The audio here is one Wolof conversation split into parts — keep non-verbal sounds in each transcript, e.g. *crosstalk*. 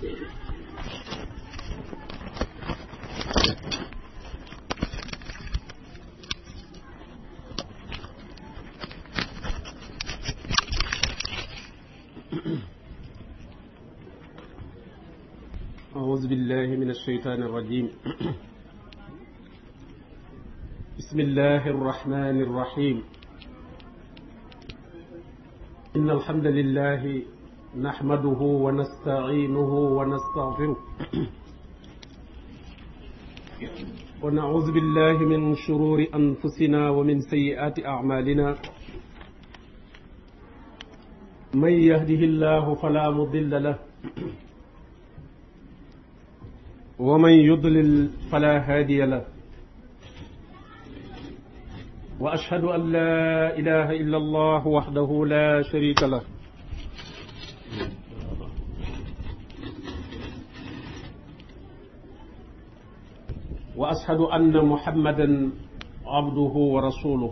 أعوذ بالله من الشيطان الرجيم بسم الله الرحمن الرحيم إن الحمد لله نحمده ونستعينه ونستغفره ونعوذ بالله من شرور أنفسنا ومن سيئات أعمالنا من يهده الله فلا مضل له ومن يضلل فلا هادي له وأشهد أن لا إله إلا الله وحده لا شريك له واشهد ان محمدا عبده ورسوله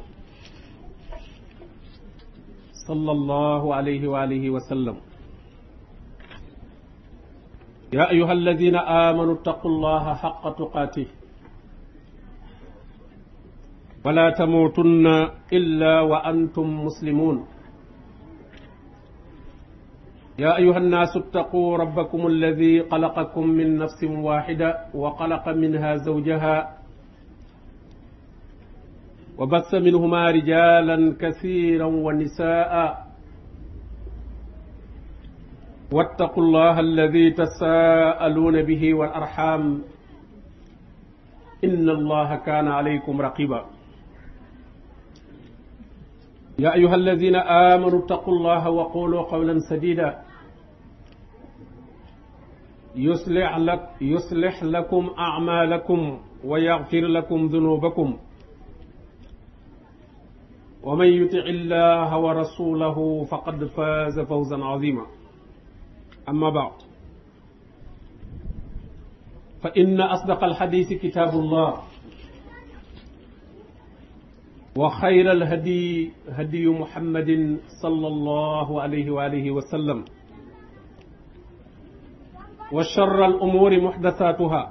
صلى الله عليه واله وسلم يا ايها الذين امنوا اتقوا الله حق تقاته ولا تموتن الا وانتم مسلمون yaa ayuha annaasu ittaquu rabbakum alladi xalaqakum min nafsin waxida wa xalaqa minha zawjaha wa bassa minhuma rijalan kasiran wa nisaa wattaqu allaha alladi tasaaluuna bihi wal arxam inna allaha kaana alaykum raqiba yaa ayuha alladina amanu ittaqu allaha wa qulu qawlan sadida yuslix lak yuslix lakum acmaalakum wa yaxfir lakum dunuubakum wa man yutic illaha wa rasulahu faqad faaza fawzan azima amma bacd fa inna asdaqa alxadisi kitaabu llah wa xayra alhadyi hadyu muhammadin sallallahu alayhi wa alihi wa sallam wa charra al umuuri muxdasatuha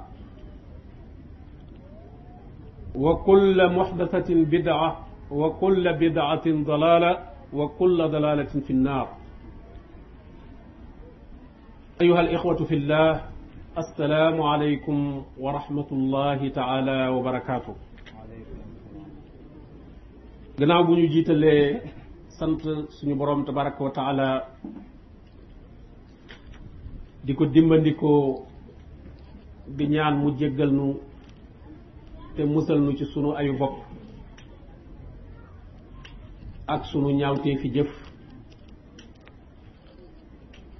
wa kulla muxdasatin bidaa wa kulla bidaatin dalaala wa kulla dalaalatin fi nnaar ayuha al ixwatu fi llah assalaamu aleykum wa rahmatullahi taala wa barakaatu gannaaw bu ñu jiitalee sant suñu boroom tabaraka wa taala di ko dimbandikoo di ñaan mu jéggal nu te musal nu ci sunu ayu bopp ak sunu ñaawtee fi jëf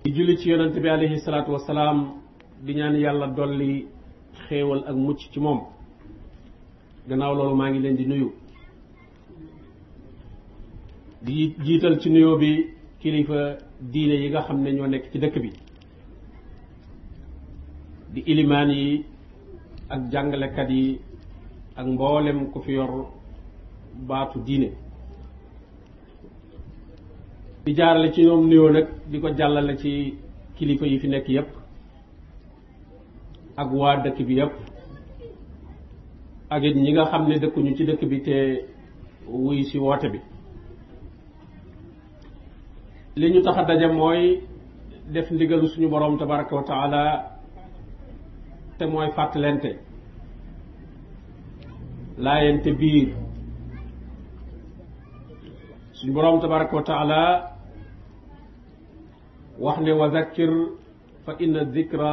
di julli ci yonent bi alayhi salaatu wasalaam di ñaan yàlla dolli xéewal ak mucc ci moom gannaaw loolu maa ngi leen di nuyu di jiital ci nuyoo bi kilifa diine yi nga xam ne ñoo nekk ci dëkk bi di ilimaan yi ak jàngalekat yi ak mboolem ku fi yor baatu diine di jaarale ci ñoom nuyoo nag di ko jàllale ci kilifa yi fi nekk yépp ak waa dëkk bi yépp ak ñi nga xam ne dëkkuñu ci dëkk bi te wuy ci woote bi li ñu tax a daje mooy def ndigalu suñu borom tabaraka wa te mooy fàttalente laayente biir suñu boroom tabaraka wa taala wax ne wa fa inna zikra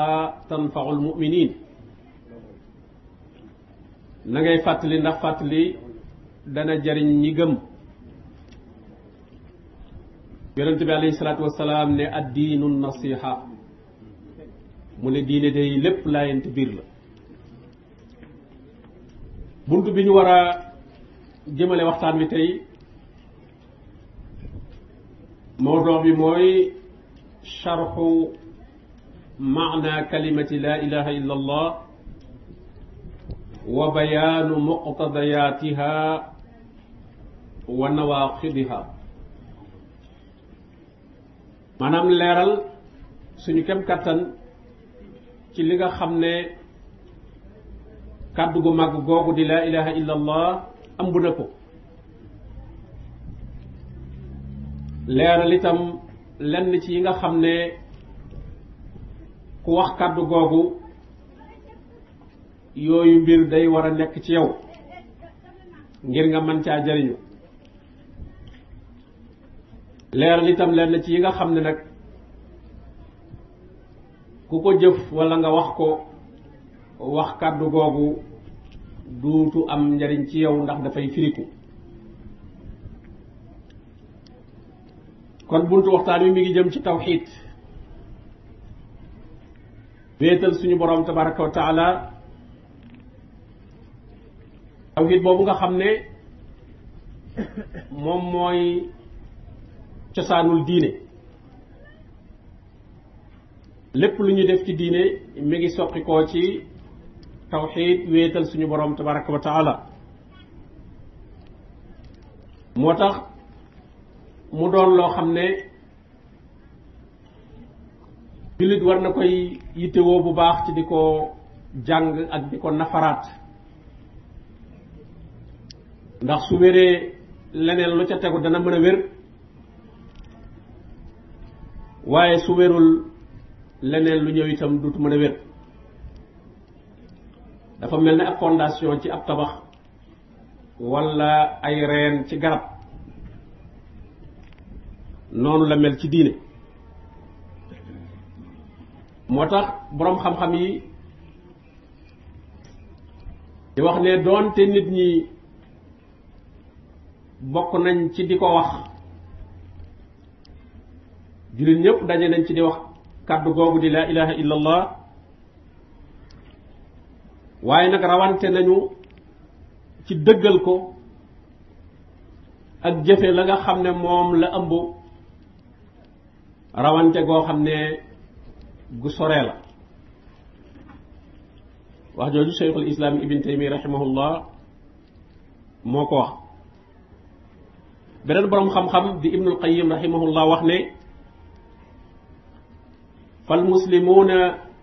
tanfau almuminin na ngay fàttali ndax fàttali dana jariñ ñi gëm yonent bi alayhi salaatu wasalaam ne addiinu nasiha mu ne diine day lépp laayante biir la bunt bi ñu war a jëmale waxtaan wi tey mawdoo bi mooy sharxu maana kalimati laa ilaha illa allah wa bayaanu muqtadayaatiha wa nawaaqidiha maanaam leeral suñu kem kattan ci li nga xam ne kàddu gu màgg googu di laa ilaha illa allah ëmb na ko leeral itam lenn ci yi nga xam ne ku wax kàddu googu yooyu mbir day war a nekk ci yow ngir nga mën caa jariñu leeral itam lenn ci yi nga xam ne nag ku ko jëf walla nga wax ko wax kàddu googu duutu am njariñ ci yow ndax dafay firiku kon buntu waxtaan wi mi ngi jëm ci tawxiid wéetal suñu borom tabaraka wa taala boobu nga xam ne moom mooy cosaanul diine lépp lu ñuy def ci diine mi ngi soqikoo ci tawxiid wéetal suñu borom tabaraka wa taala moo tax mu doon loo xam ne jullit war na koy yittewoo bu baax ci di ko jàng ak di ko nafaraat ndax su wéree leneen lu ca tegu dana mën a wér waaye su wérul leneen lu ñëw itam duutu mën a wér dafa mel ne ab fondation ci ab tabax wala ay reen ci garab noonu la mel ci diine moo tax boroom xam-xam yi di wax ne doonte nit ñi bokk nañ ci di ko wax jullit ñëpp daje nañ ci di wax kaddu googu di laa ilaha illa allah waaye nag rawante nañu ci dëggal ko ak jëfe la nga xam ne moom la ëmb rawante goo xam ne gu sore la wax jooju cheikhul islam ibn taymi rahimahullah moo ko wax beneen boroom xam-xam di ibnul qayim rahimahullah wax ne falmuslimuuna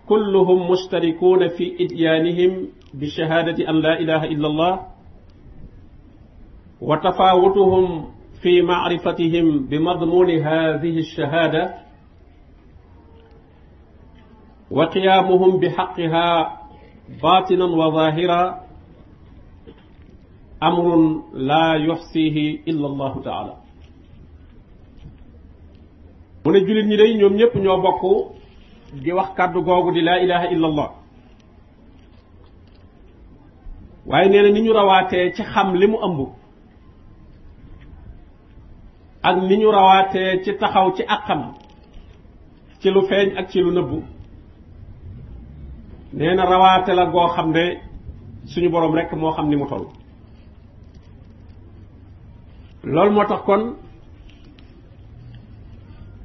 kulluhum mustarikuuna fi idyaanihim bi shahaadati an laa ilaha illa allah wa tafaawutuhum fi macrifatihim bi madmuuni haadihi alshahaada wa qiyaamuhum bi xaqiha baatinan wa zaahira amrun laa yuxsiihi illa allahu taala mu ne jullit ñi day ñoom ñépp ñoo bokk di wax kàddu googu di laa ilaha illa waaye nee ni ñu rawaatee ci xam li mu ëmb ak ni ñu rawaatee ci taxaw ci àqam ci lu feeñ ak ci lu nëbbu nee rawaate la goo xam ne suñu boroom rekk moo xam ni mu toll loolu moo tax kon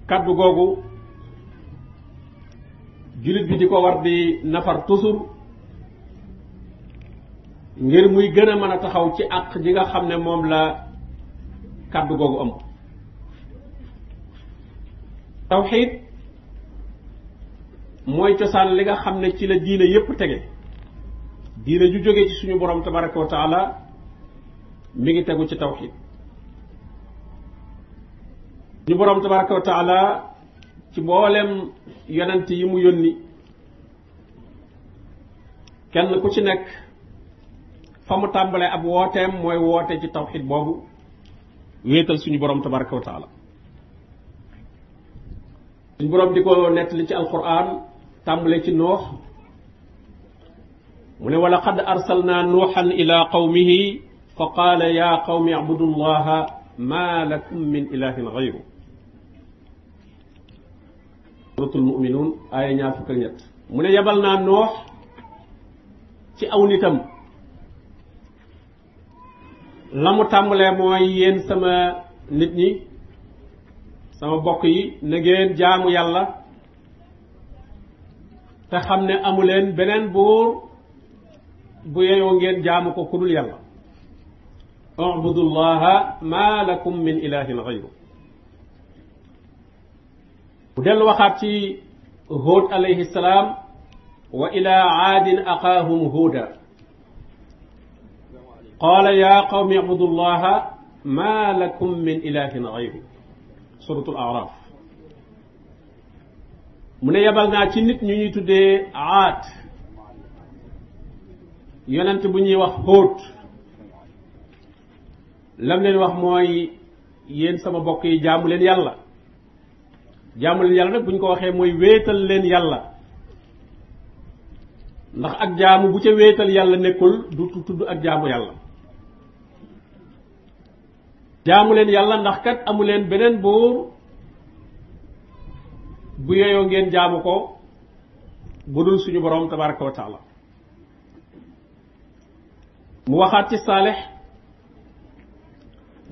kàddu googu jullit bi di ko war di nafar toujours ngir muy gën a mën a taxaw ci àq ji nga xam ne moom la kàddu googu am tawxiid mooy cosaan li nga xam ne ci la diine yépp tege diine ju jóge ci suñu borom tabaraka wa taala mi ngi tegu ci tawxiid suñu borom tabaraka wa ci mboolem yonent yi mu yónni kenn ku ci nekk fa mu ab wooteem mooy woote ci tawxid boobu wéetal suñu borom tabaraka wa taala di ko nettali ci alquran tàmbale ci noox mu ne wala laqad arsalna nuuxan ila qawmihi fa qaala ya qawmi abudullaha ma lakum min ilahin gayru suratul mu ne yebal naa noox ci aw nitam la mu tàmbalee mooy yéen sama nit ñi sama bokk yi na ngeen jaamu yàlla te xam ne amuleen beneen buur bu yeyoo ngeen jaamu ko ku dul yàlla ubudullaha ma lakum min ilahin gayru mu dellu waxaat ci Huud salaam wa ilaa aadin aqaahum huuda qaala qawmi ibudu llaha ma lakum min ilahin gayru suratul araf mu ne yebal naa ci nit ñu ñuy tuddee aat yonent bu ñuy wax Huud lam leen wax mooy yéen sama bokk yi jaamu yàlla jaamu leen yàlla nag bu ñu ko waxee mooy wéetal leen yàlla ndax ak jaamu bu ca wéetal yàlla nekkul du tudd ak jaamu yàlla jaamu leen yàlla ndax kat amu leen beneen buur bu yeyoo ngeen jaamu ko bu dul suñu borom tabaraka wa mu waxaat ci saalix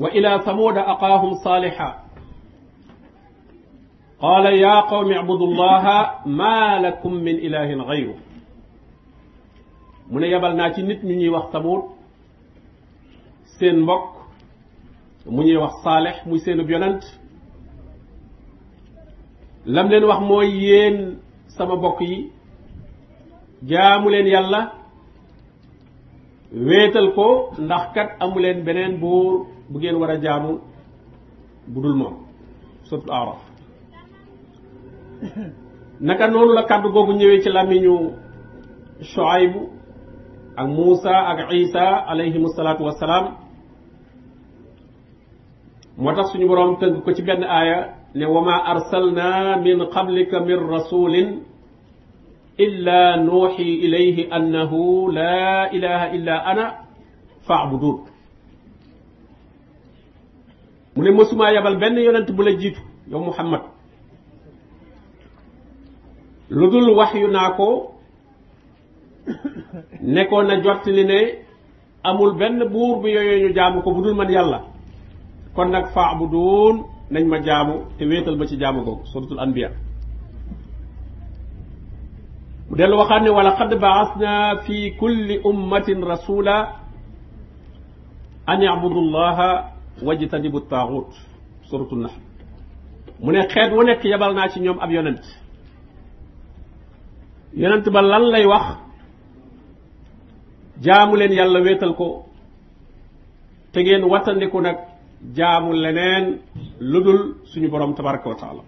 wa ila samuuda aqaahum saalixa qaala yaa qawmi ibudu llaha ma lakum min ilahin gayru mu ne yabal naa ci nit ñu ñuy wax tamuut seen mbokk mu ñuy wax saalex muy seenu yonant lam leen wax mooy yéen sama mbokk yi jaamu leen yàlla wéetal ko ndax kat amu leen beneen buur bu ngeen war a jaamu bu dul moom naka noonu la kàddu googu ñëwee ci làmmiñu Shuaybu ak Muusa ak Isa alayhimu salaatu wassalaam moo tax suñu boroom tënk ko ci benn aaya ne wa ma arsalna min qablika min rasulin illa nuuxi ilayhi annahu la ilaha mu ne mësumaa yabal benn yonent bu la jiitu yow Muhammad lu dul wax naa ko nekkoon na jot li ne amul benn buur bu yooyu jaamu ko bu dul man yàlla kon nag faabuduun nañ ma jaamu te wéetal ma ci jaamu googu suratul anbiya mu dellu waxaat ne wala xad baasna fi kulli ummatin rasula an yabudu llaha wajtanibu taaxut suratul nahl mu ne xeet wu nekk yebal ci ñoom ab yonent yonent ba lan lay wax jaamu leen yàlla wéetal ko te ngeen wattandiku nag jaamu leneen lu dul suñu borom tabaraka wa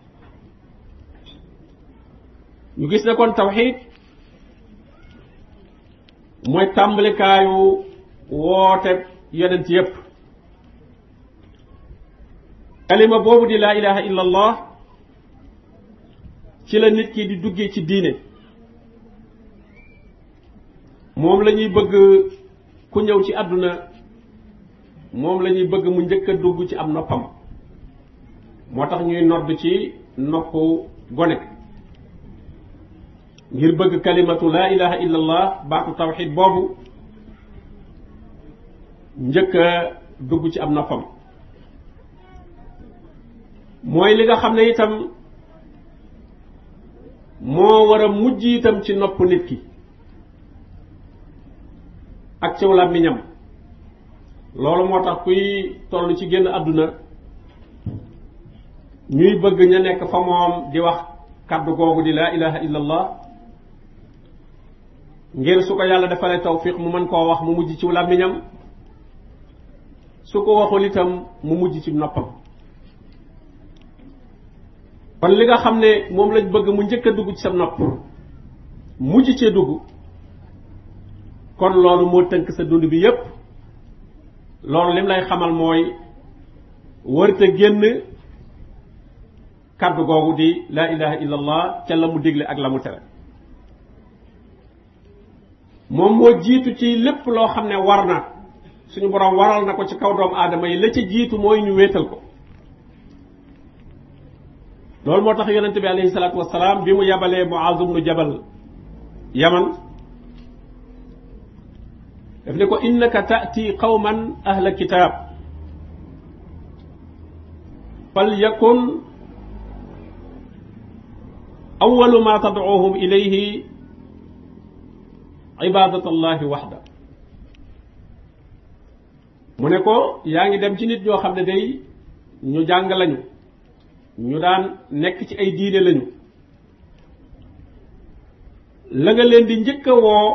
ñu gis ne kon tawxid mooy tàmbalikaayu woote yonent yépp kalima boobu di laa ilaha illa ci la nit ki di duggee ci diine moom lañuy bëgg ku ñëw ci àdduna moom lañuy bëgg mu njëkk dugg ci am noppam moo tax ñuy nodd ci noppu gone ngir bëgg kalimatu laa ilaha illa allah baatu boobu njëkk a dugg ci am noppam mooy li nga xam ne itam moo war a mujj itam ci nopp nit ki ak ciw làmmiñam loolu moo tax kuy toll ci génn àdduna ñuy bëgg ña nekk fa moom di wax kàddu googu di laa ilaha illallah ngir su ko yàlla defalee tawfiq mu mën koo wax mu mujj ci làmmiñam su ko waxul itam mu mujj ci noppam kon li nga xam ne moom lañ bëgg mu njëkk a dugg ci sa nopp mujj cee dugg kon loolu moo tënk sa dund bi yépp loolu lim lay xamal mooy wërta génn kàddu googu di laa ilaha illallah ca la mu digle ak la mu tere moom moo jiitu ci lépp loo xam ne war na suñu boroom waral na ko ci kaw doomu aadama yi la ci jiitu mooy ñu wéetal ko loolu moo tax yonente bi alayhi salaatu wasalaam bi mu yabalee Muaz ibnu Jabal Yaman daf ne ko innaka taati qawman ahla kitaab fal yakun awalu ma tadcuuhum ilayhi ibadat waxda mu ne ko yaa ngi dem ci nit ñoo xam ne day ñu jàng lañu ñu daan nekk ci ay diine lañu la nga leen di njëkk a woo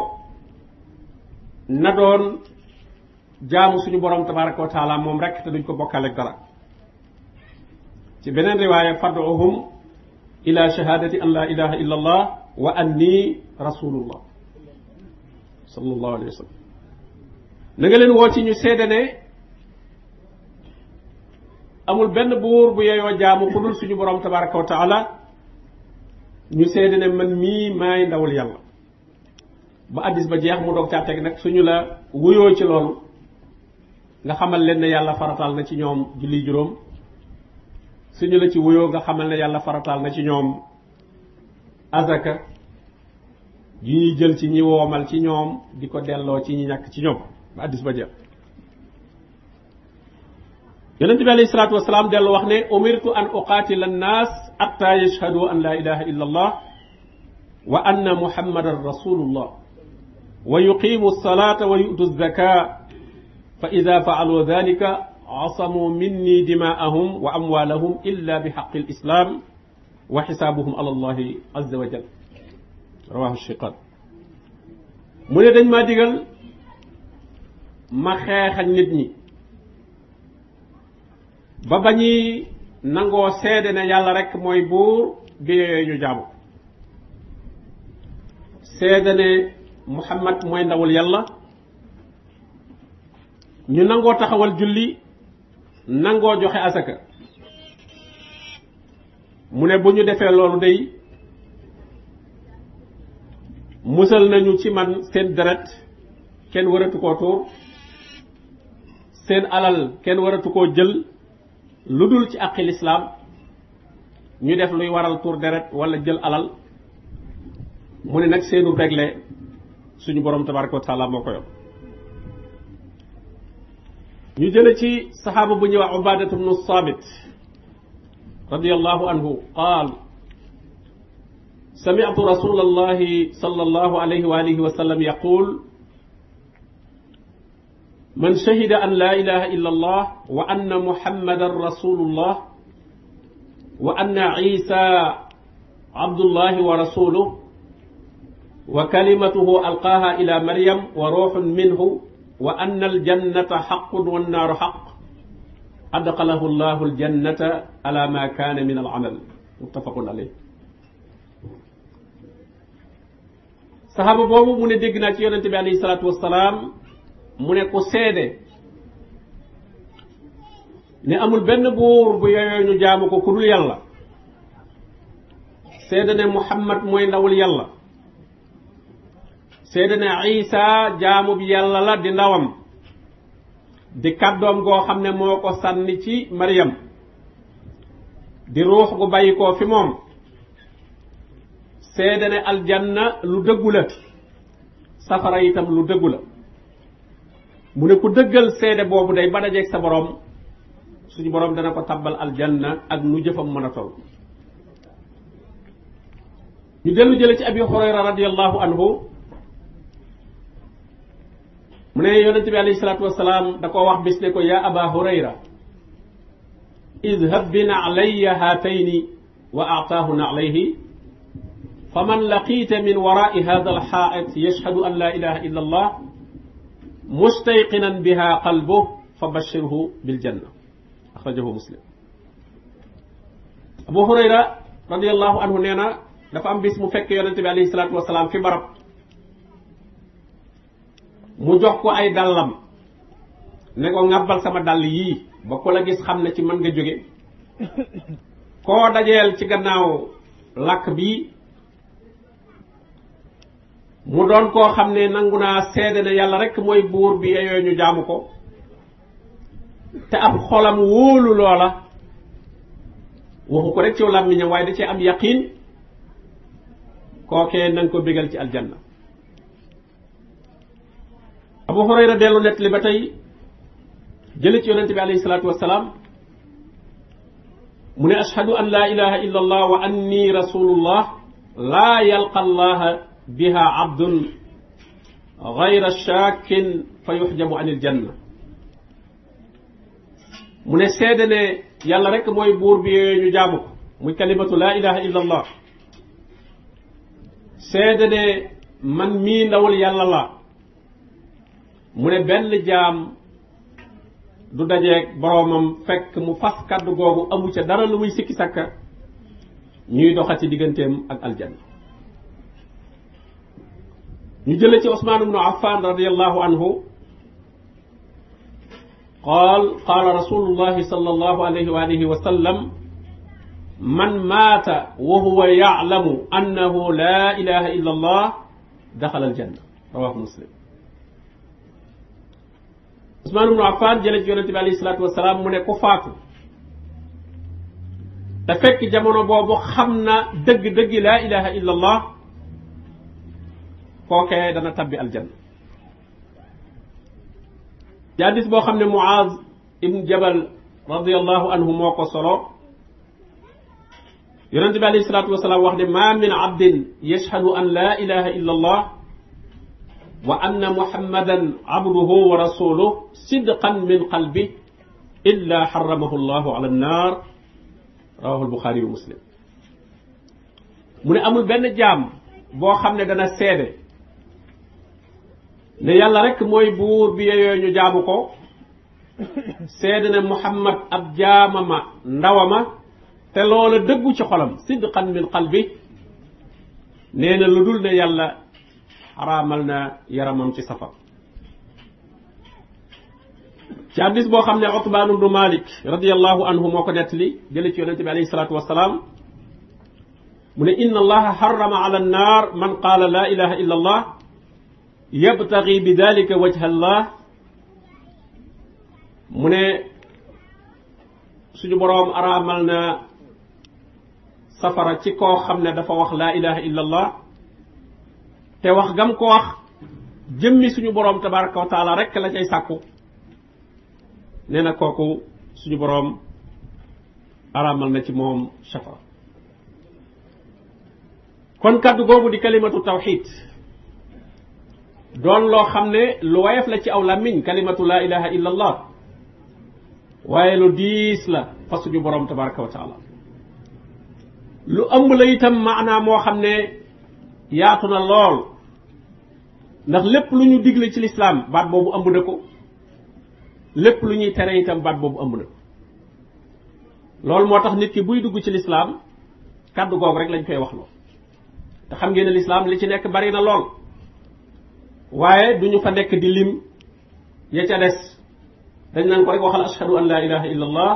na doon jaamu suñu borom tabaraka wa moom rekk te duñ ko bokkale ak ci beneen riwaaya fad'uhum ila shahadati an la ilaha illa allah wa anni rasulullah sallallahu alayhi wa sallam na leen woo ci ñu seede ne amul benn buur bu yeyoo jaamu ku suñu borom tabaraka wa ñu seede ne man mii maay ndawul yàlla ba addis ba jeex mu doog caa teg nag suñu la wuyoo ci loolu nga xamal leen ne yàlla farataal na ci ñoom julli juróom suñu la ci wuyoo nga xamal ne yàlla farataal na ci ñoom azaka yu ñuy jël ci ñi woomal ci ñoom di ko delloo ci ñu ñàkk ci ñoom ba addis ba jeex yonent bi alayhi salaatu wasalaam dellu wax ne umirtu an uqaatila annaas atta yashhadu an la ilaha illa wa anna muhammadan rasulullah wa yuqimu alsalata wa yu'tu zaka fa ida faalu dalika asamu minni dimaahum wa amwalahum illa bi xaqi alislam wa xisaabuhum ala allahi azza wa jal rawahu shiqaaq mu ne dañ maa digal ma xeexal nit ñi ba bañi nangoo seede ne yàlla rekk mooy buur bi yooyu ñu jaamu seede ne muhammad mooy ndawul yàlla ñu nangoo taxawal julli nangoo joxe asaka mu ne bu ñu defee loolu dey musal nañu ci man seen deret kenn waratu koo tuur seen alal kenn waratu koo jël lu dul ci àqi lislaam ñu def luy waral tuur deret walla jël alal mu ne nag seenu regle suñu borom tabaraka wa taala moo ko yor ñu jële ci saxaaba bu ñuy wax ubadatu bnu saabit radiyallahu anhu qaal sami'tu rasulallahi sallallahu alayhi wa alihi wa sallam yaqul man shahida an la ilaha illa allah wa anna muhammadan rasulullah wa anna isa abdullahi wa rasuluh wa kalimatuhu alqaaha ila maryam wa ruuxun minhu wa anna aljannata xaqun wa annaaru xaq adxalahu llahu aljannata ala ma kaana min alamal muttafaqun alayh saxaaba boobu mu ne dégg naa ci yonente bi alayhi salaatu wassalaam mu ne ko seede ne amul benn buur bu yeyoo ñu jaamu ko ku dul yàlla seede ne muhammad mooy ndawul yàlla seydina isa jaamu bi yàlla la di ndawam di kàddoom goo xam ne moo ko sànni ci maryam di ruux gu bàyyi ko fi moom seede ne aljanna lu dëggu la safara itam lu dëggu la mu ne ku dëggal seede boobu day ba dajeeg sa boroom suñu boroom dana ko tabbal aljanna ak nu jëfam mën a toll ñu dellu jële ci abi hurayra radiyallahu anhu mu ne yonente bi alayhi salaatu wasalaam da ko wax bis ne ko yaa aba hurayra idhab bi na'layya haatayni wa a'taahu na'layhi fa man laqiita min waraa'i haadha alxaa'it yashhadu an laa ilaha illa allah mustayqinan biha qalbuhu fa bashirhu biljanna axrajahu muslim abu hurayra radiallahu anhu nee na dafa am bis mu fekk yonente bi alayhi salaatu wasalaam fi barab mu jox ko ay dàllam ne ko ŋàbbal sama dàll yii ba ku la gis xam na ci man nga jóge koo dajeel ci gannaaw làkk bi mu doon koo xam ne nangu naa seede ne yàlla rekk mooy buur bi yeyoo ñu jaamu ko te am xolam wóolu loola waxu ko rek ci làmmiñam waaye da ci am yaqiin kookee na nga ko bégal ci aljanna abu hurayra dellu nettali ba tey jële ci yonente bi alayhi salaatu wasalaam mu ne ashhadu an laa ilaha illa allah wa anni rasulullah laa yalqa allaha biha abdun gayra shaakin fa yuxjabu an il janna mu ne seede ne yàlla rek mooy buur bi yooyu ñu jaamu ko muy kalimatu laa ilaha illa allah seede ne man mii ndawul yàlla la mu ne benn jaam du dajeeg boroomam fekk mu fas kàddu googu amu ca dara lu muy sikki sakka ñuy doxa ci digganteem ak aljanna ñu jële ci Usmaan ibnu Affaan radiyallahu anhu qaal qaala rasulullahi sallallahu alayhi wa alihi wa sallam man maata wa huwa ya'lamu annahu la ilaha illa allah daxala aljanna rawahu muslim Usmaan ibnu Affaan jële ci yonente bi alayhi salaatu wasalaam mu ne ku faatu te fekk jamono boobu xam na dëgg-dëgg laa ilaha illa allah kookee dana tabbi aljanna ci hadiis boo xam ne Muaaz ibn Jabal radiallahu anhu moo ko solo yonente bi alayhi salaatu wasalaam wax ne ma min abdin yashhadu an laa ilaha illa allah wa anna muhammadan abduhu wa rasuluhu sidqan min qalbi illa xaramahu llahu ala annaar rawahu albuxaari wa muslim mu ne amul benn jaam boo xam ne dana seede ne yàlla rek mooy buur bi yeyoo ñu jaamu ko seede ne muhammad ab jaamama ndawama te loola dëggu ci xolam sidqan min qalbi nee na lu dul ne yàlla xaraamal na yaramam ci safar ci hadiis boo xam ne Utbaan ibnu Maalik radiyallahu anhu moo ko nettali jële ci yonente bi alayhi salaatu wasalaam mu ne inna allaha harrama ala annaar man qaala laa ilaha illa allah yabtagi bi dalika wajha allah mu ne suñu boroom araamal na safara ci koo xam ne dafa wax laa ilaha illa allah te wax gam ko wax jëmmi suñu boroom tabaraka wa taala rek la cay sàkku nee na kooku suñu boroom araamal na ci moom shafa kon kàddu googu di kalimatu tawxid doon loo xam ne lu wayef la ci aw làmmiñ kalimatu laa ilaha illa allah waaye lu diis la fa suñu boroom tabaraka wa taala lu ëmb la itam maanaa moo xam ne yaatu na lool ndax lépp lu ñu digle ci lislaam baat boobu ëmb na ko lépp lu ñuy tere itam baat boobu ëmb na ko loolu moo tax nit ki buy dugg ci lislaam kàddu googu rek lañ koy wax loo te xam ngeen ne lislaam li ci nekk bari na lool waaye duñu fa nekk di lim ya ca des dañ naan ko rek waxal ashhadu an la ilaha illa allah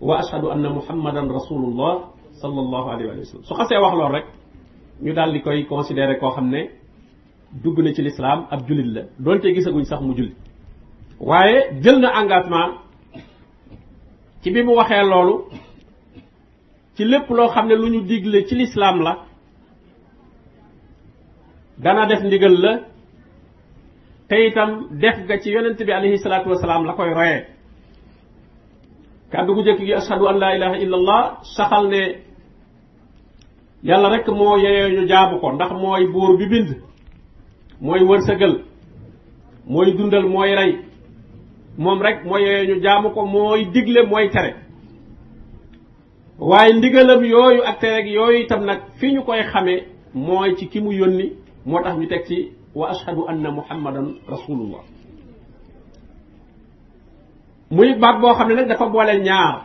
wa ashhadu anna muhammadan rasulullah sallallahu alayhi wa sallam su xasee wax lool rek ñu daal di koy considéré koo xam ne dugg na ci lislaam ab jullit la doonte gisaguñ sax mu julli waaye jël na engagement ci bi mu waxee loolu ci lépp loo xam ne lu ñu digle ci lislaam la dana def ndigal la te itam def ga ci yonent bi alayhi salaatu wasalaam la koy royee kàddu gu gi ashadu an laa ilaha illa saxal ne yàlla rek moo yeyoo ñu ko ndax mooy buur bi bind mooy wërsëgal mooy dundal mooy rey moom rek mooy yooyu ñu jaamu ko mooy digle mooy tere waaye ndigalam yooyu ak tere yooyu itam nag fi ñu koy xamee mooy ci ki mu yónni moo tax ñu teg ci wa ashhadu anna muhammadan rasulullah muy baat boo xam ne nag dafa boole ñaar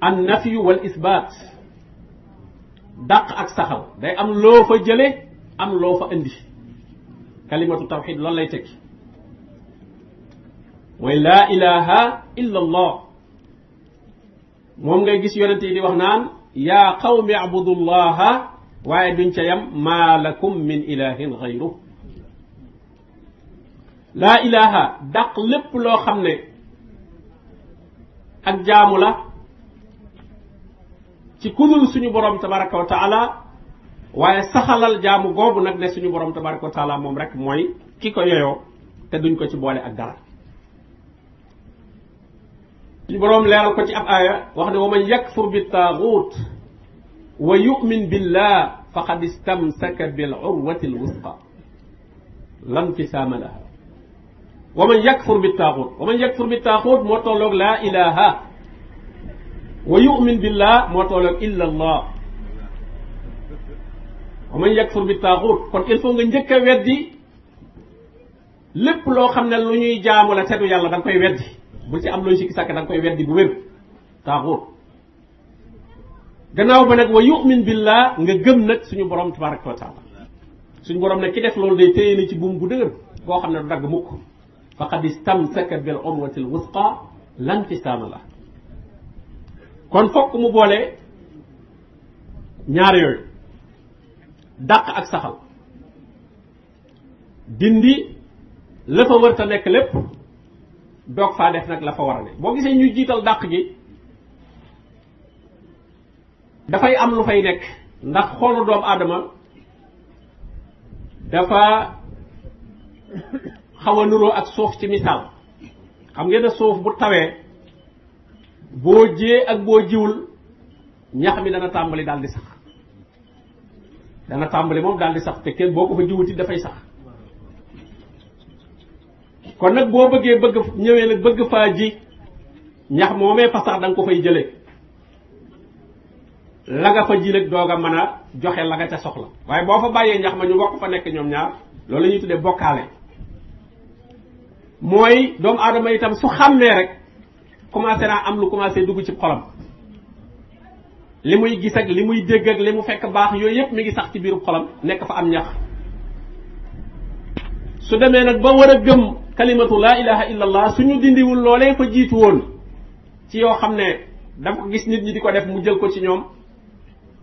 an nafiyu wal isbaat dàq ak saxal day am loo fa jële am loo fa indi kalimatu tawxid lan lay tekki mooy laa ilaha illa allah moom ngay gis yonente yi di wax naan yaa qawmi abudullaha waaye duñ ca yam maa lakum min ilahin gayru laa ilaha dàq lépp loo xam ne ak jaamu la ci kudul borom tabaraka wa taala waaye saxalal jaamu googu nag ne suñu borom tabaraka wa taala moom rek mooy ki ko yoyoo te duñ ko ci boole ak dara suñu borom leeral ko ci ab aaya wax ne wa man yakfur bi taaguut wa yu'min billah faqad istamsaka bil urwati al wusqa lan fisaama laha wa man yakfur bi taaxuut wa man yakfur bi taaxuut moo tolloog laa illa allah wa man yakfur bi taaxuut kon il faut nga njëkk a weddi lépp loo xam ne lu ñuy jaamu la setu yàlla da koy weddi bu ci am looy sikki sàkk da koy weddi bu wér taaxuut gannaaw ba nag wa yu'min billah nga gëm nag suñu borom tabaraka wa suñu borom nag ki def loolu day téye na ci buum bu dëgër boo xam ne du dagg mukk faqad istamsaka bil urwatil wusqa lan fistaama la kon fokk mu boolee ñaar yooyu dàq ak saxal dindi la fa wër nekk lépp doog faa def nag la fa war a ne boo gisee ñuy jiital dàq gi dafay am lu fay nekk ndax xoolu doomu aadama dafa xaw a nuroo ak suuf ci misaal xam ngeen suuf bu tawee boo jiyee ak boo jiwul ñax mi dana tàmbali daal di sax dana tàmbali moom daal di sax te kenn boo ko fa jiwuti dafay sax kon nag boo bëggee bëgg ñëwee nag bëgg faa ji ñax moomee fa sax da ko fay jëlee la nga fa ji nag doo a mën a joxe la nga ca soxla waaye boo fa bàyyee ñax ma ñu bokk fa nekk ñoom ñaar loolu la ñuy tuddee bokkaale mooy doomu aadama itam su xàmmee rek commencé naa am lu commencé dugg ci xolam li muy gis ak li muy dégg ak li mu fekk baax yooyu yëpp mu ngi sax ci biiru xolam nekk fa am ñax su demee nag ba war a gëm kalimatu laa ilaha illa allah suñu dindiwul loolee fa jiitu woon ci yoo xam ne dafa ko gis nit ñi di ko def mu jël ko ci ñoom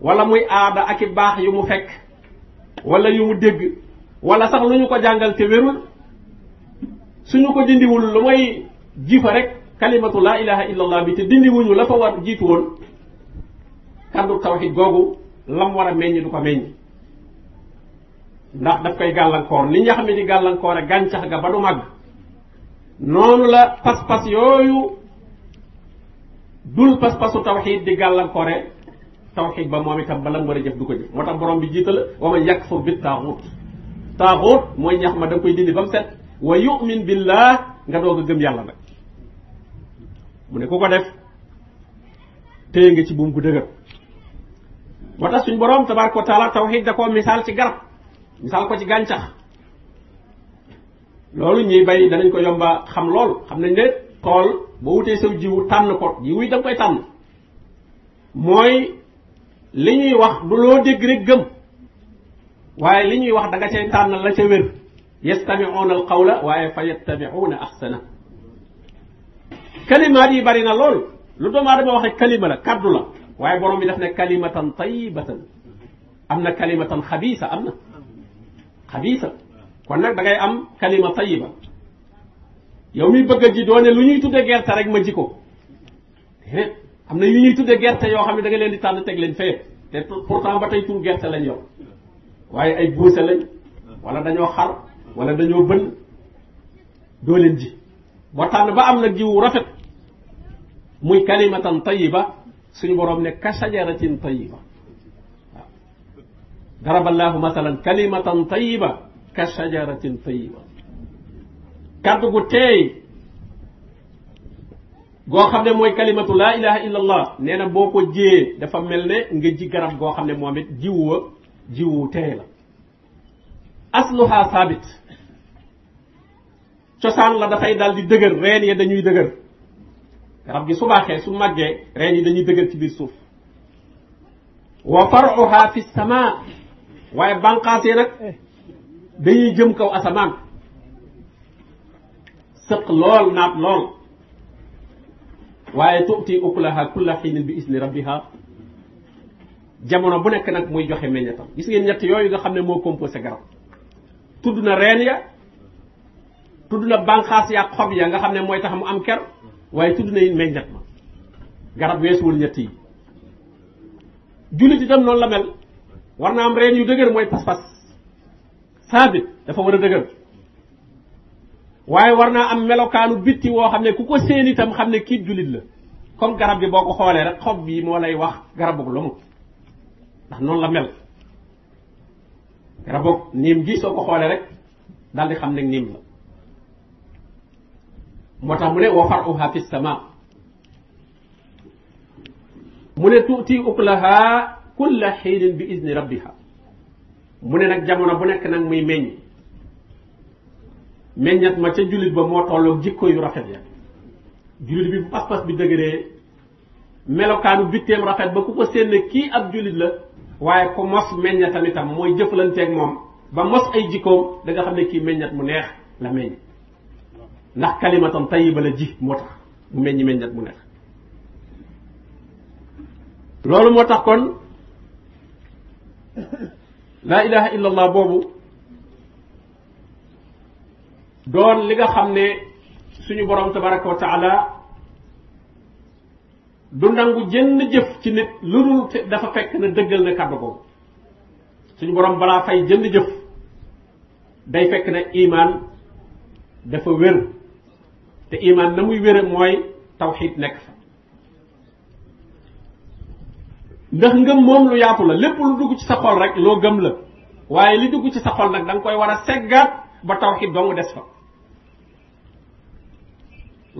wala muy aada ak i baax yu mu fekk wala yu mu dégg wala sax lu ñu ko jàngal te wérul suñu ko dindiwul lu may jifa rek kalimatu laa ilaha illa allah bi te dindiwuñu la fa war jiitu woon kaddu tawxid googu lam war a meññ du ko meññ ndax daf koy gàllankoor li nga xam ne di gàllankoore gàncax ga ba du màgg noonu la pas-pas yooyu dul pas-pasu tawxid di gàllankoore tawxid ba moom itam ba lam war a jëf du ko jëf moo tax borom bi jiital wa man yakfur bi taaxut taaxut mooy ñax ma da koy dindi ba mu set wa yu'min billah nga doog a gëm yàlla nag mu ne ku ko def téye nga ci buum gu dëgër moo tax suñ boroom tabaraka wa taala tawxid da koo misaal ci garab misaal ko ci gàncax loolu ñuy bay danañ ko yomba xam lool xam nañ ne tool boo wutee saw jiwu tànn ko jiwu yi da koy tànn mooy li ñuy wax du loo dégg rek gëm waaye li ñuy wax da nga tànn la ca wér yastamiuuna al qawla waaye fa yattabiuuna ahsana kalimaat yi bari na lool lu doomu aadama waxe kalima la kàddu la waaye borom bi daf ne kalimatan tayyibatan am na kalimatan xabiisa am na xabiisa kon nag da ngay kalima tayyiba yow mi bëgg a ji doone lu ñuy tudde gerte rek ma ji ko déedéet am na yu ñuy tudde gerte yoo xam ne da leen di tànn teg leen fee te pourtant ba tey tur gerte lañ yow waaye ay buuse lañ wala dañoo xar wala dañoo bën doo leen ji boo tànn ba am nag jiwu rafet muy kalimatan tayiba suñu boroom ne ka sajaratin tayiba waaw daraballaahu masalan kalimatan tayiba ka sajaratin tayiba kaddu gu teey goo xam ne mooy kalimatu laa ilaha illa nee na boo ko jiyee dafa mel ne nga ji garab goo xam ne moom it jiwu wa jiwu teey la asluha saabit cosaan la dafay daal di dëgër reen ya dañuy dëgër garab gi su baaxee su màggee reen yi dañuy dëgër ci biir suuf wa faruha fi sama waaye banqaas yi nag dañuy jëm kaw asamaan sëq lool naat lool waaye tuuti ukulaha kulla xiinin bi isni rabbiha jamono bu nekk nag muy joxe meññatam gis ngeen ñett yooyu nga xam ne moo composé garab tudd na reen ya tudd na banqaas ya xob ya nga xam ne mooy tax mu am ker waaye tudd na it meññat ma garab weesuwul ñett yi jullit itam noonu la mel war naa am reen yu dëgër mooy pas-pas saabit dafa war a dëgër waaye war naa am melokaanu bitti woo xam ne ku ko seen itam xam ne kii jullit la comme garab bi boo ko xoolee rek xob bi moo lay wax garabu lomu ndax noonu la mel garabu niim gi soo ko xoolee rek daal di xam ne niim la moo tax mu ne wa faruha fi sama mu ne tuuti uklaha kulla xiinin bi izni rabbiha mu ne nag jamono bu nekk nag muy meññ meññat ma ca jullit ba moo tolloog jikko yu rafet ya jullit bi bu pas-pas bi dëgëree melokaanu bitteem rafet ba ku ko séen kii ab jullit la waaye ko mos meññatamitam mooy jëflanteeg moom ba mos ay jikkoom danga xam ne kii meññat mu neex la meññ ndax kalimatan tayiba la ji moo tax mu meññi meññat mu neex loolu moo tax kon laa ilaha illallah boobu doon li nga xam ne suñu borom tabaraka wa taala du nangu jënn jëf ci nit lu dul dafa fekk na dëggal na kàddu boobu suñu borom balaa fay jënd jëf day fekk na imaan dafa wér te imaan na muy wére mooy tawxid nekk fa ndax ngëm moom lu yaatu la lépp lu dugg ci sa xol rek loo gëm la waaye li dugg ci sa xol nag da koy war a seggaat ba tawxid dong des fa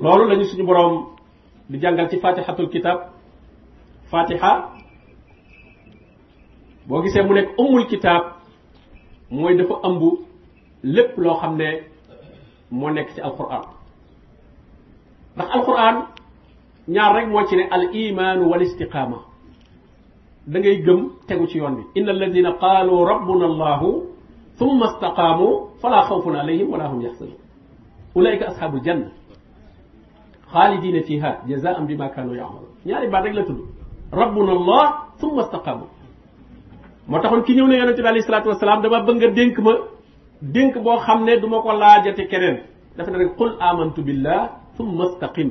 loolu lañu suñu boroom di jàngal ci fatihatul kitab fatiha boo gisee mu nekk ummul kitab mooy dafa ëmb lépp loo xam ne moo nekk ci alquran ndax alquran ñaar rek moo al imaanu wal istiqaama da ngay gëm tegu ci yoon bi inna alladina qaalu rabbuna allahu thumma istaqaamu fala xawfun alayhim wala hum yaxsanun ulaika ashabul janna xaalidina fiha jazaan bima kaanu yaamaluun ñaari baat la tudd rabbuna allah thumma istaqaamu moo taxoon ki ñëw ne yonente bi alayhi salaatu wasalaam dama bëgg dénk dénk boo xam ne du ma ko laajate keneen dafa ne rek qul amantu billah summa staqim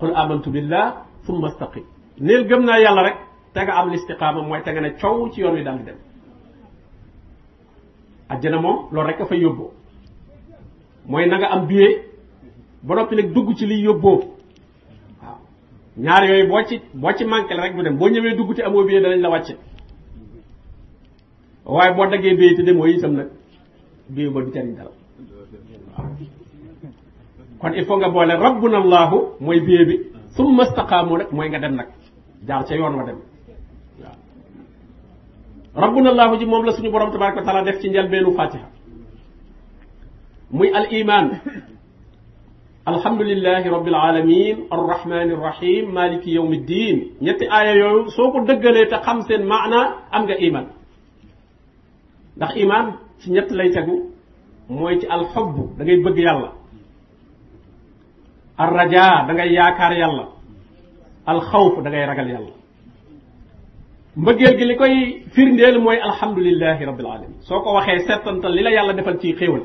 qul amantu billah summa staqim neel gëm naa yàlla rek te nga am listiqaama mooy te nga ne coow ci yoon wi daal di dem àjjana moom loolu rek a fay yóbboo mooy na nga am billet ba noppi nag dugg ci liy yóbboo waaw ñaar yooyu boo ci boo ci manqué rek bu dem boo ñëwee dugg te amoo billet danañ la wàcce waaye boo daggee billet te demoo itam nag billet ba du jariñ dara kon il faut nga boole rabbuna allahu mooy biee bi summa staqaamu rek mooy nga dem nag jaar ca yoon wa dem waaw rabbuna allahu ji moom la suñu borom tabaraka wa taala def ci njëlbeenu fatiha muy al iman alhamdulilahi rabbil alamin arrahmani arrahim maliki yawmi ddin ñetti aaya yooyu soo ko dëggalee te xam seen maana am nga iman ndax iman ci ñett lay tegu mooy ci alxobb da ngay bëgg yàlla arraja dangay yaakaar yàlla alxawf dangay ragal yàlla mbëggeel gi li koy firndeel mooy alhamdulilahi rabbil alamin soo ko waxee settantal li la yàlla defal ci xéewal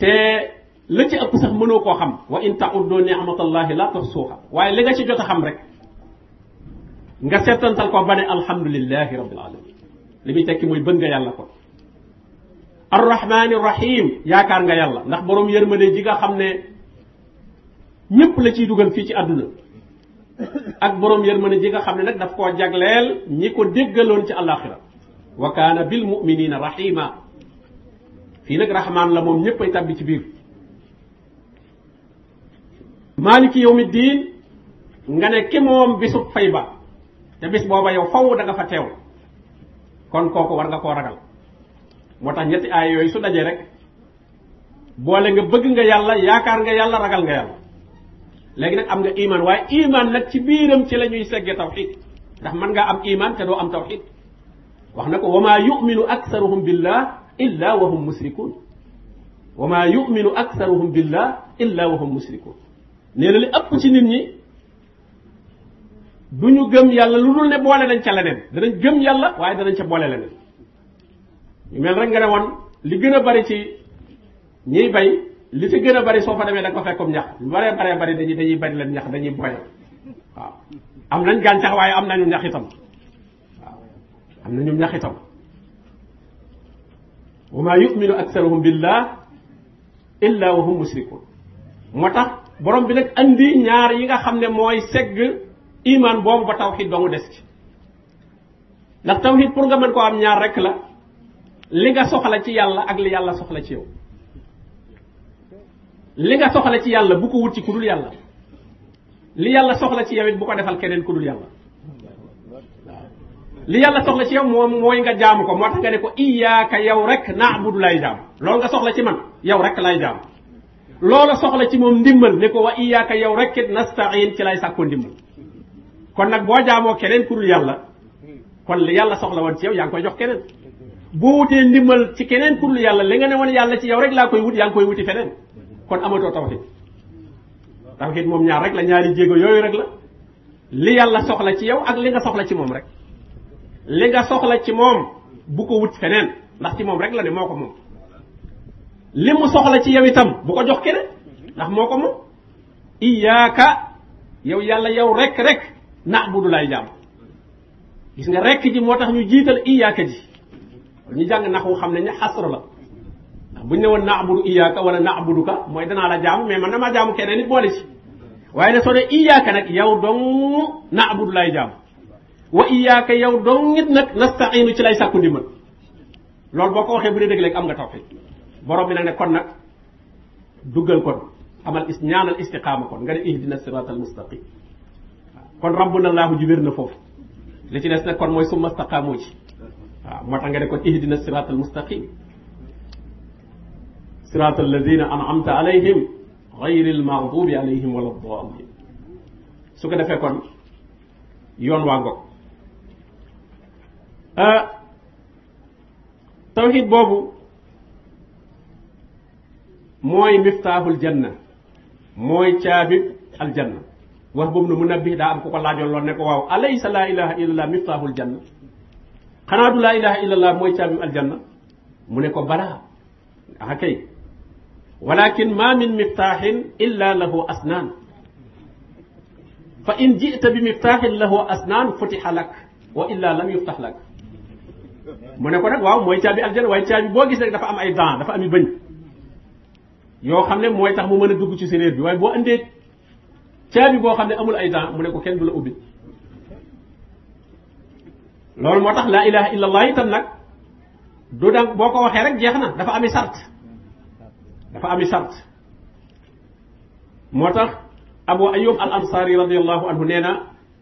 te la ci ëpp sax koo xam wa in tauddu nicmatallahi la tuhsuha waaye li nga ci jot xam rek nga settantal ko ba ne alhamdulilahi rabbil alamin li muy tekki mooy bëgg yàlla ko arrahmaani rahim yaakaar nga yàlla ndax borom yërmande ji nga xam ne ñépp la ciy dugal fii ci àdduna ak borom yërmande ji nga xam ne nag daf koo jagleel ñi ko déggaloon ci àllaaxira wa kaana bil muminina rahima fii nag rahmaan la moom ñépp ay tàbbi ci biir maaliki yawmi diin nga ne ki moom bisub fay ba te bis booba yow faw da fa teew kon kooku war nga koo ragal moo tax ñetti aay yooyu su dajee rek boole nga bëgg nga yàlla yaakaar nga yàlla ragal nga yàlla léegi nag am nga iman waaye iman nag ci biiram ci lañuy ñuy segge tawxid ndax mën ngaa am iman te doo am tawxid wax na ko wa maa yuminu aksaruhum billah illa wa hum musrikuun wa maa yuminu aksaruhum billah illa wa hum musrikuun nee na li ëpp ci nit ñi du ñu gëm yàlla lu dul ne boole dañ ca leneen danañ gëm yàlla waaye danañ ca boole leneen mel rek nga ne woon li gën a bari ci ñiy bay li ci gën a bari soo fa demee da nga ko fekkum ñax lu bare baree bari dañuy dañuy bari leen ñax dañuy boye waaw am nañ gàncax waaye am nañu ñax itam waaw am nañu ñax itam wa maa yuminu aksaruhum billah illa wa hum moo tax borom bi nag andi ñaar yi nga xam ne mooy segg imaan boobu ba tawxid ba mu des ci ndax tawxid pour nga mën koo am ñaar rek la li nga soxla ci yàlla ak li yàlla soxla ci yow li nga soxla ci yàlla bu ko wut ci ku dul yàlla li yàlla soxla ci yaw it ko defal keneen ku dul yàlla li ci yow moom mooy nga jaamu ko moo tax nga ne ko iyaaka yow rek naabudu lay jaam loolu nga soxla ci man yow rek lay jaam loola soxla ci moom ndimbal ne ko wa iyaaka yow rek it nastain ci lay sàkkoo ndimbal kon nag boo jaamoo keneen ku dul yàlla kon li yàlla soxla woon ci yow yaa ngi koy jox keneen boo wutee ndimbal ci keneen pour lu yàlla li nga ne woon yàlla ci yaw rek laa koy wut yaa ngi koy wuti feneen kon amatoo tawxid tawxid moom ñaar rek la ñaari jéego yooyu rek la li yàlla soxla ci yow ak li nga soxla ci moom rek li nga soxla ci moom bu ko wut feneen ndax ci moom rek la ne moo ko moom li mu soxla ci yow itam bu ko jox keneen ndax moo ko moom iyaaka yow yàlla yow rek rek na'budu laay jàmm gis nga rek ji moo tax ñu jiital iyaaka ji ñu jàng naxu xam ne ñu xasr la ndax buñu na woon naabudu iyaaka wala naabuduka mooy danaa la jaamu mais man damaa jaamu keneen boole ci waaye ne soo dee iyaaka nag yow dong na lay jaamu wa iyaaka yow dong it nag nastainu ci lay sàkku ndimbal loolu boo ko waxee bu dee dëgg léegi am nga tawfiq borom bi nag ne kon nag duggal kon amal is ñaanal istiqaama kon nga ne ihdina siraat al mustaqim kon rabbuna allahu ji na foofu li ci des nag kon mooy summa staqaamu ci waaw moo tax nga ne kon ihdina siraatal mustaqim siraatal lazina an'amta alayhim ghayril maghdubi alayhim wala dallin su ko defee kon yoon waa ngoog euh, tawxid boobu mooy miftaaxul janna mooy caabib aljanna wax boobu ne mu nabbi daa am ku ko laajoon lool ne ko waaw alaysa laa ilaha illallah miftaaxul janna xanaa du laa ilaha illallah mooy caabi aljanna mu ne ko balaa ah kay walakin ma min miftaaxin illa lahu asnaan fa in jita bi miftaaxin lahu asnaan futixa lak wa illa lam yuftax lak mu ne ko nag waaw mooy caabi aljanna waaye caabi boo gis rek dafa am ay dents dafa am i bëñ yoo xam ne mooy tax mu mën a dugg ci séréer bi waaye boo andee caabi boo xam ne amul ay dents mu ne ko kenn du la ubbi loolu moo tax laa ilaha illallah itam nag du da boo ko waxee rek jeex na dafa ami sart dafa ami sart moo tax abu ayub al ansari radiallahu anhu nee na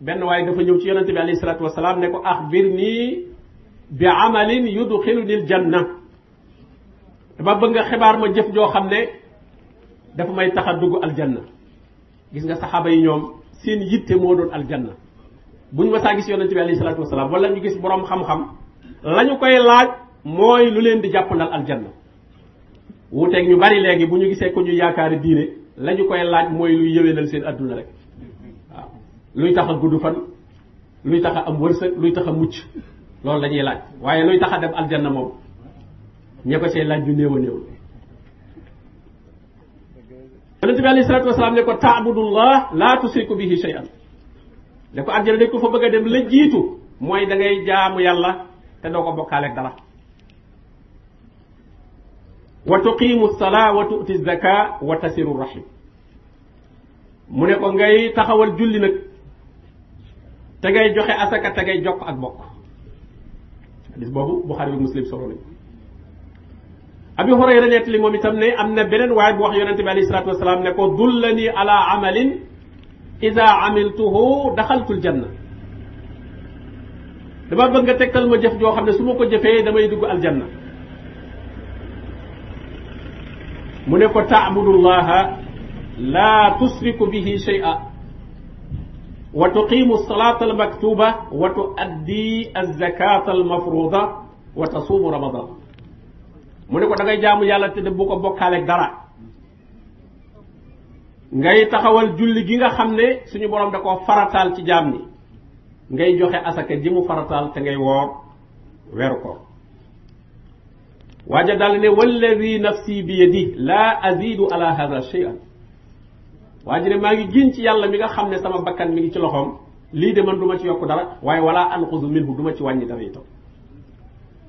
benn waaye dafa ñëw ci yonente bi alayhi salatu wasalaam ne ko axbir nii bi amalin yudxiluni l janna dama bëgg nga xibaar ma jëf joo xam ne dafa may tax a dugg aljanna gis nga saxaaba yi ñoom seen yitte moo doon aljanna buñ ma saa gis yonent bi alayhi salaatu wasalaam wala ñu gis borom xam-xam lañu koy laaj mooy lu leen di jàppandal aljanna wuuteeg ñu bari léegi bu ñu gisee ko ñu yaakaari diine la ñu koy laaj mooy luy yëwénal seen adduna rek luy tax gudd fan luy tax am wërsëg luy tax a mucc loolu lañuy laaj waaye luy tax a dem aljanna moom ña ko see laaj ñu néew a néew yonent bi alayhi salaatu wasalaam ne ko taabudullah la tusiku bihi shay'an da ko àjjana dañ ko bëgg a dem la jiitu mooy dangay jaamu yàlla te doo ko bokkaaleeg dara wa tuqimu salaa wa tu'ti zaka wa tasiru rahim mu ne ko ngay taxawal julli nag te ngay joxe asaka te ngay jokk ak bokk hadis boobu buxaari bi muslim solo nañ abi hurayra nettali moom itam ne am na beneen waaye bu wax yonente bi alayhi salatu wasalaam ne ko dullani ala amalin ida amiltuhu daxaltul janna dama bëgg nga tegtal ma jëf joo xam ne su ma ko jëfee damay dugg aljanna mu ne ko taabudullaha la tusriku bihi shay'a wa tuqimu salata almaktuba wa tuaddi alzakata almafruda wa tasuumu ramadan mu ne ko da ngay jaamu yàlla te de bu ko bokkaaleeg dara ngay taxawal julli gi nga xam ne suñu borom da ko farataal ci jaam ni ngay joxe asaka ji mu farataal te ngay woor weeru ko waaja daal ne walladi nafsi bi yadi laa azidu ala hada shay'an waa ne maa ngi giñ ci yàlla mi nga xam ne sama bakkan mi ngi ci loxoom lii de man du ma ci yokk dara waaye wala anqusu minhu du ci wàññi dara itam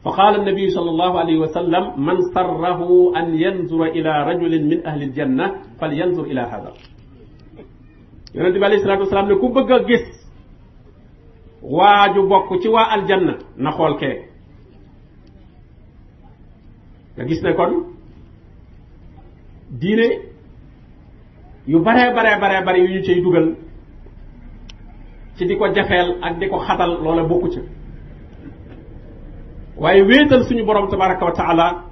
fa qaala annabiyu sallallahu alayhi wa sallam man sarrahu an yanzura ila rajulin min ahli aljanna fal yanzur ila hada yonente bi alayhi salatu wasalaam ne ku bëgg a gis waaju bokk ci waa aljanna na xool kee nga gis ne kon diine yu baree baree baree bare yu ñu cay dugal ci di ko jafeel ak di ko xatal loola bokku ca waaye wéetal suñu borom tabaraka wa taala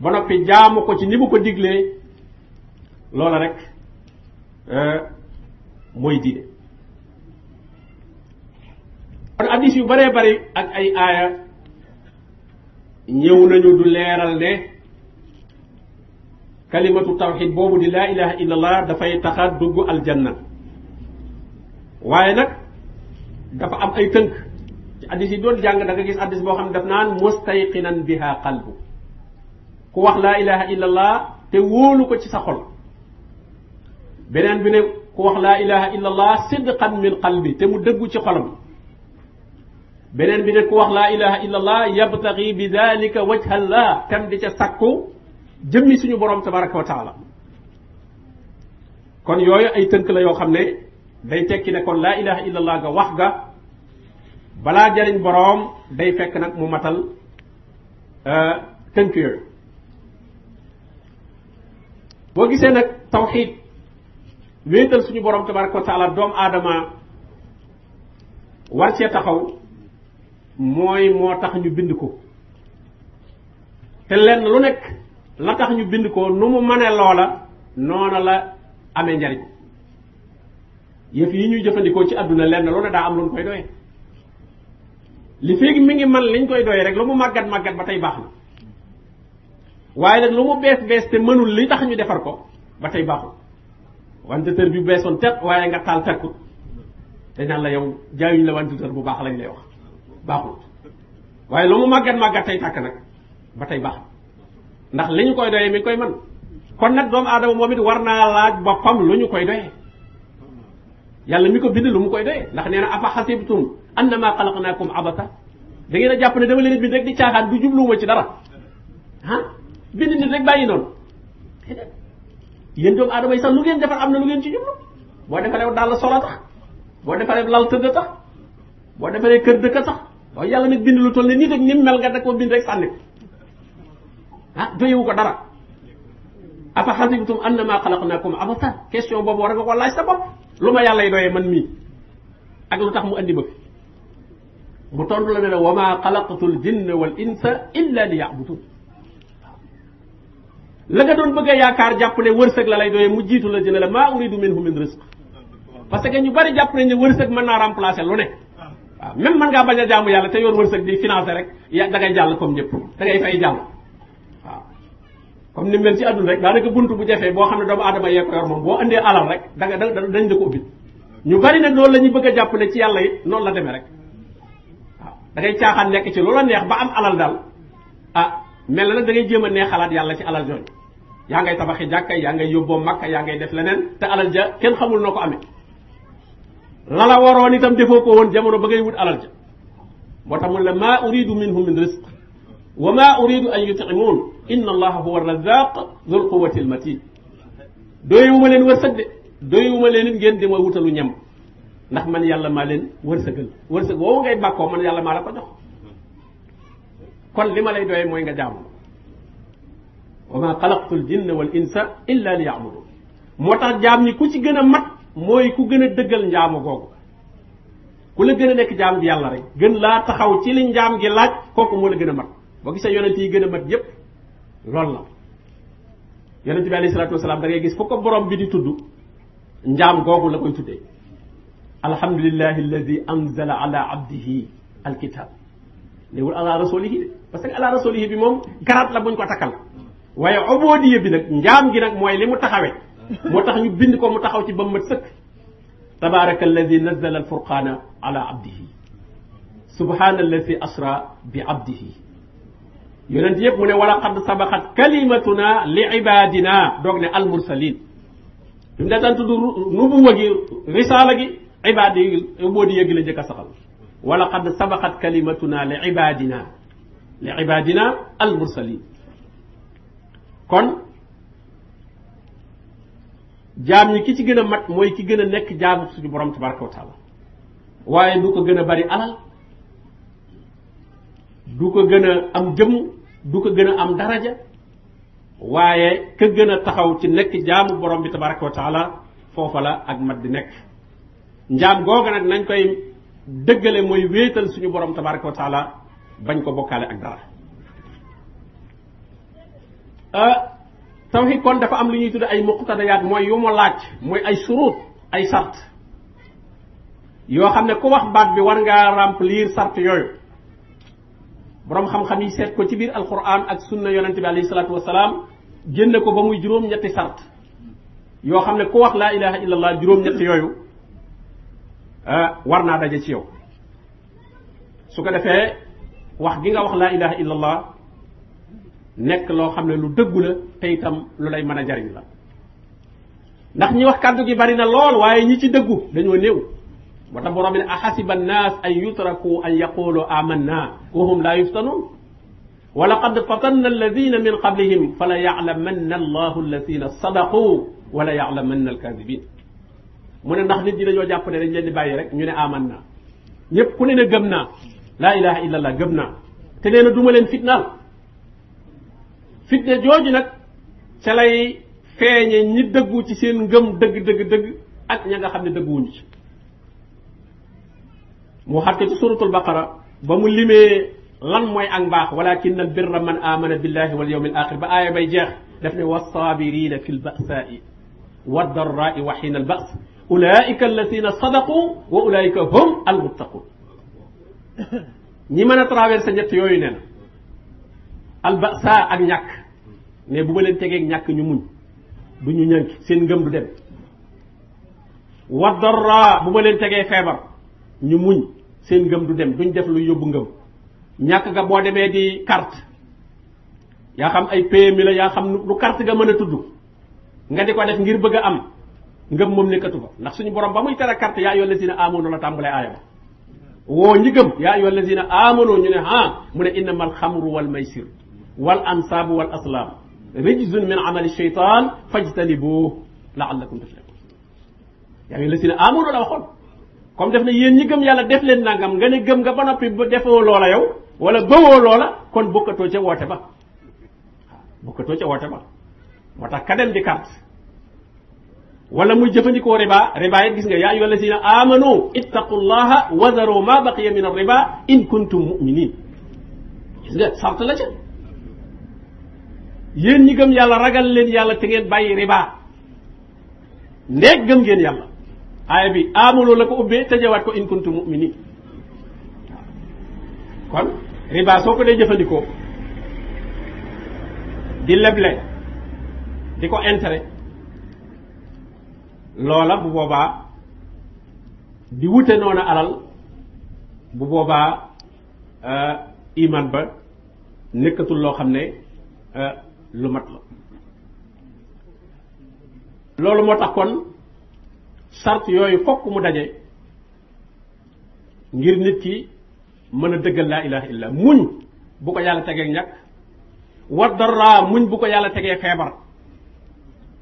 ba noppi jaamu ko ci ni mu ko diglee loola rek euh, mooy diine kon addis yu baree bari ak ay aaya ñëw nañu du leeral ne kalimatu tawxid boobu di laa ilaha illallah dafay taxa dugg aljanna waaye nag dafa am ay tënk addis yi doon jàng da gis addis boo xam ne daf naan mustayqinan biha qalbu ku wax laa ilaha illallah te wóolu ko ci sa xol beneen bi ne ku wax laa ilaha illallah sidqan min qalbi te mu dëggu ci xolam beneen bi ne ku wax laa ilaha illallah yabtagi bi dalika wajha allah tam di ca sakku jëmmi suñu borom tabaraka wa taala kon yooyu ay tënk la yoo xam ne day tekki ne kon laa ilaha illallah ga wax ga balaa jariñ boroom day fekk nag mu matal euh, tënk yooyu boo gisee nag tawxiid wéetal suñu boroom tabaraka wa taala doomu aadama war cee taxaw mooy moo tax ñu bind ko te lenn lu nekk la tax ñu bind ko nu mu mënee loola noona la amee njariñ yëf yi ñuy jëfandikoo ci àdduna lenn lu ne daa am lu koy doyee li feeg mi ngi man liñ koy doy rek lu mu màggat màggat ba tey baax na waaye nag lu mu bees bees te mënul li tax ñu defar ko ba tey baaxul wante tër bi beesoon teg waaye nga taal teg ko dañ la yow jaayuñ la wante tër bu baax lañ lay wax baaxul waaye lu mu màggat màggat tey tàkk nag ba tey baax ndax li ñu koy doyee mi ngi koy man kon nag doomu aadama moom it war naa laaj boppam lu ñu koy doyee yàlla mi ko bind lu mu koy doyee ndax nee na afa xasibtum annama xalaqnaakum abasa da ngeen a jàpp ne dama leen bind rek di caaxaan du jubluwuma ci dara ah bind nit rek bàyyi noonu yéen doomu lu ngeen defar am na lu ngeen ci jublu boo defaree daal la solo boo defaree lal boo defaree kër dëkk tax waaye yàlla nag bind lu toll ne nit ak ni mel nga da ko bind rek sànni ah doyewu ko dara afa xasibtum annama xalaqnaakum abasa question boobu war nga laaj sa bopp lu ma yàllay yi man mii ak lu tax mu andi ma fi mu tontu la ne la wa maa xalaqatul jinna wal insa illa li yabudun la nga doon bëgg a yaakaar jàpp ne wërsëg la lay doyee mu jiitu la dina la maa uridu minhum min risq parce que ñu bari jàpp nañ ne wërsëg mën naa remplacer lu ne waaw même mën ngaa bañ a jaamu yàlla te yoon wërsëg di financer rek ya da ngay jàll comme ñëpp da ngay jàll comme ni mu mel ci àdduna rek daanaka bunt bu jafee boo xam ne doomu aadama yee ko yor moom boo indee alal rek da nga da dañ la ko ubbil ñu bari nag loolu la ñuy bëgg a jàpp ne ci yàlla yi noonu la demee rek waaw da ngay caaxaan nekk ci loola neex ba am alal daal ah mel na nag da ngay jéem a neexalaat yàlla ci alal jooju yaa ngay tabaxi jàkka yaa ngay yóbboo makka yaa ngay def leneen te alal ja kenn xamul noo ko amee la la waroon itam defoo ko woon jamono ba ngay wut alal ja moo tax mu la maa wa ma uridu an yut'imun inna allaha huwa razaq dhul quwwati almatin doyuma leen wërsëg de doyuma leen it ngeen di ma wutalu ñam ndax man yàlla maa leen wërsëgal wërsëg woowu ngay bàkkoo man yàlla maa la ko jox kon li ma lay doyee mooy nga jaamu wa ma xalaqtu l jinna illa li ya'budun moo tax jaam ñi ku ci gën a mat mooy ku gën a dëggal njaamu googu ku la gën a nekk jaam bi yàlla rek gën laa taxaw ci li njaam gi laaj kooku moo la gën a mat boo gisee yonent yi gën a mat yépp loolu la yonent bi alayhi salaatu wasalaam da ngay gis fu ko borom bi di tudd njaam googu la koy tuddee alhamdulillahi alladi anzala ala abdihi alkitab léewul ala rasulihi de parce que ala rasulihi bi moom garaat la buñ ko takkal waaye obodiya bi nag njaam gi nag mooy li mu taxawee moo tax ñu bind ko mu taxaw ci ba mu mat sëkk tabaraka alladi nazala alfurqana ala abdihi subhana alladi asra bi abdihi yonent yëpp mu ne wala xadd sabaxat kalimatuna li ibadina doog ne almursalin bi mu daataan tudd nubuwa gi risaala gi ibaadi ubudiya la njëkk a saxal wala xadd sabaxat kalimatuna li ibadina li ibadina almursalin kon jaam ñi ki ci gën a mat mooy ki gën a nekk jaamu suñu borom tabaraka wa waaye du ko gën a bari alal du ko gën am jëmm du ko gën a am daraja waaye ka gën a taxaw ci nekk jaamu borom bi tabaraka wa taala foofa la ak mat di nekk njaam googa nag nañ koy dëggale mooy wéetal suñu borom tabaraka wa taala bañ ko bokkaale ak dara ah, tawxid kon dafa am lu ñuy tudd ay muqtadayaat mooy yu mu laaj mooy ay surut ay sart yoo xam ne ku wax baat bi war ngaa remplir sart yooyu boroom xam-xam yi seet ko ci biir alquran ak sunna yonent bi alayhi salaatu wasalaam génne ko ba muy juróom-ñetti sart yoo xam ne ku wax laa ilaha illallah juróom-ñetti yooyu ah, war naa daje ci yow su ko defee wax gi nga wax laa ilaha illallah nekk loo xam ne lu dëggu la te itam lu lay mën a jariñ la ndax ñi wax kàddu gi bari na lool waaye ñi ci dëggu dañoo néew moo tax borom bi ne axasiba annaas an yutraku an yaqulu amanna wa hum la yuftanuun wa laqad fatanna alladina min qablihim fa la yaclamanna allahu alladina sadaqu wa la yaclamanna alkadibin mu ne ndax nit ñi dañoo jàpp ne dañ di bàyyi rek ñu ne aman naa ñëpp ku ne ne gëm naa laa ilaha illa allah gëm naa te nee na duma leen fitnaal fitne jooju nag ca lay feeñe ñi dëggu ci seen ngëm dëgg dëgg dëgg ak ña nga xam ne dëgguwuñu ci mu xatte ci suratul baqara ba mu limee lan mooy ak mbaax walakin al birra man amana billahi wal yawmil axir ba aaya bay jeex daf ne wassaabirina fi lbasaai waddarraai wa xiina albas ulaika alladina sadaqu wa ulaika hum almuttaqun ñi mën a traversé ñett yooyu nee na albasa ak ñàkk mais bu ma leen tegeeg ñàkk ñu muñ du ñu ñànk seen ngëm du dem waddarra bu ma leen tegee feebar ñu muñ seen ngëm du dem duñ def lu yóbbu ngëm ñàkk ga boo demee di carte yaa xam ay PMI la yaa xam lu carte nga mën a tudd nga di ko def ngir bëgg am ngëm moom nekkatu fa ndax suñu borom ba muy tere carte yaa ayyuhal lazina aamanu la tàmbalee aaya ba woo ñi gëm yaa ayyuhal lazina aamanu ñu ne ah mu ne innamal xamru wa maysir wal ansaabu wal aslaam rijzun min amali shaytaan fajtanibuuhu la'allakum tuflihun yaa ayyuhal lazina aamanu la waxoon comme def na yéen ñi gëm yàlla def leen nangam nga ne gëm nga ba noppi ba defoo loola yow wala bëwoo loola kon bokkatoo ca woote ba waaw moo tax ka dem di carte wala muy jëfandikoo riba riba it gis nga yaa ayyuha allazina amanu ittaqullaha wazaru ma baqiya min ar-riba in kuntum mu'minin gis nga sart la ca yéen ñi gëm yàlla ragal leen yàlla te ngeen bàyyi riba ndeeg gëm ngeen yàlla aaya bi amulu la ko ubbee tëjewaat ko in kuntum mu'minin kon riba soo ko dee jëfandikoo di leble di ko intérêt loola bu boobaa di wute noonu alal bu boobaa euh, iman ba nekkatul loo xam ne euh, lu mat la loolu moo tax kon sart yooyu fokk mu daje ngir nit ki mën a dëggal laa ilaha illa muñ bu ko yàlla tegee ñàkk war dara muñ bu ko yàlla tegee feebar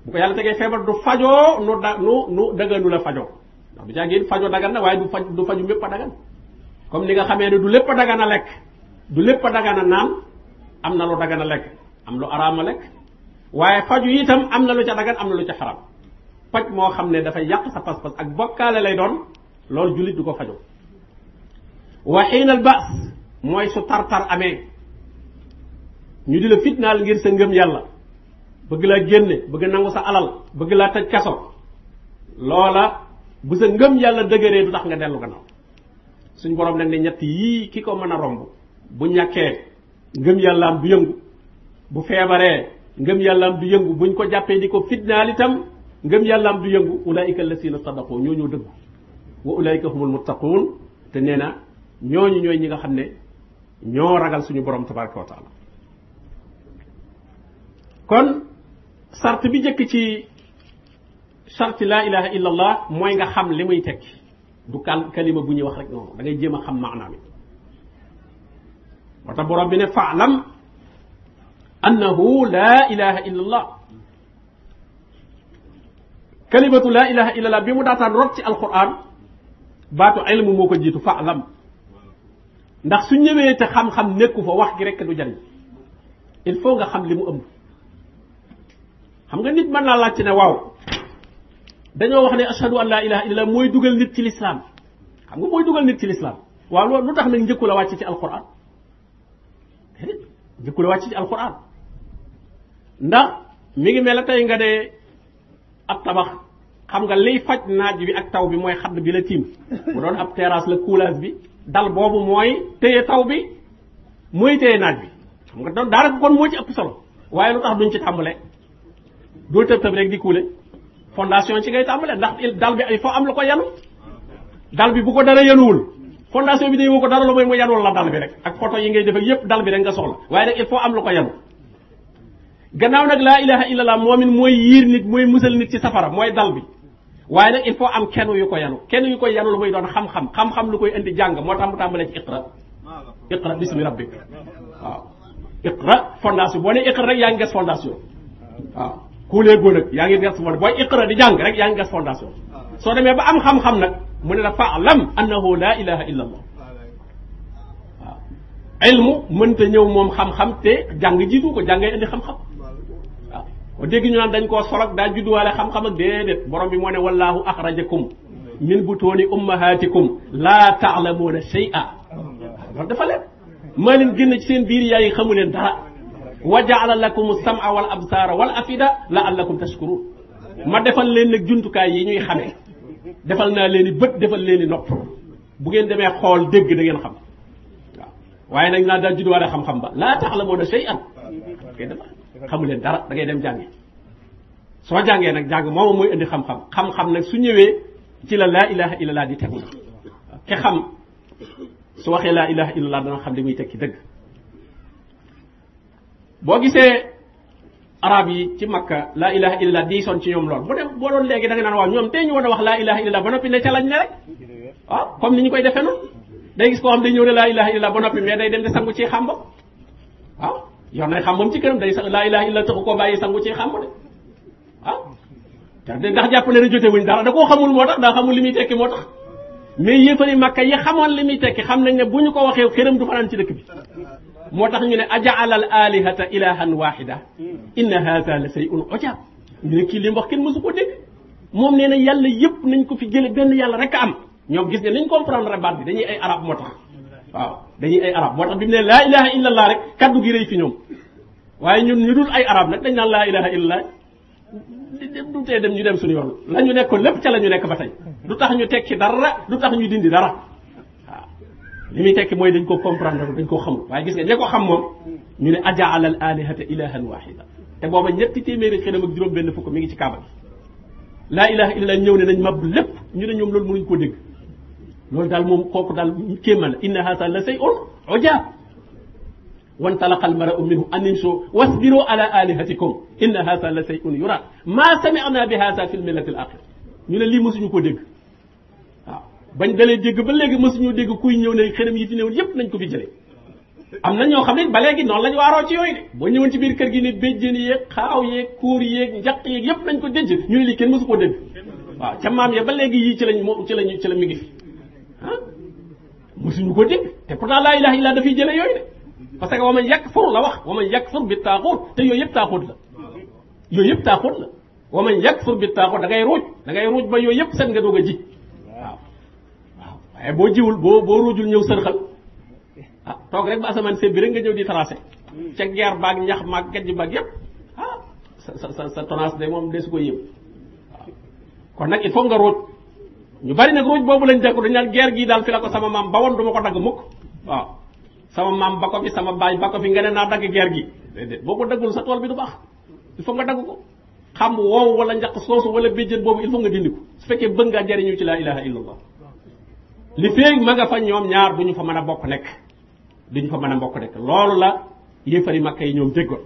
bu ko yàlla tegee feebar du fajoo nu da nu nu dëgganu la fajoo ndax du caa ngeen fajoo dagan na waaye du faj du faju mépp a dagan comme ni nga xamee ne du lépp a dagan a lekk du lépp a a naan am na lu dagan a lekk am lu araam a lekk waaye faju itam am na lu ca dagan am na lu ca xaram paj moo xam ne dafa yàq sa pas-pas ak bokkaale lay doon loolu jullit du ko faju wa xiinal baas mooy su tar-tar amee ñu di la fitnaal ngir sa ngëm yàlla bëgg laa génne bëgg nangu sa alal bëgg laa tëj kaso loola bu sa ngëm yàlla dëgëree du tax nga dellu gannaaw suñ borom nag ne ñett yii ki ko mën a romb bu ñàkkee ngëm yàllaam du yëngu bu feebaree ngëm yàllaam du yëngu buñ ko jàppee di ko fitnaal itam ngëm yàllaam du yëngu ulaayika allazina sadaqoo ñoo ñoo dëggu wa ulaayika humul muttaquun te nee na ñooñu ñooy ñi nga xam ne ñoo ragal suñu borom tabaraka wa kon sart bi jëkk ci sart laa ilaha illa allah mooy nga xam li muy tekki du kal kalima bu ñuy wax rek noonu da ngay a xam maanaam yi moo tax borom bi ne faalam annahu laa ilaha illa allah kalimatu laa ilaha illallah bi mu daataan rot ci alquran baatu ilmu moo ko jiitu faalam ndax su ñëwee te xam-xam nekku fa wax gi rek du jariñ il faut nga xam li mu ëmb xam nga nit man naa laaj ci ne waaw dañoo wax ne ashhadu an laa ilaha illallah mooy dugal nit ci lislaam xam nga mooy dugal nit ci lislaam waaw lu tax nag njëkku la wàcc ci alquran njëkku ndax mi ngi mel ne tey nga dee ab tabax xam nga liy faj naaj bi ak taw bi mooy xadd bi la tiim bu doon ab terrasse la coulage bi dal boobu mooy téye taw bi mooy téye naaj bi xam nga doon daanaka kon moo ci ëpp solo waaye lu tax duñ ci tàmbale doo tëb tëb rek di kuule fondation ci ngay tàmbale ndax dal bi il faut am lu ko yanu dal bi bu ko dara yanuwul fondation bi day woo dal bi rek yi ngay def ak yépp bi rek nga soxla waaye nag il faut am lu ko yanu gannaaw nag laa ilaha illallah moomin mooy yiir nit mooy musal nit ci safara mooy dal bi waaye nag il faut am kenn yu ko yanu kenn yu ko yanu lu muy doon xam-xam xam lu koy indi jàng moo tax mu tàmbalee ci boo ne iqra rek yaa ngi ges fondation yaa ngi ges fondation di jàng rek yaa ngi ges fondation soo demee ba am xam-xam nag mu ne la faalam annahu laa ilaha illa allah waaw ilmu mënta ñëw moom xam-xam te jàng jiitu ko jàngay indi xam-xam o dégg ñu naan dañ koo solog daa judduwaale xam-xam ak déedéet borom bi moo ne wallahu axrajakum min butooni ummahatikum laa taalamuuna shay'a loolu dafa leer maa leen génn ci seen biir yaay xamu leen dara wa jaala lakum sama wal absaara wal afida la allakum tashkurun ma defal leen nag jumtukaay yi ñuy xamee defal naa leen i bët defal leen i nopp bu ngeen demee xool dégg da ngeen xam waaye nag naa daal judduwaale xam-xam ba laa sey shay'an xamu leen dara dangay dem jàngi soo jàngee nag jàng moom mooy indi xam-xam xam-xam nag su ñëwee ci la laa ilaha illallah di tegu ke xam su waxee laa ilaha illallah xam li muy tekki dëgg boo gisee arab yi ci makka laa ilaha illallah di son ci ñoom lool bu dem boo doon léegi da daan naan waaw ñoom tey ñu war a wax laa ilaha illallah ba noppi ne ca lañ ne rek waaw comme ni ñu koy defee noonu day gis koo xam day ñëw ne laa ilaha illallah ba noppi mais day dem di sangu ci xàmba waaw yor nañ xam moom ci këram day sa laa ilaha illa taxu koo bàyyi sangu ci xam de ah te ndax jàpp ne jote wuñ dara da koo xamul moo tax daa xamul li muy tekki moo tax mais yéefari makka yi xamoon li muy tekki xam nañ ne bu ñu ko waxee këram du fanaan ci dëkk bi moo tax ñu ne ajaala al alihata ilahan wahida inna hada la shay'un ujab ñu ne kii li mu wax kenn mësu koo dégg moom nee na yàlla yëpp nañ ko fi jële benn yàlla rek am ñoom gis ne nañ comprendre baat bi dañuy ay arab moo waaw dañuy ay arab moo tax bi ñu ne laa ilaha illa allah rek kaddu gi rëy fi ñoom waaye ñun ñu dul ay arab nag dañ naan laa ilaha illallah du tee dem ñu dem suñu yoon la ñu nekkoon lépp ca la ñu nekk ba tey du tax ñu tekki dara du tax ñu dindi dara waaw li muy tekki mooy dañ ko comprendre dañ ko xamul waaye gis nga ña ko xam moom ñu ne ajaala al alihata ilahan wahida te booba ñetti téeméeri xelam ak juróom benn fukk mi ngi ci kaaba gi laa ilaha illa ñëw ne nañ mab lépp ñu ne ñoom loolu mënuñ koo dégg loolu daal moom kooku daal kéema la inna haasa la say un ojaab wantalaqa almarau minhu animsoo wasbiroo ala alihatikum inna haasa la say un yura maa sami'na bi haasa fi lmillati al ñu ne lii mësuñu ko dégg waaw bañ dalee dégg ba léegi mësuñu dégg kuy ñëw ne xërëm yi fi néewoon yépp nañ ko fi jëlee am na ñoo xam ne ba léegi noonu lañu waaroo ci yooyu de ñëw ñëwoon ci biir kër gi ne béjjén yeeg xaaw yeeg kóor yeeg njaq yeeg yépp nañ ko déjj ñu ne kenn mësu koo dégg waaw ca maam ya ba léegi yii ci lañ moo ci lañu ci la mi ngi ah mosuñu ko dégg te pourtant laa ilaha illa dafay jële yooyu de parce que wa man yakfur la wax wa man yakfur bi taaxut te yooyu yëpp taaxut la yooyu yëpp taaxut la wa man yakfur bi taaxut da ngay ruuj da ngay ruuj ba yooyu yëpp set nga doog a ji waaye boo jiwul boo boo ruujul ñëw sërxal ah toog rek ba asamaan seet bi rek nga ñëw di tracé ca geer baag ñax maag gajj baag yëpp ah sa sa sa tonnage de moom desu ko yëpp kon nag it faut nga ruuj ñu bari nag ruuj boobu lañ dëkku dañ naan gii daal fi la ko sama maam ba woon du ko dagg mukk waaw sama maam ba ko fi sama baay ba ko fi nga ne naa dagg geer gi déedéet boo ko daggul sa tool bi du baax il faut nga dagg ko xam woow wala njaq soosu wala béjjën boobu il faut nga dindi ko su fekkee bëgg ngaa jariñu ci laa ilaha illallah li feeg ma nga fa ñoom ñaar duñu fa mën a bokk nekk duñu fa mën a bokk nekk loolu la yéefari makka yi ñoom déggoon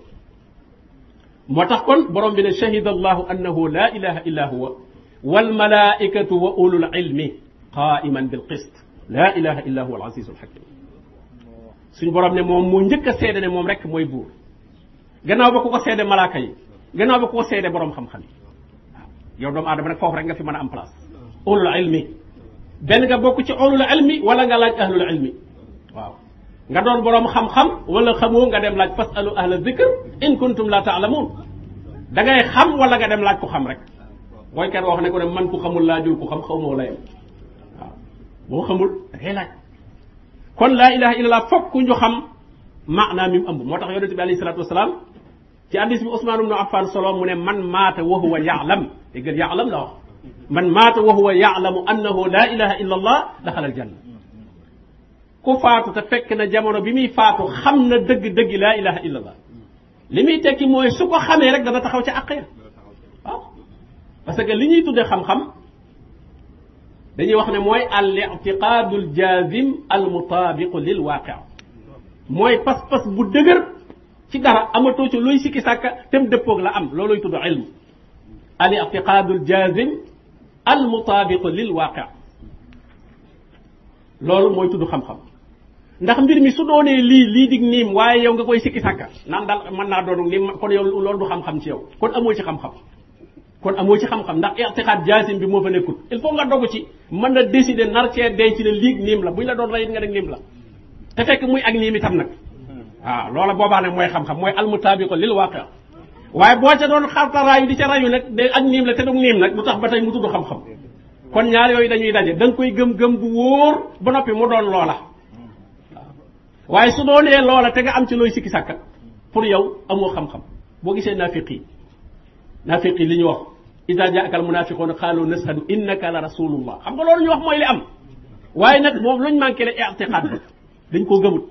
moo tax kon borom bi ne shahida allahu annahu la ilaha illa huwa wal malaikatu wa ulul ilmi qaiman bil qist la ilaha illa huwa al azizul hakim suñ borom ne moom moo njëkk a seede ne moom rek mooy buur gannaaw ba ku ko seede malaaka yi gannaaw ba ku ko seede borom xam-xam yi waaw yow doomu aadama nag foofu rek nga fi mën a am place ulul ilmi benn nga bokk ci ulul ilmi wala nga laaj ahlul ilmi waaw nga doon boroom xam-xam wala xamoo nga dem laaj fasalu ahla zikr in kuntum la taalamuun da ngay xam wala nga dem laaj ko xam rek waykat wax ne ko ne man ku xamul laajul ku xam xaw moo layam waaw boo xamul dangay laaj kon laa ilaha illallah fokk ñu xam maanaa mi mu ëmb moo tax yonente bi alayhi salatu wasalaam ci hadis bi Usmaan ibnu Affaan solo mu ne man maata wa huwa yaalam déggal yaalam la wax man maata wa huwa yaalamu annahu laa ilaha illa allah daxala al janna ku faatu te fekk na jamono bi muy faatu xam na dëgg-dëgg laa ilaha illa allah li muy tekki mooy su ko xamee rek dana taxaw ca àq ya parce que li ñuy tudde xam-xam dañuy wax ne mooy al ictiqaadu al jaazim al mutaabiqu lil waaqi mooy pas-pas bu dëgër ci dara amatoo ci looy sikki sàkka tem dëppoog la am loolooy tudd ilm al ictiqaadu al jaazim loolu mooy tudd xam-xam ndax mbir mi su doonee lii lii dig niim waaye yow nga koy sikki sàkka naan daal mën naa doonu niim kon yow loolu du xam-xam ci yow kon amoo ci xam-xam kon amoo ci xam-xam ndax ixtixaat jaasim bi moo fa nekkut il faut nga dogu ci man na décider nar cee denc ne liig niim la bu la doon rey nga rek niim la te fekk muy ak niim itam nag waaw loola boobaa nag mooy xam-xam mooy almutaabiqu lil waaqi waaye boo ca doon xarta rayu di ca rayu nag de ak niim la te du niim nag lu tax ba tey mu tudd xam-xam kon ñaar yooyu dañuy daje da koy gëm-gëm bu wóor ba noppi mu doon loola waaye su doonee loola te nga am ci looy sikki sàkka pour yow amoo xam-xam boo gisee naafiq yi naafiq yi li ñu wax iza jaaka al munafiquuna qaalu nashhadu innaka la rasulullah xam nga loolu ñu wax mooy li am waaye nag moom luñ manqué le i'tiqaad dañ koo gëmut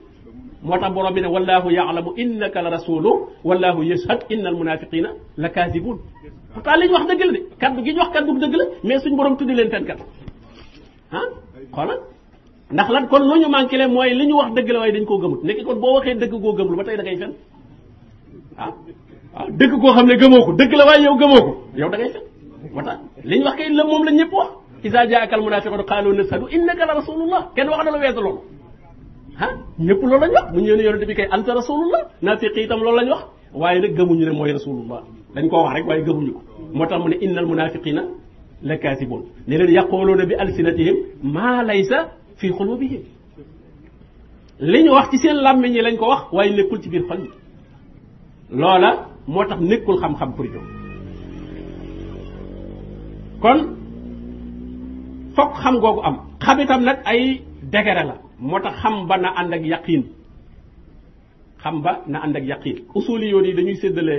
moo tax borom bi ne wallahu yaalamu innaka la rasulu wallahu yashhad inna al munafiqina la kaasibuun pourtant li ñu wax dëgg la de kaddu gi ñu wax kaddu dëgg la mais suñ borom tuddi leen fenkat ah xoolal ndax lan kon lu ñu manqué le mooy li ñu wax dëgg la waaye ko koo gëmut nekk kon boo waxee dëgg goo gëmul ba tey da ngay fen waaw dëkk koo xam ne gëmoo ko dëkk la waaye yow gëmoo ko yow da ngay fen moo tax li ñu wax kay la moom la ñëpp wax isa jaakal munafiqun qaalu nashadu innaka la rasulullah kenn wax na la weesu loolu ah ñëpp loolu lañ wax bu ñëwee ne yonente bi kay anta rasulullah naafiq itam loolu lañ wax waaye nag gëmuñu ne mooy rasulullah dañ koo wax rek waaye gëmuñu ko moo tax mu ne innal munafiqina la kaasiboon ne leen yaquluuna bi alsinatihim maa laysa fi xulubihim li ñu wax ci seen làmmiñ yi lañ ko wax waaye nekkul ci biir xol yi loola moo tax nekkul xam-xam pour jóg kon fokk xam googu am xam itam nag ay degere la moo tax xam ba na ànd ak yaqiin xam ba na ànd ak yaqiin usuli yoon yi dañuy séddale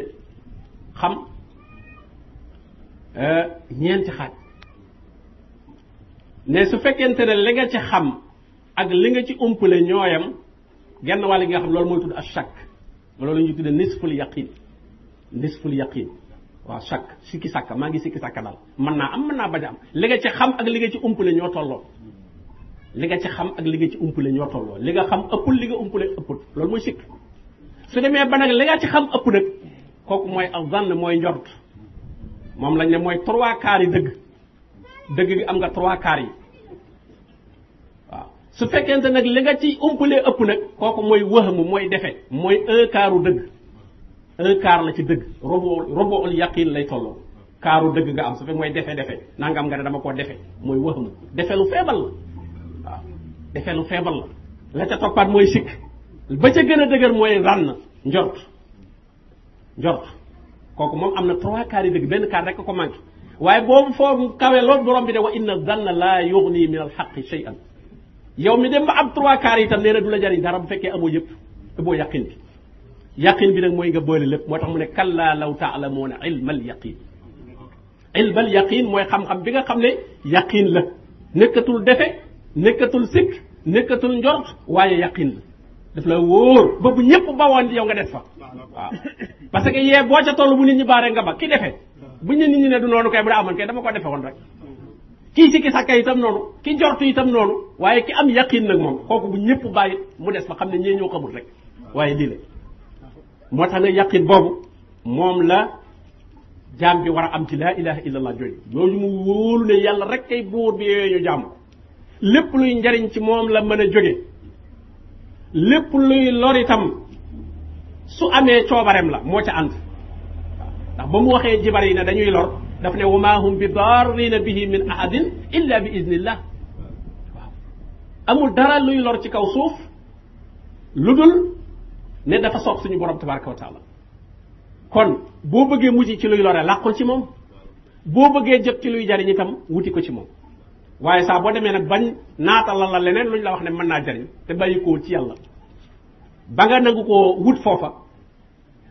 xam euh, ñeenti xaaj ne su fekkente ne li nga ci xam ak li nga ci umpale ñooyam genn wàll gi nga xam loolu mooy tudd ak shakk loolu la ñuy tuddee nisful yaqin nisful yaqin waaw sàkk sikki sàkka maa ngi sikki sàkka daal mën naa am mën naa bañ am li nga ci xam ak li nga ci umpale ñoo tolloo li nga ci xam ak li nga ci umpale ñoo tolloo li nga xam ëppul li nga umpale ëppul loolu mooy sikk su demee ba nag li nga ci xam ëpp nag kooku mooy ak zann mooy njort moom lañ ne mooy trois quarts yi dëgg dëgg bi am nga trois quarts yi waaw su fekkente nag li nga ci umpalee ëpp nag kooku mooy wëxamu mooy defe mooy un quart dëgg un quart la ci dëgg robo robo ul lay tolloo kaaru dëgg nga am su fekk mooy defe-defe nangam nga ne dama koo defe mooy wax na defe lu feebal la defe lu feebal la la ca toppaat mooy sikk ba ca gën a dëgër mooy rànn njort njort kooku moom am na trois quarts dëgg benn quart rek ko manqué waaye boobu foo kawee loolu borom bi de wa inna zanna laa yughni min al haqqi shay'an yow mi ba am trois quarts yi itam nee du la jariñ dara bu fekkee amoo yëpp boo yàqin bi yaqin bi nag mooy nga boole lépp moo tax mu ne kallaa law taalamuuna ilmal a ilmal yaqin mooy xam-xam bi nga xam ne yaqin la nekkatul defe nekkatul sikk nekkatul njort waaye yaqiin la daf la wóor ba bu ñëpp bawoon yow nga def fa waaw parce que yee boo ca toll bu nit ñi baaree nga ba ki defe bu ñu nit ñi ne du noonu kay bu daa amoon kay dama ko defe woon rek kii si ki sakka itam noonu ki jortu itam noonu waaye ki am yaqin nag moom kooku bu ñëpp bàyyi mu des fa xam ne ñee ñoo xamul rek waaye lii la moo tax nag yaqin boobu moom la jaam bi war a am ci laa ilaha illallah jooju jooju mu wóolu ne yàlla rek kay buur bi yooyu ñu jàmm lépp luy njariñ ci moom la mën a jóge lépp luy lor su amee coobareem la moo ca ànd ndax ba mu waxee jibar yi ne dañuy lor daf ne wa maa hum bi darrina bihi min ahadin illa bi idnillah waaw amul dara luy lor ci kaw suuf lu dul ne dafa soob suñu borom tabaraka wa taala kon boo bëggee mujj ci luy lore làqul ci moom boo bëggee jëkk ci luy jariñ itam wuti ko ci moom waaye saa boo demee nag bañ naata la la leneen luñ la wax ne mën naa jariñ te bàyyi ko ci yàlla ba nga nangu ko wut foofa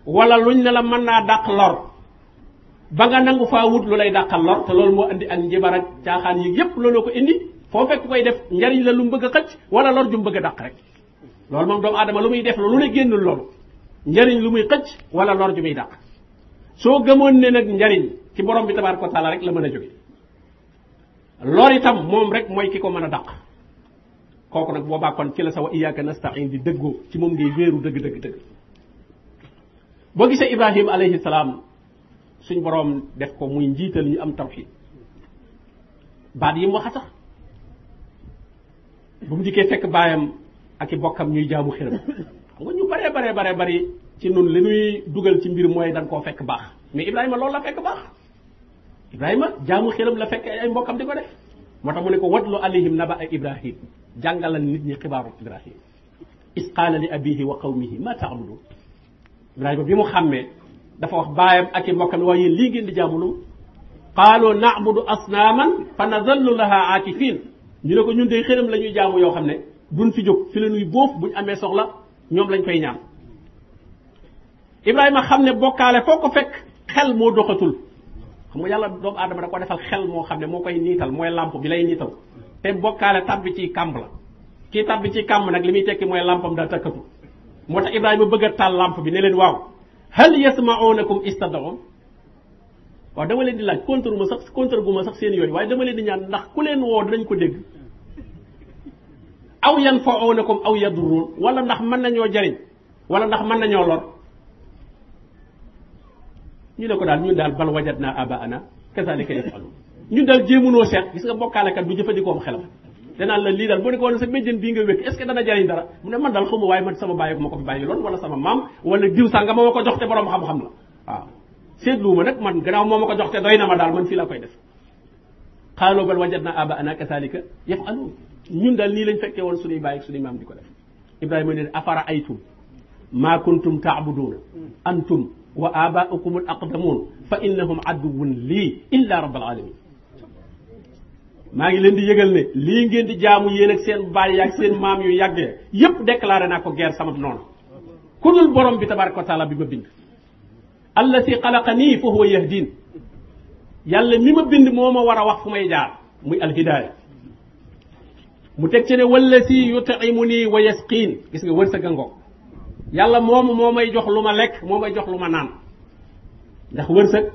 wala luñ ne la mën naa dàq lor ba nga nangu faa wut lu lay dàqal lor te loolu moo indi ak njibar ak caaxaan yi yépp looloo ko indi foo fekk koy def njariñ la lu mu bëgg xëcc wala lor ju mu bëgg a dàq rek loolu moom doomu adama lu muy def lu ne génnul loolu njariñ lu muy xëcc wala lor ju muy dàq soo gëmoon ne nag njariñ ci borom bi tabaaraka wa taala rek la mën a jóge lor itam moom rek mooy ki ko mën a dàq kooku nag boobaa kon ci la sa wa iyyaka nasta'in di dëggoo ci moom ngay wéeru dëgg dëgg dëgg boo gisee ibrahim alayhi salaam suñ boroom def ko muy njiital ñu am tawxid baat yi mu wax sax bu mu dikkee fekk baayam ak i bokkam ñuy jaamu xiram xam nga ñu bare bare bare bari ci nun li ñuy dugal ci mbir mooy dañ koo fekk baax mais Ibrahima loolu la fekk baax Ibrahima jaamu xiram la fekk ay mbokkam di ko def moo tax mu ne ko watlu alayhim naba ak Ibrahim jàngalal nit ñi xibaaru Ibrahim is qaala li abihi wa qawmihi ma taabudu Ibrahima bi mu xàmmee dafa wax baayam ak i mbokkam waaye yéen lii ngeen di jaamulu qaalu naabudu asnaaman fa nazallu laha aakifin ñu ne ko ñun de la ñuy jaamu yoo xam ne buñ fi jóg fi la nuy bu ñu amee soxla ñoom lañ koy ñaan Ibrahima xam ne bokkaale foo ko fekk xel moo doxatul xam nga yàlla doomu aadama da ko defal xel moo xam ne moo koy niital mooy làmp bi lay niital te bokkaale tàbbi ci kàmb la kii tàbbi ci kàmb nag li muy tekki mooy làmpam daa takkatu moo tax Ibrahima bëgg a tàll làmp bi ne leen waaw hal yasma'unakum istad'um waaw dama leen di laaj contre ma sax contre gu ma sax seen yooyu waaye dama leen di ñaan ndax ku leen woo dinañ ko dégg aw yan fa awnakum aw yadurruun wala ndax mën nañoo jariñ wala ndax mën nañoo lor ñu ne ko daal ñun daal bal wajat naa abaana kazalika yafaluun ñun daal jéemunoo seet gis nga bokkaalekat du jëfandikoo am xelam danaan la lii daal boo ne ko woon sa béjjën bii nga wékk est ce que dana jariñ dara mu ne man daal xawma waaye man sama bàyyi ma ko fi bàyyi loon wala sama maam wala diw sànga moo ma ko jox te borom xam-xam la waaw seetluuma nag man ma ko jox koy def xaaloo bal wajadna aba ana kasalika yafaluun ñun daal nii lañ fekkee woon suñuy bàyyi suñuy maam di ko def ibrahima ne afara aytum maa kuntum taabuduuna antum wa abaukum al aqdamuun fa innahum aduwun lii illa rabbal alamin maa ngi leen di yëgal ne lii ngeen di jaamu yéen ak seen bàyyi ak seen maam yu yàggee yépp déclaré naa ko guerre sama noonu ku dul borom bi tabaraka wa taala bi ma bind allati xalaqanii fa huwa yahdin yàlla mi ma bind moo ma war a wax fu may jaar muy alhidaaya mu teg ci ne wala si yutimu nii wa gis nga wërsëg a ngoog yàlla moomu moo may jox lu ma lekk moo may jox lu ma naan ndax wërsëg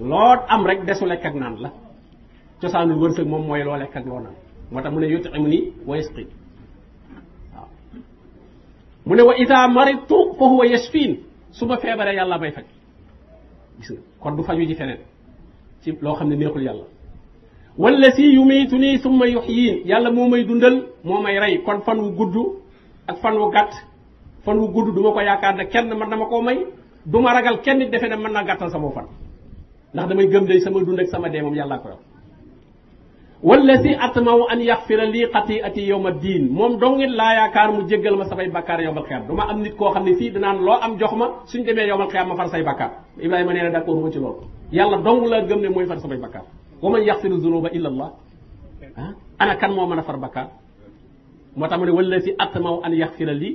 loo am rek desu lekk ak naan la cosaanul wërsëg moom mooy loo lekk ak loo naan moo tax mu ne yutimu nii wa mu ne wa ida maritu fa huwa su ma feebaree yàlla may faj gis nga kon du faju ji feneen ci loo xam ne neexul yàlla wala si yu maytu nii summa yii yàlla moo may dundal moo may rey kon fan wu gudd ak fan wu gàtt fan wu gudd du ma ko yaakaar ne kenn mën na ma koo may du ma ragal kenn it defe ne mën naa gàttal sama fan ndax damay gëm day sama dund ak sama dee moom yàllaa ko yor wallazi atmaw an yaxfira lii xati'ati yawma diin moom dongit laa yaakaar mu jéggal ma samay bakkaar yowmal xiyaam dama am nit koo xam ne fii danaan loo am jox ma suñ demee yowmal xiyaam ma far say bakkaar Ibrahima nee na d'accord ma ci loolu yàlla dong laa gëm ne mooy far samay bakkaar wa man yaxfiru zunuba illa allah ah ana kan moo mën a far bakkaar moo tax mu ne wallazi atmaw an yaxfira lii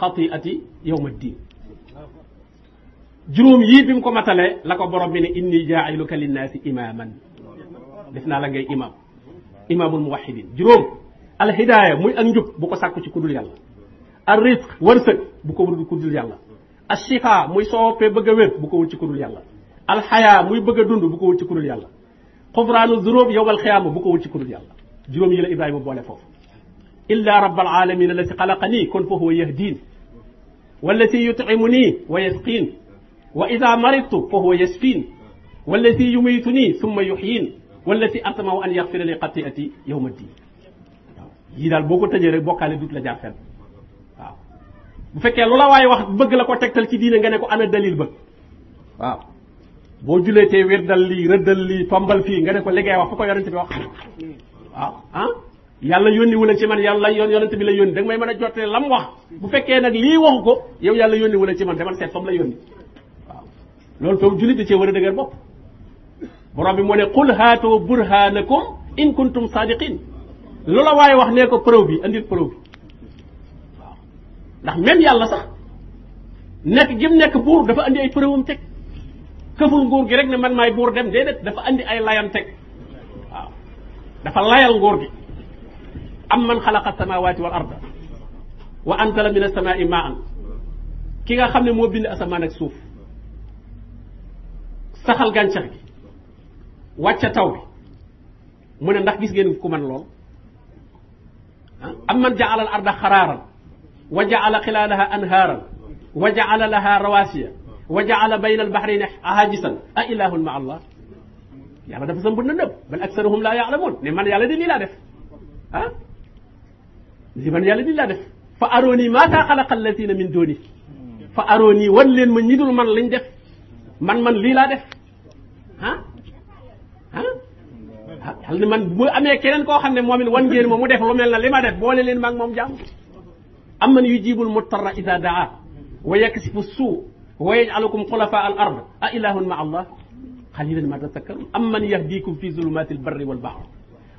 xati'ati yawma diin juróom yii bi mu ko matalee la ko borom bi imaamul muwahidin juróom alhidaaya muy ak njub bu ko sàkku ci kudul yàlla ar risq wërsëg bu ko wut kudul yàlla ashifa muy soopee bëgg a wér bu ko wut ci kudul yàlla alxayaa muy bëgg a dund bu ko wut ci kudul yàlla xufraanu zuróom yowal xiyaama bu ko wut ci kudul yàlla juróom yi la ibrahima boole foofu illa rabbal alamin allati xalaqanii kon fa huwa yahdiin wallati yut'imunii wa yasqiin wa ida maridtu fa huwa yasfiin wallati yumiitunii summa yuxyiin wallati asmau an yaxfira li xatiati yawma ddin waaw yii daal boo ko tëjee rek bokkaale dut la jaar fenn waaw bu fekkee lu la waaye wax bëgg la ko tegtal ci diine nga ne ko ana dalil ba waaw boo juleetee wirdal lii rëddal lii tombal fii nga ne ko liggéey wax fa ko yonente bi wax waaw ah yàlla yónni wu la ci man yàlla yoon yonente bi la yónni danga may mën a jottee lam wax bu fekkee nag lii waxu ko yow yàlla yónni wu la ci man te man seet la yónni loolu taw julit da cee war a bopp borom bi moo ne qul haatu burhanakum in kuntum sadiqin loola waaye wax nee ko preuve bi andil preuve bi waaw ndax même yàlla sax nekk gim nekk buur dafa andi ay preuve am teg këful nguur gi rek ne man maay buur dem déedéet dafa andi ay layam teg waaw dafa layal nguur gi am man xalaqa samawati wal arda wa anzala min as-samaa'i maa'an ki nga xam ne moo bind asamaan ak suuf saxal gàncax gi wàcce taw bi mu ne ndax gis ngeen ku man lool ah, am man jaala al arda xaraaran wa jaala xilaalaha anhaaran wa jaala laha rawaasiya wa jaala bayna albahrayni haajisan a ilahun ma allah yàlla dafa sëmb na nëb bal aksaruhum laa yaalamuun ne man yàlla di lii laa def ah li man yàlla di laa def fa arooni maata xalaqa alladina min dooni fa arooni wan leen ma ñi dul man lañ def man man lii laa def ah ah yàlla ne man bu amee keneen koo xam ne moom it wan ngeen ma mu def lu mel na li ma def boole leen maag moom jàmm am man yujibul muttarra ida daa wa yaksifu suu wa yaj'alukum xulafa al ard a ilahun ma allah qalilan ma tadakkarun am man yahdikum fi zulumati al barri wal bahri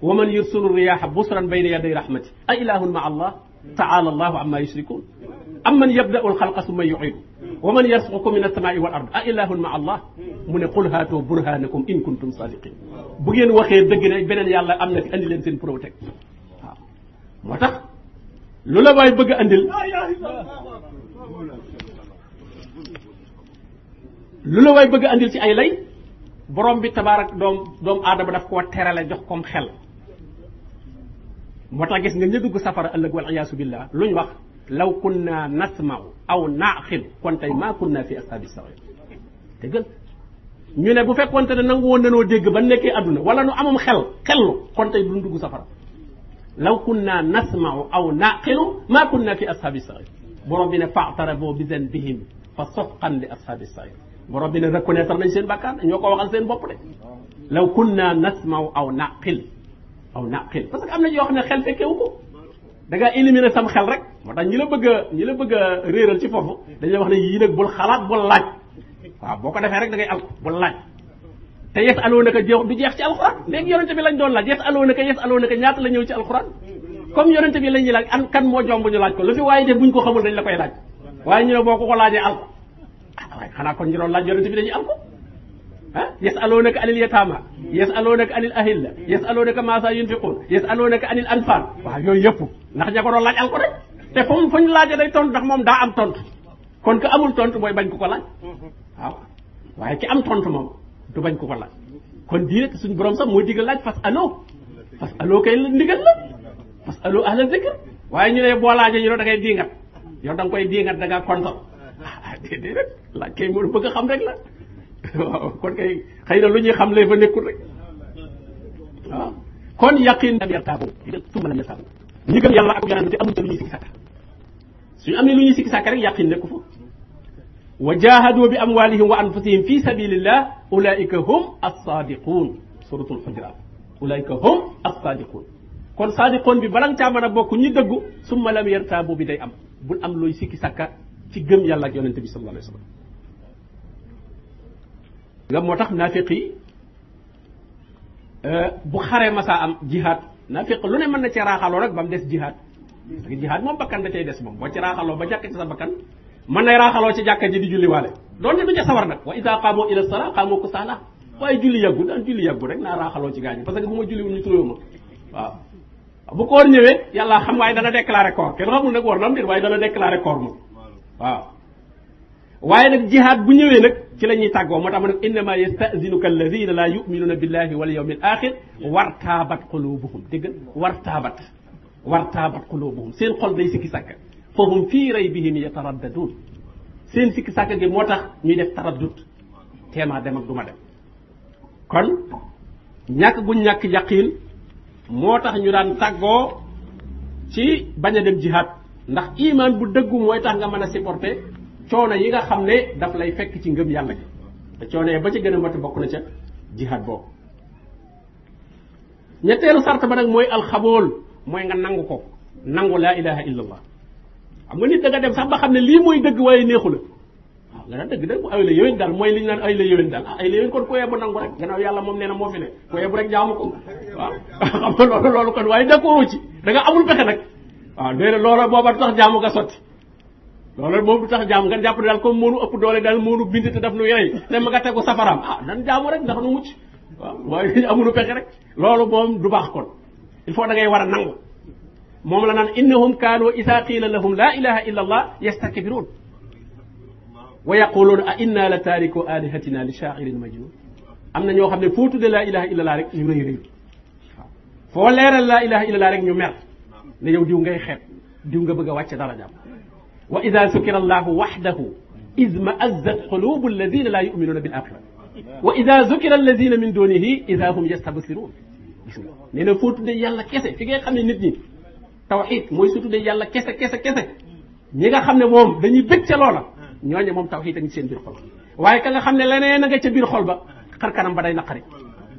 wa man yursilu riyaha busran bayna yaday rahmati a ilahun ma allah taala allahu amma yushrikun am man yabda'u al xalqa summa yu'idu wa man yarzuqukum min as-samaa'i wal ard a ilahun ma allah mu ne qul haatoo burhanakum in kuntum sadiqin bu ngeen waxee dëgg ne beneen yàlla am na fi andi leen seen protect moo tax lu la waay bëgg a andil lu la waay bëgg a andil ci ay lay borom bi tabaarak doom doomu aadama daf koo terale jox kom xel moo tax gis nga ña dugg safara ëllëg wal iyaasu billah wax law kunna nasma'u aw naaxilu kon tey maa kunna fi ashabi sa'ir dëggal ñu ne bu fekkoonte ne nangu woon nanoo dégg ba nekkee adduna wala nu amum xel xellu kon tey duñ dugg safara law kunna nasma'u aw naaqilu maa kunna fi ashabi sa'ir borom bi ne fa'tarafu bi zanbihim fa safqan li ashabi sa'ir borom bi ne reconnaître nañ seen bàkkaar ñoo ko waxal seen bopp de law kunna nasma'u aw naqil aw naqil parce que am na yoo xam ne xel fekkewu ko da ngaa éliminer sam xel rek moo tax ñi la bëgg ñi la bëgg a réeral ci foofu dañ la wax nañ yii nag bul xalaat bul laaj waaw boo ko defee rek da ngay al bul laaj te yes aloo naka jeex du jeex ci alxuraan léegi yonente bi lañ doon laaj yes aloo naka yes aloo naka ñaata la ñëw ci alxuraan comme yonente bi lañ ñuy laaj an kan moo jomb ñu laaj ko lu fi waaye def buñ ko xamul dañ la koy laaj waaye ñu ne boo ko ko laajee al ko ah waaye xanaa kon ñu doon laaj yonente bi dañuy al ko ah yasalunaka anil yataama yasalunaka anil ahilla yasalunaka ma sa yunfiqun yasalunaka anil anfal waaw yooyu yëpp ndax ña ko doon laaj al ko rek te fu mu fu ñu laajee day tontu ndax moom daa am tontu kon ku amul tontu mooy bañ ku ko laaj waaw waaye ki am tontu moom du bañ ku ko laaj kon diine te suñu borom sax moo digal laaj fas alo fas alo kay ndigal la fas alo ahla zikr waaye ñu ne boo laajee ñu ne da diingat yow da nga koy diingat da ngaa kontal ah, ah déedéet bëgg a xam rek la. *laughs* waaw kon kay xëy na lu ñuy xam lee fa nekkul rek waaw ah, kon yaqin am yartaabo tuma lam yartaabo ñi gëm yàlla ak yonent te amuñ lu ñuy sikki sàkka suñu amee lu ñuy sikki sàkka rek yaqin nekku fa wa jahadu bi amwalihim wa anfusihim fi sabilillah ulaika hum as-sadiqun suratul hujurat ulaika hum as-sadiqun kon sadiqoon bi bala nga caa mën a bokk ñu dëggu summa lam yartaabu bi day am bul am looy sikki sàkka ci gëm yàlla ak yonent bi sallallahu alayhi wa sallam nga moo tax naafiq yi euh, bu xaree masaa am jihaad naafiq lu ne mën na ci raaxaloo rek ba mu des jihaad parce moom bakkan da cay des moom boo ci raaxaloo ba jàkk ci sa bakkan mën nay raaxaloo ci jàkka ji di julliwaale doonte du ca sawar nag wa iza qaamu ila salaa qaamu kusaala waaye julli yàggu daan julli yàggu rek naa raaxaloo ci gaañu parce que bu ma julliwul ñu turóo ma waaw bu koor ñëwee yàlla xam waaye dana déclaré koor kenn xamul nag war waaye nag jihaad bu ñëwee nag ci la ñuy tàggoo moo tax ma ne innama yastazinuka alladina laa yuminuuna billahi wal yawmil axir war taabat qulubuhum dégg war taabat war taabat qulubuhum seen xol day sikki sàkk fahum fii raybihim yataraddadun seen sikki sàkk gi moo tax ñuy def taraddud teemaa dem ak ma dem kon ñàkk guñ ñàkk yaqiin moo tax ñu daan tàggoo ci bañ a dem jihaad ndax imaan bu dëggu mooy tax nga mën a supporter coono yi nga xam ne daf lay fekk ci ngëm yàlla gi te coono yi ba ci gën a mat bokk na ca jihaad boobu ñetteelu sart ba nag mooy alxabool mooy nga nangu ko nangu laa ilaha illallah xam nga nit da nga dem sax ba xam ne lii mooy dëgg waaye neexu la waaw nga naan dëgg dëgg bu ay la yéwén daal mooy li naan ay la yéwén daal ah ay la yéwén kon ku yebu nangu rek gannaaw yàlla moom nee na moo fi ne ku yebu rek jaamu ko waaw *laughs* xam nga loolu loolu kon waaye d'accord ci na loola booba tax jaamu nga loolu moom du tax jaam nga jàpp ne daal comme moonu ëpp doole daal moonu bind te daf nu yooyu te ma nga tegu safaram ah nan jaamu rek ndax nu mucc waaw waaye *laughs* amunu rek loolu moom du baax kon il faut da ngay war a nangu moom la naan innahum kaanu isa qiila lahum laa ilaha illa allah yastakbiruun wa yaquluun a inna la taariku alihatina li shaa'irin majnun am na ñoo xam ne foo tudde laa ilaha rek ñu rëy rëy waaw foo leeral laa ilaha illa allah rek ñu mer ne yow diw ngay xeeb diw nga bëgg wàcce dara jàmm wa ida sukira allahu waxdahu iz maazzat qulubu alladina laa yuminuuna bil axira wa ida zukira alladina min dunihi ida hum yastabsiruun gis nga nee na foo tuddee yàlla kese fi ngay xam ne nit ñi tawxid mooy su tuddee yàlla kese kese kese ñi nga xam ne moom dañuy bëgg ca loola ñooñe moom tawxid a ngi seen biir xol waaye ka nga xam ne leneen a nga ca biir xol ba xar kanam ba day naqari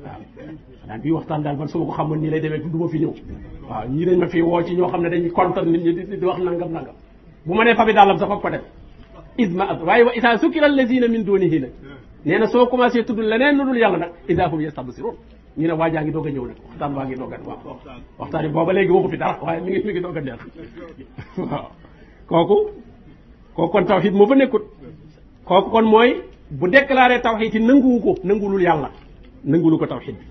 waaw daan bii waxtaan daal man su ma ko xamoon nii lay demee du ma fi ñëw waaw ñii dañ ma fi woo ci ñoo xam ne dañuy contre nit ñi di wax nangam nangam bu ma nee fabi dàllam sax fab ko def isma as waaye wa isa sukkira lazina min dunihi nag hmm. nee na soo commencé tudd leneen lu dul yàlla nag isa hum yastabsiruun ñu ne waajaa ngi doog a ñëw nag waxtaan waa ngi doog a waaw waxtaan booba léegi waxu fi dara waaye mi ngi mi ngi doog a neex *laughs* waaw kooku kooku kon tawxid moo fa nekkut kooku kon mooy bu déclaré tawxid ci nanguwu ko nangulul yàlla nangulu ko tawxid bi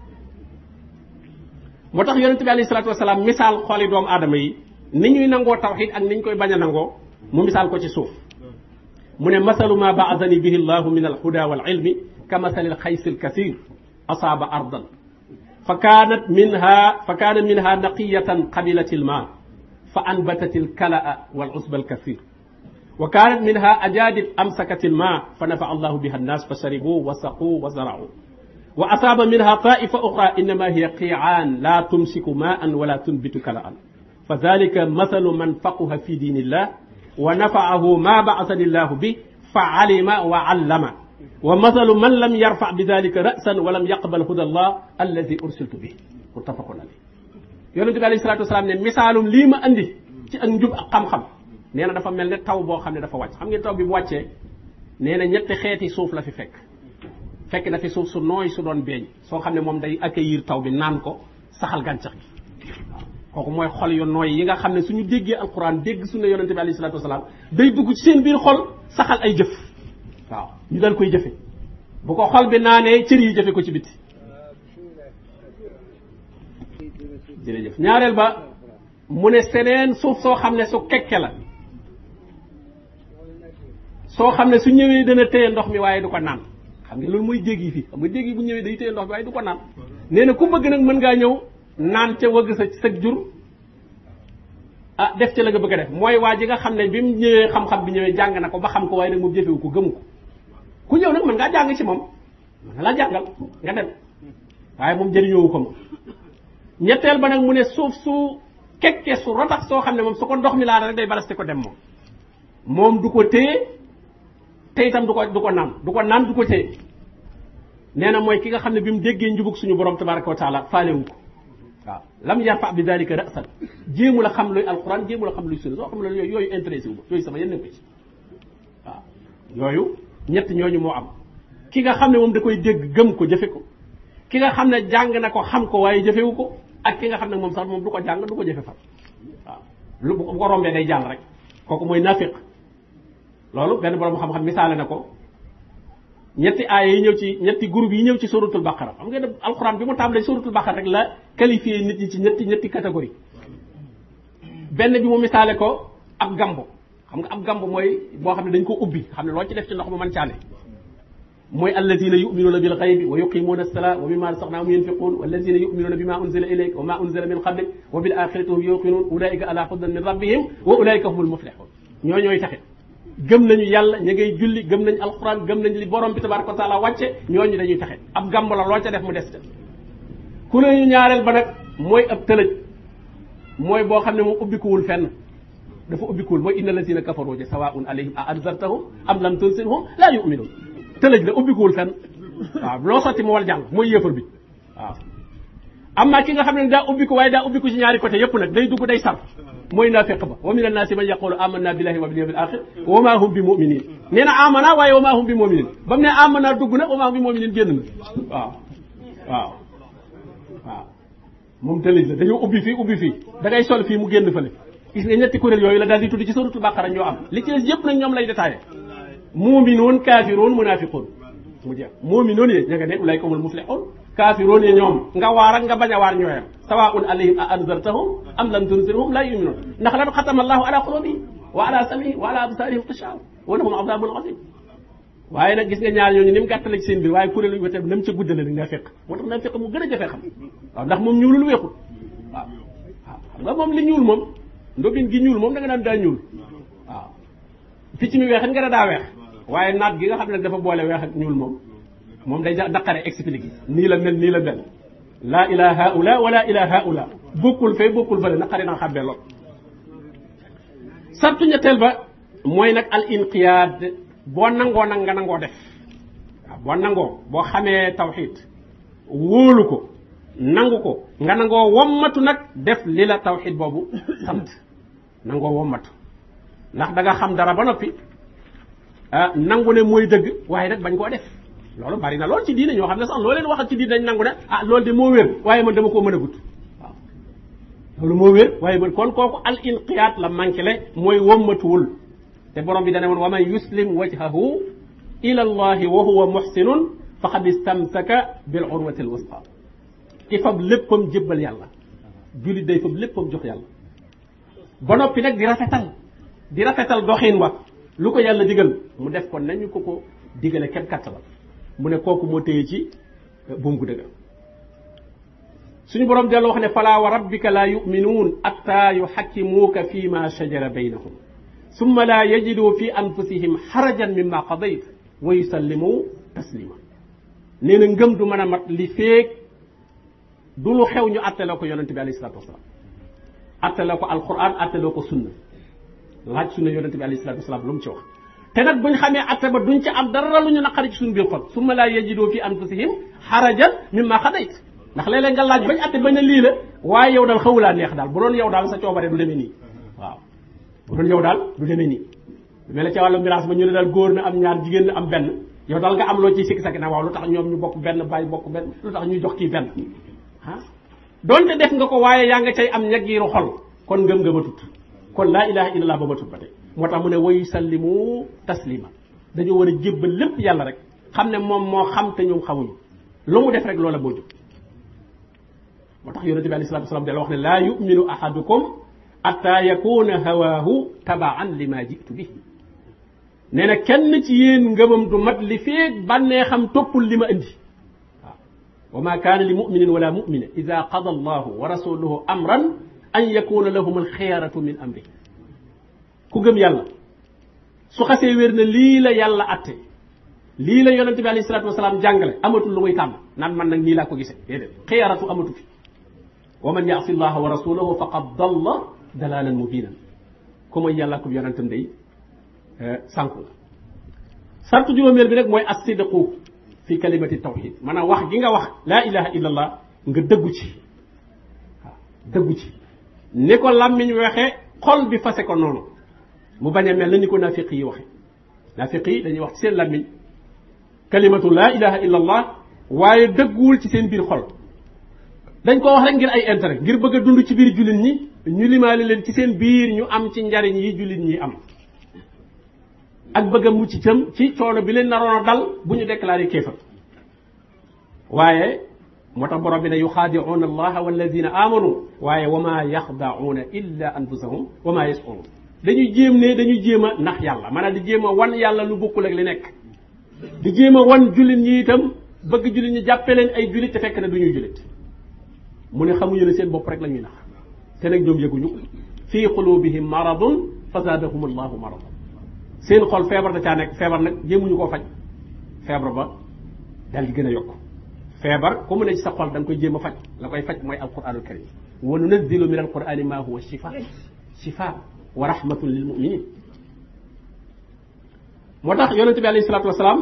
moo tax yonente bi alayhi salaatu wasalaam misaal xooli doomu aadama yi ni ñuy nangoo tawxid ak ni koy bañ a nangoo mu misaal ko ci suuf mu ne masalu ma baasani bihi llahu min alhuda wal ilmi ka masali alxays alkasir asaaba ardan fa kaanat minha fa kaana minha naqiyatan qabilat alma fa anbatat alkalaa walusba alkasir wa kaanat minha ajadib amsakat alma fa nafa allahu biha annas fa sharibu wa saqu wa zarau wa asaaba minha taifa oxra innama hiya qiiaan la tumsiku maan wala tunbitu kalaan fa dalika masalu man faquha fi diinillah wa nafaahu ma baasani llahu bi fa alima wa allama wa masalu man lam yarfa bi dalika rasan wa lam yaqbal huda allah alladi ursiltu bi muttafaqun alayh yonente bi alayhi salatu wasalaam ne misaalum lii ma andi ci ak njub ak xam-xam nee na dafa mel ne taw boo xam ne dafa wàcc xam ngeen taw bi bu wàccee nee na ñetti xeeti suuf la fi fekk fekk na fi suuf su nooy su doon beeñ soo xam ne moom day accueillir taw bi naan ko saxal gàncax gi waaw kooku mooy xol yu nooy yi nga xam ne suñu déggee alquran dégg sunna yonente bi alayhi salatu wasalaam day dugg ci seen biir xol saxal ay jëf waaw ñu dal koy jëfe bu ko xol bi naanee cër yi jëfe ko ci biti jërëjëf ñaareel ba mu ne seneen suuf soo xam ne su kekkee la soo xam ne su ñëwee dana téye ndox mi waaye du ko naan xam nga loolu mooy dégg yi fii xam nga dégg yi bu ñëwee day téye ndox mi waaye du ko naan nee na ku bëgg nag mën ngaa ñëw naan ca wëgg sa jur ah def ca la nga bëgg a def mooy waa ji nga xam ne bi mu ñëwee xam-xam bi ñëwee jàng na ko ba xam ko waaye nag moom jëfewu ko gëmu ko ku ñëw nag mën ngaa jàng ci moom mën na laa nga dem waaye moom jëriñoowu ko moom ñetteel ba nag mu ne suuf su kekke su rotax soo xam ne moom su ko ndox mi laal rek day balaste ko dem moom moom du ko téye te itam du ko du ko naan du ko naan du ko téye nee na mooy ki nga xam ne bi mu déggee njubug suñu borom tabaraka wa taala ko waaw lam yarfa bi dalika rasan jéemu la xam luy alquran jéemu la xam luy sunna soo xam la yooyu intéressé wu ma yooyu sama yenn ko ci waaw yooyu ñett ñooñu moo am ki nga xam ne moom da koy dégg gëm ko jëfe ko ki nga xam ne jàng na ko xam ko waaye jëfewu ko ak ki nga xam ne moom sax moom du ko jàng du ko jëfe far waaw lu bu ko rombee day jàll rek kooku mooy nafiq loolu benn borom xam-xam misaale na ko ñetti aaya yi ñëw ci ñetti groupe yi ñëw ci suratul baqara xam nga ne alxuraan bi mu tàmbalee suratul baqara rek la qualifié nit ñi ci ñetti ñetti catégorie benn bi mu misaale ko ab gambo xam nga ab gambo mooy boo xam ne dañ ko ubbi xam ne loo ci def ci ndox mu mën caane mooy alladina yuminuuna bil xaybi wa yuqimuuna alsalaa wa mimma razaqnaahum yunfiquun walladina yuminuuna bima unzila ma unzila min qablik wa bil axirati hum min rabbihim wa ulaika humul muflixun ñoo ñooy gëm nañu yàlla ña ngay julli gëm nañu alxuraan gëm nañu li borom bi tabaraka wa taala wàcce ñooñu dañuy taxe ab gàmb la loo ca def mu des ca ku nañu ñaareel ba nag mooy ab tëlëj mooy boo xam ne mu ubbikuwul fenn dafa ubbikuwul mooy inna lazina kafaru ja sawaun alayhim a anzartahum am lam tunzirhum laa yu'minun tëlëj la ubbikuwul fenn waaw loo sotti mu wal jàng mooy yéefar bi waaw am naa ki nga xam ne daa ubbiku waaye daa ubbiku ci ñaari côté yépp nag day dugg day sar mooy naafiq ba wa a naasi man yaqulu amanna billahi wa bil yawmil axir wa ma hum bi muminin nee na amana waaye wa ma hum bi muminin ba mu ne amana dugg na wa ma hum bi muminin génn na waaw waaw waaw moom ubbi fii da ngay sol fii mu génn fële gis nga ñetti kuréel yooyu la daal di tudd ci suratul baqara ñoo am li ci des yëpp nag ñoom lay détaillé muminuun kaafiruun mu jeex muminuun yi ña nga ne ulay kumul kaafiroon yi ñoom nga waar ak nga bañ a waar ñooyam sawaun alayhim a anzartahum am lam tunzirhum la yuminuun ndax lan xatama allahu ala qulubihim wa ala samihim wa ala absarihim xishaaw wa lahum azabun azim waaye nag gis nga ñaar ñooñu ni mu gàttale ci seen biir waaye kuréel yu tam nam ca guddale nag na fekk moo tax na fekk mu gën a jafe xam ndax moom ñuulul weexul waaw waaw nga moom li ñuul moom ndobin gi ñuul moom da nga daan daa ñuul waaw picc mi weexit nga da daa weex waaye naat gi nga xam ne dafa boole weex ak ñuul moom moom day daqare expliqué nii la mel nii la mel laa ilaa haula wala ilaa haula bokkul fee bokkul fële naqari naa xàbbee lool sartu ñetteel ba mooy nag al inqiyaad boo nangoo nag nga nangoo def waaw boo nangoo boo xamee tawxid wóolu ko nangu ko nga nangoo wommatu nag def li la tawxid boobu sant nangoo wommatu ndax da xam dara ba noppi ah nangu ne mooy dëgg waaye nag bañ koo def loolu bari na lool ci diine ñoo xam ne sax loo leen waxal ci diine dañ nangu ne ah de moo waaye man dama koo mën a gut waaw waaye man kon kooku al inqiyaat la manqué le mooy wommatuwul te borom bi dana won wa man yuslim wajhahu ila allahi wa huwa muhsinun faqad istamsaka bil urwati al wusta ki fab léppam jébbal yàlla jullit day fab léppam jox yàlla ba noppi nag di rafetal di rafetal wa lu ko yàlla digal mu def ko nañu ko ko digale kem kàttanam mu ne kooku moo téye ci euh, buum gu dëgër suñu borom delloo wax ne fala wa rabbika la yuminuun atta yuxakkimuuka fi ma shajara baynahum summa la yajidu fi anfusihim xarajan mimma qadayt wa yusallimu taslima nee na ngëm du mën a mat li feeg du lu xew ñu atte ko yonente bi alayhi salatu wasalaam ko alquran atte ko sunna laaj sunna yonente bi alayhi salatu lu mu ci wax te nag ñu xamee atte ba duñ ca am dara lu ñu naqari ci suñu biir xol summa laa yajidoo fi anfusihim xarajan mimma xadayt ndax léeg-léeg nga laaj bañ atte bañ a lii la waaye yow daal xawulaa neex daal bu doon yow daal sa coobare du demee nii waaw yow daal du demee nii lu mel ne ca wàllu miraas ba ñu ne daal góor na am ñaar jigéen na am benn yow daal nga am loo ciy sikki sakki na waaw lu tax ñoom ñu bokk benn bàyyi bokk benn lu tax ñuy jox kii benn ah doonte def nga ko waaye yaa nga cay am ñaggiiru xol kon ngëm-ngëmatut kon laa ilaha illallah ba matut ba tey moo tax mu ne way sallimu taslima dañoo war a jébbal lépp yàlla rek xam ne moom moo xam te ñoom xamuñu lu mu def rek loola moo jóg moo tax yonente bi alei salatu wasalam dala wax ne laa yuminu ahadukum atta yakuna hawaahu tabaan lima jitu bihi nee na kenn ci yéen ngëmam du mat li feeg bànnee xam toppul li ma indi wa ma kaana li muminin wala mumina ida qada allahu wa rasuluhu amran an yakuna lahum alxiyaratu min amrihi ku gëm yàlla su xasee wér na lii la yàlla atte lii la yonente bi alayhi salatu wasalaam jàngale amatul lu muy naan man nag nii laa ko gisee déedéet xiyaaratu amatu fi wa man yaasi llaha wa rasulahu faqad dalla dalalan mubinan ku mooy yàlla ko yonentam day eh, sànku la sart juróomeel bi nag mooy assidqu fi kalimati tawxid maanaam wax gi nga wax laa ilaha nga dëggu ci waaw dëggu ci ni ko làmmiñ waxee xol bi fase ko noonu mu bañ a mel na ni ko naafiq yi waxe naafiq dañuy wax ci seen làmmiñ kalimatu laa ilaha illa allah waaye dëgguwul ci seen biir xol dañ ko wax rek ngir ay intérêt ngir bëgg a dund ci biir jullit ñi ñu limaale leen ci seen biir ñu am ci njariñ yi jullit ñi am ak bëgg a mucc itam ci coono bi leen naroon dal bu ñu déclaré kéefar waaye moo tax borom bi ne yuxaadicuuna allaha walladina amanu waaye wa ma yaxdauuna illa anfusahum wa ma dañuy jéem ne dañuy jéem a nax yàlla man maanaam di jéem wan yàlla lu bokkul ak li nekk di jéem a wan jullit ñi itam bëgg jullit ñi jàppe leen ay jullit te fekk na du ñuy jullit mu ne xamuñu ne seen bopp rek lañuy ñuy nax te nag ñoom yëguñu ko fii xulubihim maradun fazaadahum allahu maradun seen xol feebar da caa nekk feebar nag jéemuñu ko faj feebar ba dal di gën a yokk feebar ku mu ne ci sa xol da koy jéem a faj la koy faj mooy alquranul karim wa nunazzilu min alqurani ma huwa shifa shifa wa rahmatul lil muminin moo tax yonente bi alayhi salatu wasalaam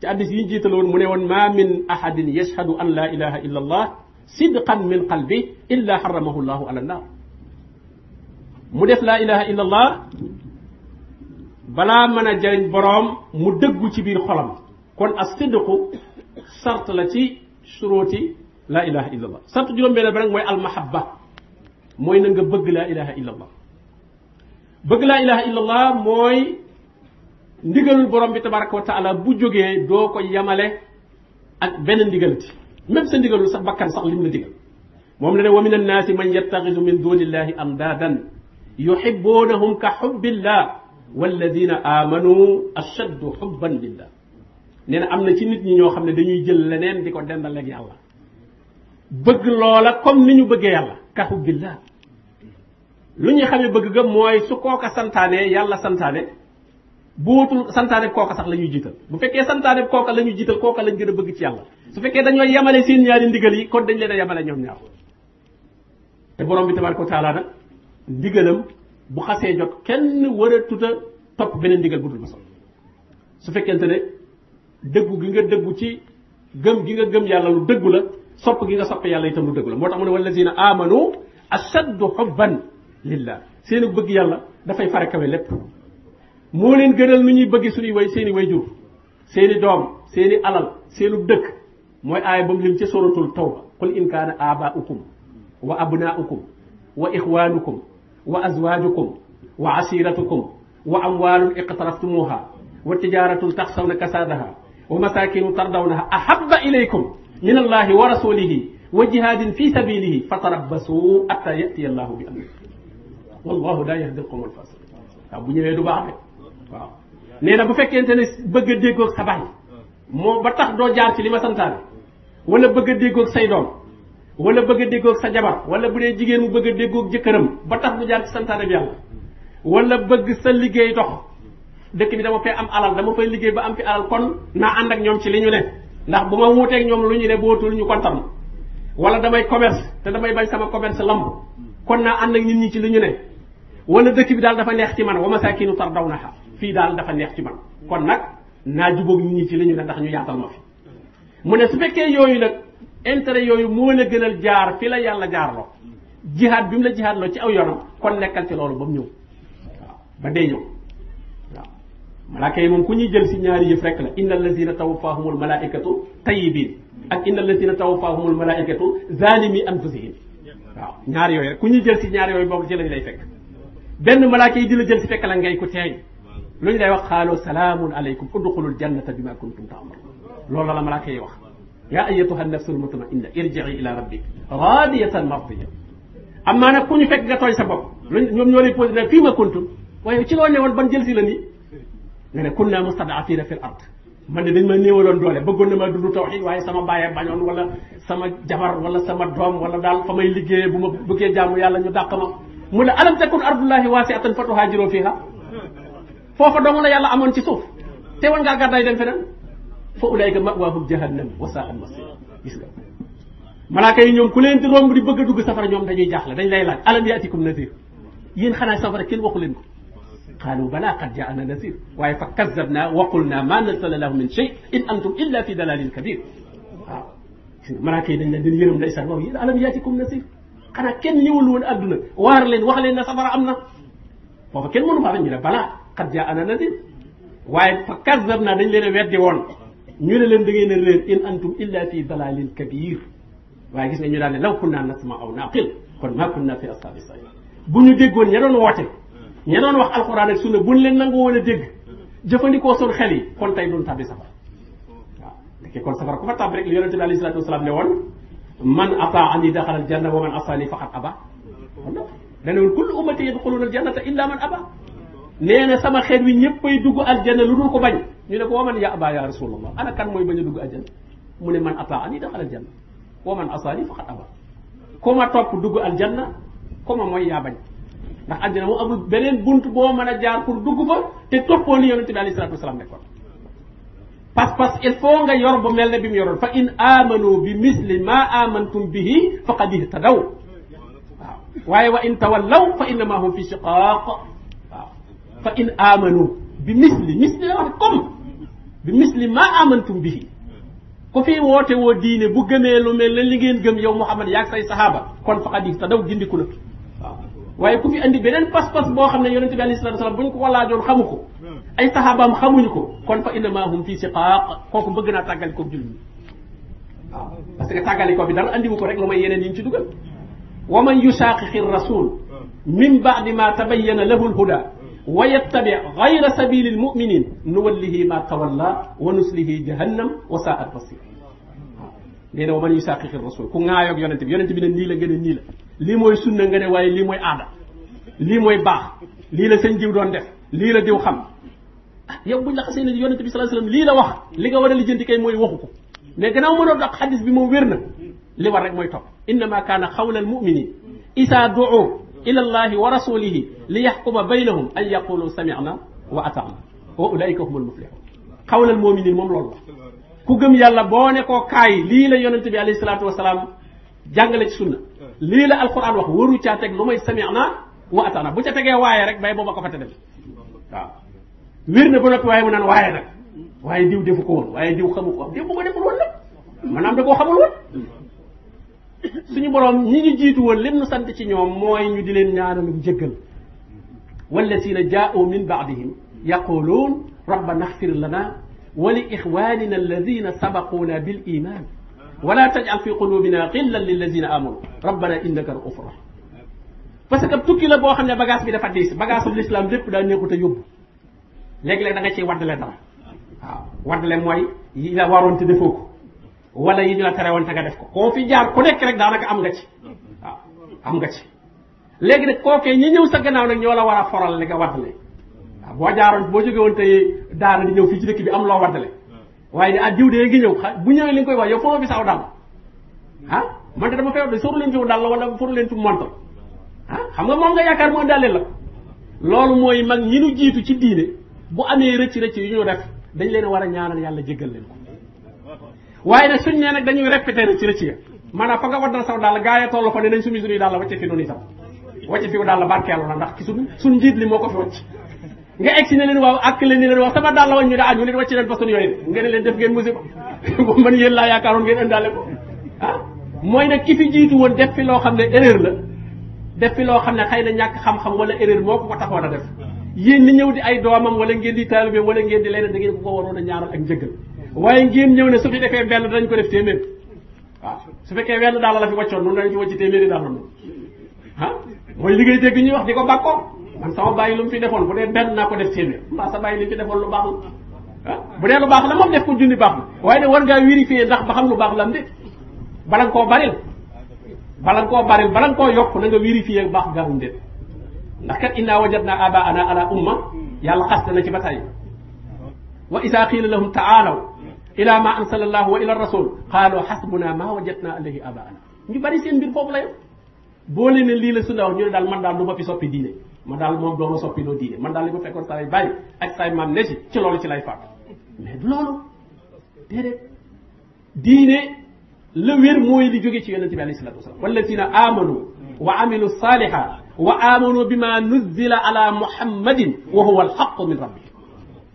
ci addis yi jiitaloon mu ne woon ma min ahadin yashhadu an la ilaha illa allah sidqan min qalbi illa haramahu llahu ala nnar mu def laa ilaha illa allah balaa mën a jariñ boroom mu dëggu ci biir xolam kon as sidqu sart la ci suróoti laa ilaha illa allah sart juróom benn ba nag mooy almahabba mooy na nga bëgg laa ilaha illa allah bëgg laa ilaha illallah mooy ndigalul borom bi tabaraka wa taala bu jógee doo ko yamale ak benn ndigalati même sa ndigalul sax bakkan sax lim la digal moom la ne wa min annaasi man yattaxisu min dunillahi amdaadan yuhibbunahum ka xubbillah walladina amanu ashaddu xubban lillah nee na am na ci nit ñi ñoo xam ne dañuy jël leneen di ko dendaleeg yàlla bëgg loola comme ni ñu bëggee yàlla ka xubbillah lu ñuy xamee bëgg ga mooy su kooka santaane yàlla santaane bu wutul santaane kooka sax la ñuy jiital bu fekkee santaane kooka la ñuy jiital kooka lañ gën a bëgg ci yàlla su fekkee dañoo yemale seen ñaari ndigal yi kon dañ leen a yemale ñoom ñaar te borom bi tabaraka wa taala nag ndigalam bu xasee jot kenn war a tuta topp beneen ndigal bu dul ba sol su fekkente ne dëggu gi nga dëggu ci gëm gi nga gëm yàlla lu dëggu la sopp gi nga sopp yàlla itam lu dëggu la moo tax mu ne wallazina amanu ashaddu hubban lillah seen bëgg yàlla dafay farakawe lépp moo leen gënal nu ñuy bëgg suñuy way seen i way jur seen i doom seen i alal seenu dëkk mooy aaya ba mu lim ca suratul tawba qul in kaana abaaukum wa abnaaukum wa ixwaanukum wa azwaajukum wa asiratukum wa amwaalun iqtaraftumuha wa tijaratun taxsawna kasaadaha wa masakinu tardawnaha ahabba ilaykum min allahi wa rasulihi wa jihaadin fi sabilihi fatarabbasu atta yatiya allahu bi amri wallahu laa yahdi ñëwee du baax de waaw bu fekkente ne bëgg a déggoo ak sa ba tax doo jaar li ma wala bëgg a déggoo ak wala bëgg a sa jabar wala bu dee jigéen mu bëgg a jëkkëram ba tax du jaar ci santaane bi yàlla wala liggéey dox dëkk bi dama fay am alal dama fay liggéey ba am fi alal kon naa ànd ak ñoom ci li ñu ne ndax bu ma wuuteeg ñoom lu ñu ne bootul ñu kontaan wala damay commerce te damay bañ sama commerce lamb kon naa ànd ak nit ñi ci li ñu ne wala dëkk bi daal dafa neex ci man wa masakinu tardawnaha fii daal dafa neex ci man kon nag naa jubóog nit ñi ci li ñu ne ndax ñu yaatal ma fi mu ne su fekkee yooyu nag intérêt yooyu moo la al jaar fi lay yàlla jaarloo jihaad bi mu la jihaad loo ci aw yoonam kon nekkal ci loolu ba mu ñëw waaw ba dee ñëw waaw malaaka yi moom ku ñuy jël si ñaari yëf rek la inna allazina tawaffahumul malaikatu tayyibin ak inna allazina tawaffahumul malaikatu zalimi anfusihim waaw ñaar yooyu rek ku ñuy jël si ñaar yooyu boobu ci lañ lay fekk benn malaaka yi di la jël fekk la ngay ku teey lu ñu wax wax xaaloo salaamun aleykum udxulul jannata bima kuntum ta'malun loolu la malaaka yi wax yaa ayyatuha nafsul mutmainna irji'i ila rabbik radiyatan mardiya amma nag ku ñu fekk nga tooñ sa bopp luñ ñoom ñoo lay posé nag fii ma kuntum waaye ci loo newoon ban jël si la nii nga ne kunna mustadafina fil ard man de dañ ma néewaloon doole bëggoon na ma dund tawxid waaye sama bàyyee bañoon wala sama jabar wala sama doom wala daal fa may liggéeyee bu ma bëggee jaamu yàlla ñu dàq ma mu ne alam takun ardullahi waasi'atan fatuhaajiroo fiihaa foofa dong la yàlla amoon ci suuf te war ngaa gàddaay dem feneen fa ulaayka ma'waahum jahannam wa saa'at masiir gis nga malaaka yi ñoom ku leen di romb di bëgg a dugg safara ñoom dañuy jaaxle dañ lay laaj alam yaatikum nadiir yéen xanaa safara kenn waxu leen ko qaalu balaa qad jaana nadiir waaye fa kazzabnaa wa qulnaa maa nazzala llaahu min shay in antum illa fi dalalin kabir waaw malaaka yi dañ leen di yërëm ndeysaan waaw yéen alam yaatikum nadiir xanaa kenn ñëwul woon adduna waar leen wax leen ne safara am na foofa kenn mënu faa dañ ñu ne balaa xat jaa na nadir waaye fa kazzab naa dañ leen a weddi woon ñu leen da ngeen a réer in antum illa fi dalalin kabir waaye gis nga ñu daal ne law kunna nasma aw naqil kon ma kunna fi ashabi sair bu ñu déggoon ña doon woote ña doon wax alquran ak sunna bu leen nangu woon a dégg jëfandikoo sun xel kon tey duñ tabbi safara waaw ndeke kon safara ku fa tabbi rek li yonente bi alayhi salatu woon man ataa ani daxala al janna wa man asaani faqad aba dana woon kullu ummati yadxuluna al jannata illa man aba nee na sama xeet wi ñëppay dugg aljanna lu dul ko bañ ñu ne ko wa man ya aba ya rasulallah ana kan mooy bañ a dugg aljanna mu ne man ataa ani daxala al janna wa man asaani faqad aba ku ma topp dugg aljanna ku ma mooy yaa bañ ndax aljanna moom amul beneen bunt boo mën a jaar pour dugg fa te toppoon li yonente bi alayhi salaatu wasalaam nekkoon pas-pas il faut nga yor mel ne bi mu yoroon fa in amanu bi misli ma amantum bihi faqad ihtadaw waaw waaye wa in tawallaw fa innama hum fi shiqaq waaw fa bi misli misli la bi ku fi woote woo diine bu gëmee lu mel ne li ngeen gëm yow Muhammad yaag say sahaaba kon faqad ihtadaw gindiku la waaw waaye ku fi andi beneen pas-pas boo xam ne yonente bi alayhi salatu wasalam bu ñu ko walaajoon xamu ko ay saxaabaam xamuñu ko kon fa innama hum fii siqaaq kooku bëgg naa tàggali ko jullit waaw parce que tàggali ko bi dara andiwu ko rek lu may yeneen yi ñu ci dugal wa man yusaaqiqi rasul min baadi ma tabayyana lahu lhuda wa yattabi gayra sabili lmuminin nuwallihi ma tawalla wa nuslihi jahannam wa saat masir nee na wa man yusaaqiqi rasul ku ŋaayoog yonente bi yonente bi ne nii la gën a la lii mooy sunna nga ne waaye lii mooy aada lii mooy baax lii la sëñ jiw doon def lii la diw xam yow buñ la xasee ne yonente bi sallallahu alayhi wasallam lii la wax li nga war a lijjanti kay mooy waxu ko mais gannaaw mënoo dox xadis bi moom wér na li war rek mooy topp innama kaana xawla almuminin isa duu ila allahi wa rasulihi li yaxkuma baynahum an yaqulu sami'na wa ata'na wa ulaika humul muflihun xawla almuminin moom loolu la ku gëm yàlla boo ne koo kaay lii la yonente bi alayhi salatu wasalaam jàngale ci sunna lii la alquran wax waru caa teg lu may sami'na wa ata'na bu ca tegee waaye rek bay booba ko fa te dem waaw wér na ba noppi waaye mu naan waaye nag waaye diw defu ko woon waaye diw xamu ko woon diw bu ko deful woon nag maanaam da koo xamul woon suñu borom ñi ñu jiitu woon lim nu sant ci ñoom mooy ñu di leen ñaanalum jëggal walladina jaau min baadihim yaquluun rabbana xfir lana wa li ixwanina alladina sabaquuna bil iman wala tajal fi qulubina xillan lilladina amanu rabbana innaka raufur rahim parce que tukki la boo xam ne bagage bi dafa diis bagage bu l'islam lépp daa neexut a yóbbu léeg-léeg da nga ciy waddale dara waaw waddale mooy yi waroon te defoo ko wala yi ñu la ko koo fi ku nekk rek daanaka am nga ci waaw am nga ci léegi nag kookee ñi ñëw sa gannaaw nag ñoo la war a foral li nga waddale waaw boo jaaroon boo jóge woon tey daara di ñëw fii ci dëkk am loo waddale waaye ah jiw de bu ñëwee li koy wax yow foo fi saw dal ah man de dama fee de sóoru leen ci wala sóoru leen ci montal ah xam nga moom nga yaakaar mu ëndaalee la loolu mooy mag ñi nu jiitu ci diine bu amee rëcc rëcc yu ñu def dañ leen war a ñaanal yàlla jéggal leen ko waaye nag suñ nee nag dañuy répété rëcc rëcc ya maanaam fa nga waddal saw daal gaa yi toll fa ne nañ sumi suñuy daal la wàcce fi noonu itam wàcce fi daal la barkeelu la ki fi wàcc nga ne leen waaw ak leen ni leen wax sama daal la wañ ñu da añu ah, leen wàcc leen de nga ne leen def ngeen musiba *laughs* laa yaakaaroon ngeen indaale ko ah, mooy nag ki fi jiitu woon def fi loo xam ne erreur la def fi loo xam ne xëy na ñàkk xam-xam wala erreur moo ko ko taxoon a def yéen ñi ñëw di ay doomam wala ngeen di taalibe wala ngeen di leneen da ngeen ko ko waroon a ñaanal ak njëggal waaye ngeen ñëw ne su fi defee benn dañ ko def téeméer su fekkee wenn daal la fi waccoon noonu dañ ci wacci téeméeri daal noonu ah mooy li ngay dégg ñuy wax di ko bàkkoo man sama bàyyi lu mu fi defoon bu dee benn naa ko def téeméer mbaa sa bàyyi li mu fi defoon lu baaxul ah bu dee lu baax la moom def ko junni baaxul waaye ne war ngaa vérifier ndax ba xam lu baax la am de koo baril bala nga koo baril bala nga koo yokk na nga vérifier baax garum de ndax kat inna wajadna abaana ala umma yàlla xaste na ci ba tàyyi wa isa qiila lahum taalaw ila ma ansala allahu wa ila rasul qaalu xasbuna ma wajadna alayhi abaana ñu bari seen mbir foofu la yem boo leen ne lii la sunna wax ñu ne daal man daal du ma fi soppi diine man daal moom doo ma soppi loo diine man daal li ma fekkoon saa lay bàyyi ak saay maam ne si ci loolu ci lay fàtt mais du loolu déedéet diine la wér mooy li jóge ci yonente bi alayhi salatu wasalam walladina amanu wa amilu salihat wa amanu bi ma nuzzila ala muhammadin wa huwa alxaqu min rabbi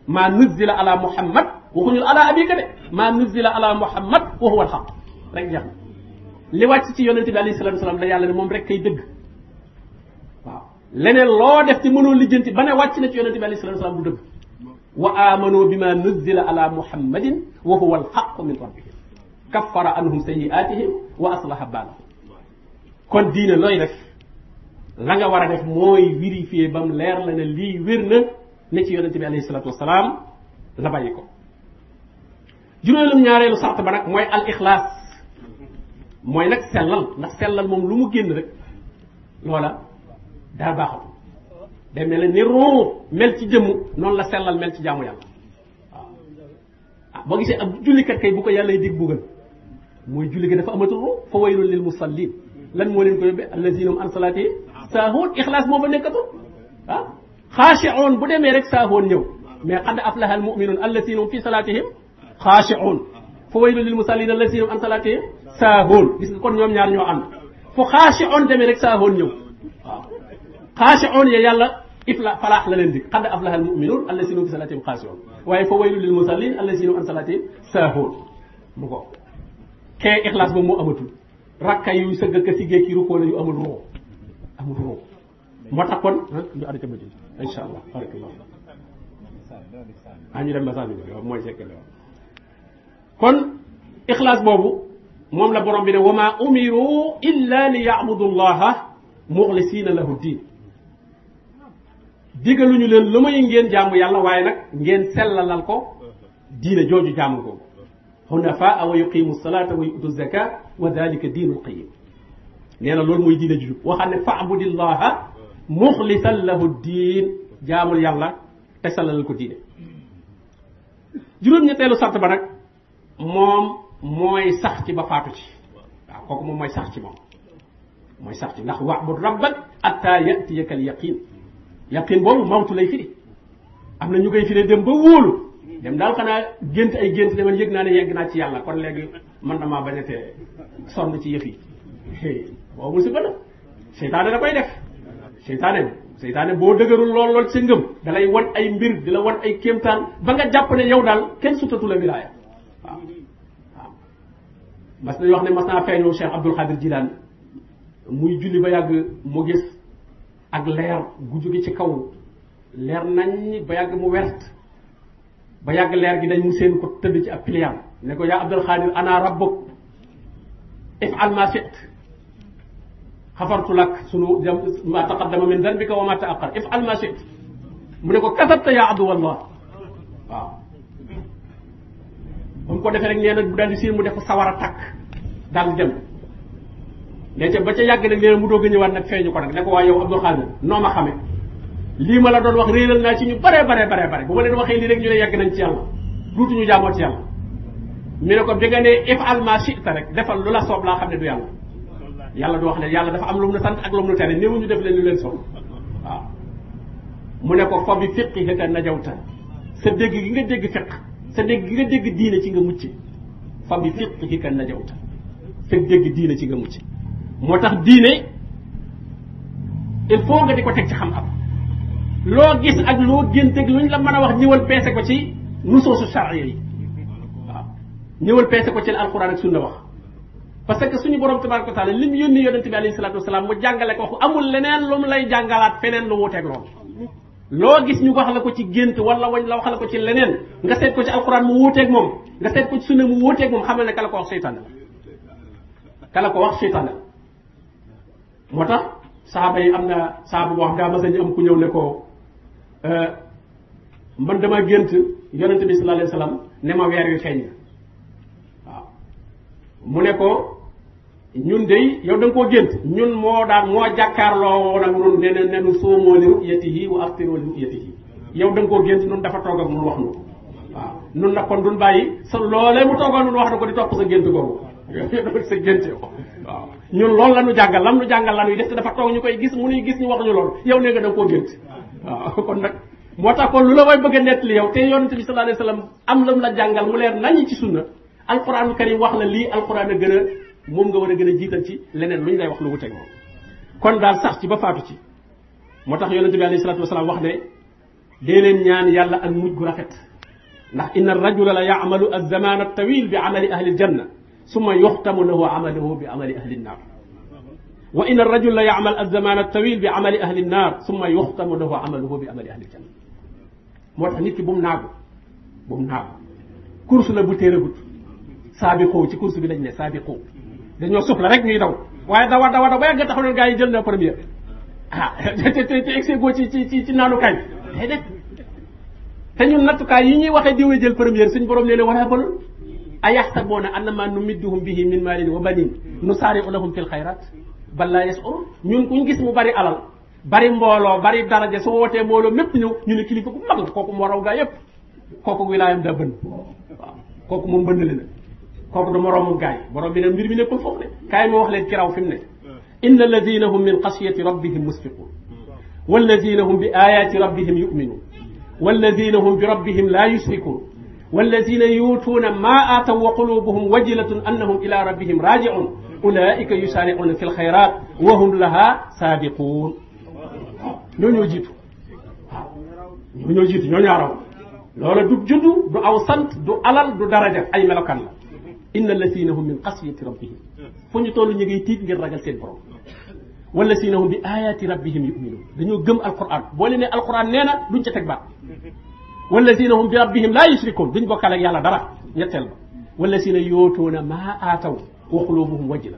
ma nuzzila ala muhammad waxuñu ala abika de ma nuzzila ala muhammad wa huwa alxaq rek jeex na li wàcc ci yonente bi alayhi salatu salaam la yàlla ne moom rek kay dëgg waaw leneen loo def ci mënoo lijjanti ba ne wàcc na ci yonente bi alayhi salatu salaam du dëgg wa amanu bi ma nuzzila ala muhammadin wa huwa alxaqu min rabbihim kaffara anhum sayiatihim wa aslaha baalahum kon diine looy def la nga war a def mooy vérifier ba mu leer la ne lii wér na ne ci yonente bi alayhi salatu wasalaam la bàyyi ko juróomeelu ñaareelu sart ba nag mooy al mooy nag sellal ndax sellal moom lu mu génn rek loola daa baaxatu day mel ne ni roo mel ci jëmm noonu la sellal mel ci jaamu yàlla waaw ah boo gisee ab jullikat kay bu ko yàlla dig buggal mooy julli ga dafa amatul roo fa waylun lil musallin lan moo leen ko yóbbee allazinahum an salaatihim saaxoon ixlaas moo fa nekkatul ah xaashi'oon bu demee rek saaxoon ñëw mais qad aflaha al mu'minuun allazina hum fi salaatihim xaashi'oon fa waylun lil musalliin allazina hum an salaatihim saaxoon gis nga kon ñoom ñaar ñoo ànd rek saaxoon ñëw waaw ah, xaashi'oon yàlla ifla falaax la leen di qad aflaha al mu'minuun allazina hum fi salaatihim xaashi'oon waaye fa waylun lil musalliin mu amatul rakka yu sëgg ka siggee ki yu amul amul ruu moo tax kon ñu arrêté ba ci incha allah barakallah ah ñu dem message bi waaw mooy sekkale waaw kon ixlaas boobu moom la borom bi ne wa maa umiru illa li yaabudu llaha muxlisina lahu diin digaluñu leen lu may ngeen jaamu yàlla waaye nag ngeen sellalal ko diine jooju jaamu ko xunafaa wa yuqimu salata wa yutu zaka wa dalika diinul qayim nee na loolu mooy diine ju jub waxaat ne fa'budillaha muxlisan lahu diin jaamul yàlla te salal ko diine juróom-ñetteelu sart ba nag moom mooy sax ci ba faatu ci waaw kooku moom mooy sax ci moom mooy sax ci ndax wa'bud rabbak atta yatiyaka al yaqin yaqin boobu mawtu lay firi am na ñu koy firi dem ba wóolu dem daal xanaa gént ay gént ne man yëg naa ne yegg naa ci yàlla kon léegi man damaa bañ a sonn ci yëf yi boo musiba la seytaane da koy def seytaane boo dëgërul lool lool sa ngëm da wan ay mbir di la wan ay kéemtaan ba nga jàpp ne yow daal kenn sutatu la wilaaya waaw waaw mas nañu wax ne mas naa feeñoo Cheikh Abdul Xadir Jilaan muy julli ba yàgg mu gis ak leer gu jóge ci kaw leer nañ ba yàgg mu wert ba yàgg leer gi dañ mu seen ko tëdd ci ab piliyaan ne ko yaa Abdul Xadir ana rabbuk if'al ma shi'ta xafartu lak sunu ma taqaddama min dhanbika wa ma ta'akhkhar if'al ma shi'ta mu ne ko kasabta yaa abdu waaw ba mu ko defee rek nee na bu daal di siin mu def ko sawar a takk daal di dem léegi ca ba ca yàgg nag nee na mu doog a ñëwaat nag feeñu ko nag ne ko waa yow Abdul Xaadir noo ma xame lii ma la doon wax réeral naa ci ñu bare bare bare bare bu ma leen waxee lii rek ñu ne yàgg nañ ci yàlla duutuñu jaamoo ci yàlla mu ne ko bi nga ne if al ma shi'ta rek defal lu la soob laa xam ne yàlla du wax ne yàlla dafa am lu mu ne sant ak lu mu ne tere néew ñu def leen lu leen soxla waaw mu ne ko fa bi fiqhika najawta dégg gi nga dégg fiq sa dégg gi nga dégg diine ci nga mucc fa bi fiqhika najawta sa dégg diine ci nga mucc moo tax diine il faut nga di ko teg ci xam-xam loo gis ak loo gént ak luñ la mën a wax ñëwal peese ko ci nusoosu charia yi waaw ñëwal peese ko ci la alquran ak sunna wax parce que suñu borom tabaraka wa taala li mu yónni yonente bi alayhi salatu mu jàngale ko wax amul leneen lu mu lay jàngalaat feneen lu wuuteeg loolu loo gis ñu wax la ko ci gént wala wañ la wax la ko ci leneen nga seet ko ci alquran mu wuuteeg moom nga seet ko ci sunna mu wuuteeg moom xamal ne kala ko wax seytaane la kala ko wax seytaane moo tax saaba yi am na saaba boo xam daa mas a ñu am ku ñëw ne ko euh, man dama gént yonente bi sallallahu alayhi wasallam ne ma ñun de yow da nga koo gént ñun moo daan moo jàkkaarloo woon ak ñun ne ne nu soomoo li ru'yatihi yow da koo gént ñun dafa toog ak ñun wax nu waaw ñun nag kon duñ bàyyi sa loolee mu toogoon ñun wax na ko di topp sa gént boobu yow sa gént yow waaw loolu la ñu jàngal lam la ñuy def te dafa toog ñu koy gis mu ñuy gis ñu wax ñu loolu yow nee da nga koo kon nag moo tax kon lu la way bëgg a nettali yow te yonente bi sallallahu alayhi wasallam am lam la jàngal mu leer nañu ci sunna alquran karim wax la lii alquran a gën moom nga war a gën a jiital ci leneen lu ñu lay wax lu wuteeg moom kon daal sax ci ba faatu ci moo tax yonente bi alayhi salatu wasalaam wax ne dee leen ñaan yàlla ak mujj gu rafet ndax inna rajula la yaamalu alzamana tawil bi amali ahli aljanna summa yuxtamu lahu amaluhu bi amali ahli nnaar wa inna rajula la yaamal alzamana tawil bi amali ahli nnaar summa yuxtamu lahu amaluhu bi amali ahli aljanna moo tax nit ki bu mu naagu bu mu naagu course la bu téeragut saabiqu ci course bi lañ ne saabiqu dañoo suuf la rek ñuy daw waaye dawa dawa daw ba yàgg taxaw leen gars yi jël na première ah *laughs* te te te egg goo ci ci ci ci naanukaay bi day def te ñun nattukaay yi ñuy waxee diwee jël première suñ borom leen wala balul a yaxsabuuna annamaa numidduhum bihi min maalin wa baniin nusaari'u lahum fil xayraat bal laa yash'uruun ñun kuñ gis mu bari alal bari mbooloo bari daraja su wootee mbooloo mépp ñëw ñu ne kilifa ku mag la kooku moo raw gaa yépp kooku wilaayam kooku moom bënn na kooku du moroomu gaay borom bi ne mbir mi nekkul foofu de kaay ma wax leen kiraw fi mu ne inna alladina hum min xasiyati rabbihim musfiqun walladina hum bi ayaati rabbihim yuminuun walladina hum bi rabbihim laa yushrikuun walladina yuutuuna maa aataw wa qulubuhum wajilatun annahum ila rabbihim raaji'uun ulaa'ika yusaari'uuna fi lxayraat wa hum laha saabiquun ñoo ñoo jiitu waaw ñoo ñoo jiitu ñoo ñoo raw loola du juddu du aw sant du alal du daraja ay melokaan la inna allasina hum min xasiyati rabbihim fu ñu toll ñu ngi tiit ngir ragal seen borom wallasina hum bi ayati rabbihim yuminuun dañoo gëm alquran boo leen ne alquran nee na duñ ca teg baat wallasina hum bi rabbihim laa yushrikuun duñ bokkaale ak yàlla dara ñetteel ba wallasina yootoona maa aataw wa xulubuhum wajila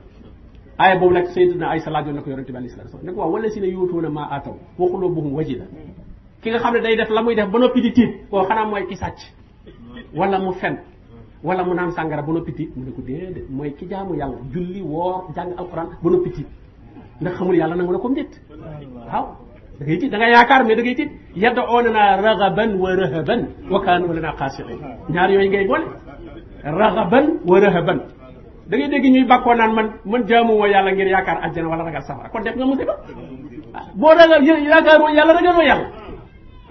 aaya boobu nag sayyidina Aysa laajoon na ko yonente bi alayhi salaatu wa salaam ne ko waaw wallasina yootoona maa aataw wa xulubuhum wajila ki nga xam ne day def la muy def ba noppi di tiit koo xanaa mooy ki sàcc wala mu fen wala mu naan sàngara ba noppi mu ne ko mooy ki jaamu yàlla julli woor jàng alxuraan ba noppi tiit ndax xamul yàlla nangu na ko déet waaw da ngay tiit da nga yaakaar mais da ngay tiit yad'unana raghaban wa rahaban wa kaanu lana xaasiqiin ñaar yooyu ngay boole raghaban wa rahaban da ngay dégg ñuy bàkkoo naan man man jaamu yàlla ngir yaakaar àjjana wala ragal safara kon def nga musiba boo ragal yaakaaroo yàlla ragaloo yàlla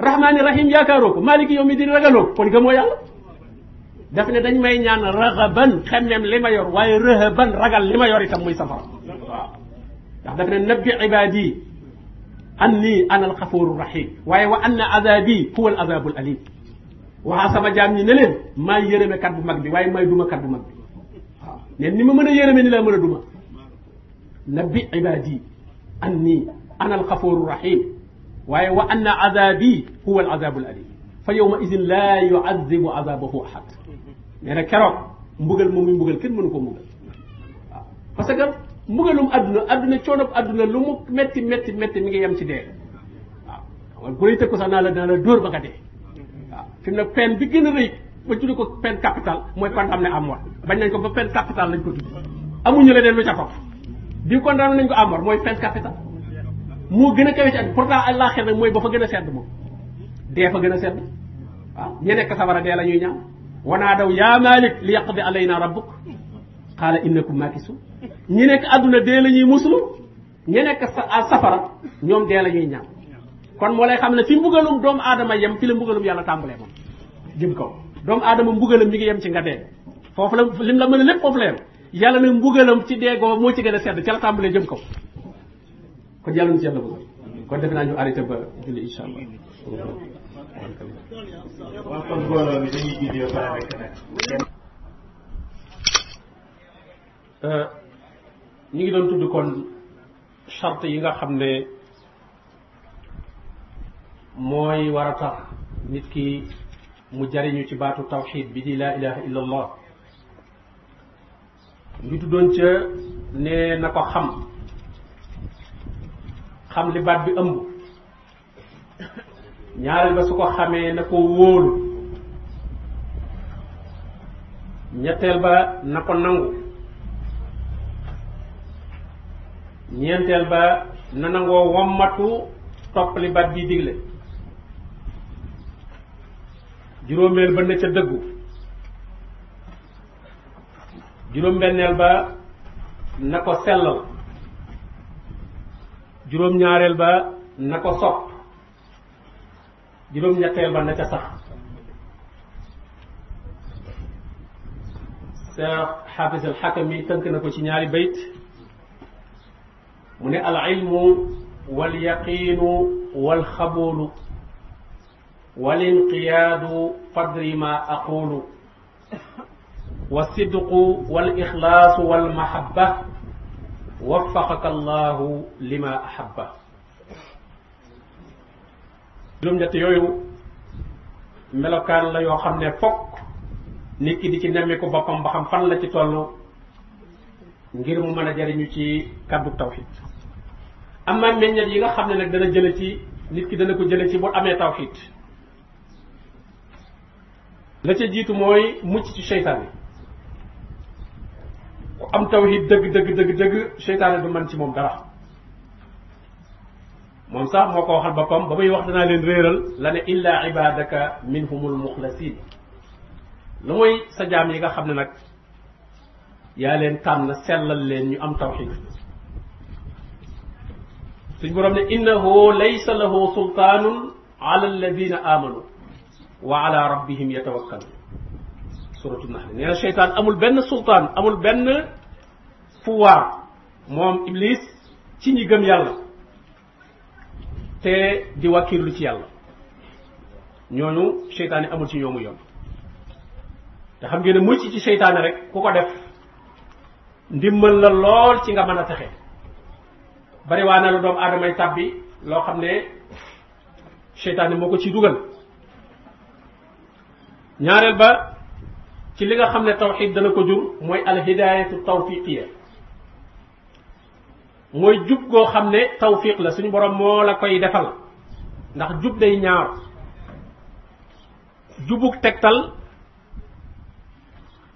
rahmaani rahim yaakaaroo ko maliki yawmi diin ragaloo ko kon gëmoo yàlla daf ne dañ may ñaan raxaban xemmeem li ma yor waaye rëhaban ragal li ma yor itam muy safara waaw ndax daf ne nabbi ibaadi anni ana alxafuru rahim waaye wa anna azabi huwa al azabul alim waxaa sama jaam ñi ne leen maay yërëme kat bu mag bi waaye maay duma kat bu mag bi waaw ne ni ma mën a yërëme ni laa mën a duma nabbi ibaadi anni ana alxafuru rahim waaye wa anna azabi huwa al azabul alim fa yawma idin laa yuazibu azabahu ahad nee na keroog mbugal moom muy mbugal kenn mënu ko mbugal waaw parce que mbugalum àdduna adduna coonob adduna lu mu metti metti metti mi ngi yem ci dee waaw wala bu lay tëkku sax naa la naa la dóor ba nga dee waaw fi ne peine bi gën a rëy ba tudde ko peine capitale mooy condamné à mort bañ nañ ko ba peine capitale lañ ko tudd amuñu leneen lu ca topp di condamné nañ ko à mooy peine capitale moo gën a kawe ci ak pourtant àllaaxira nag mooy ba fa gën a sedd moom dee fa gën a sedd waaw ñe nekk sawara dee la ñuy ñaan wanaadaw yaa Malik li yaqdi alayna rabbuk qaala innakum maakisun ñi nekk àdduna dee la ñuy muslu ñi nekk safara ñoom dee la ñuy ñaan kon moo lay xam ne fi mbugalum doomu aadama yem fi la mbugalum yàlla tàmbalee moom jëm kaw doomu aadama mbugalam mi ngi yem ci nga dee foofu la lim la mën a lépp foofu la yem yàlla ne mbugalam ci deegoo moo ci gën a sedd ca la tàmbalee jëm kaw kon yàlla nu ci yàlla ñu arrêté ba julli incha Euh, ñu ngi doon tudd kon charte yi nga xam ne mooy war a tax nit ki mu jariñu ci baatu tawxid bi di laa ilaha illa allah ñu tuddoon ca ne na ko xam xam li baat bi ëmb ñaareel ba su ko xamee na ko wóolu ñetteel ba na ko nangu ñeenteel ba na nangoo wommatu topp li baat bi digle juróomeel ba na ca dëggu juróom-benneel ba na ko sellal juróom-ñaareel ba na ko sopp juróom-ñetteel ba na ca sax Cheikh Xaafis al Xakami tënk na ko ci ñaari bayt mu ne al ilmu wal yaqiinu wal xabuulu wal inqiyaadu qadri ma aqulu wa sidqu wal ixlaasu wal mahabba waffaqaka allahu lima ahabba juróom-ñett yooyu melokaan la yoo xam ne fokk nit ki di ci nemmeeku boppam ba xam fan la ci toll ngir mu mën a jariñu ci kàddu tawxid am na meññet yi nga xam ne nag dana jële ci nit ki dana ko jële ci bu amee tawxid la ca jiitu mooy mucc ci seytaane ku am tawxid dëgg dëgg dëgg dëgg seytaane du mën ci moom dara moom sax moo ko waxal boppam ba muy wax dinaa leen réeral la ne illa ibadaka minhumul muxlasin lu mooy sa jaam yi nga xam ne nag yaa leen tànn sellal leen ñu am tawxid suñ boroom ne innahu laysa lahu sultaanun ala alladina amanu wa ala rabbihim yatawakkalu suratu nahl nee na seytaan amul benn sultaan amul benn pouvoir moom iblis ci ñi gëm yàlla te di lu ci yàlla ñooñu seytaane amul ci ñoomu yoon te xam ngeen ne mucc ci seytaane rek ku ko def ndimbal la lool ci nga mën a texe bariwaa na la doomu aadamay tàbbi loo xam ne seytaane moo ko ci dugal ñaareel ba ci li nga xam ne tawxid dana ko jur mooy alhidayatu tawfiqiya mooy jub goo xam ne tawfiq la suñu borom moo la koy defal ndax jub day ñaar jubug tegtal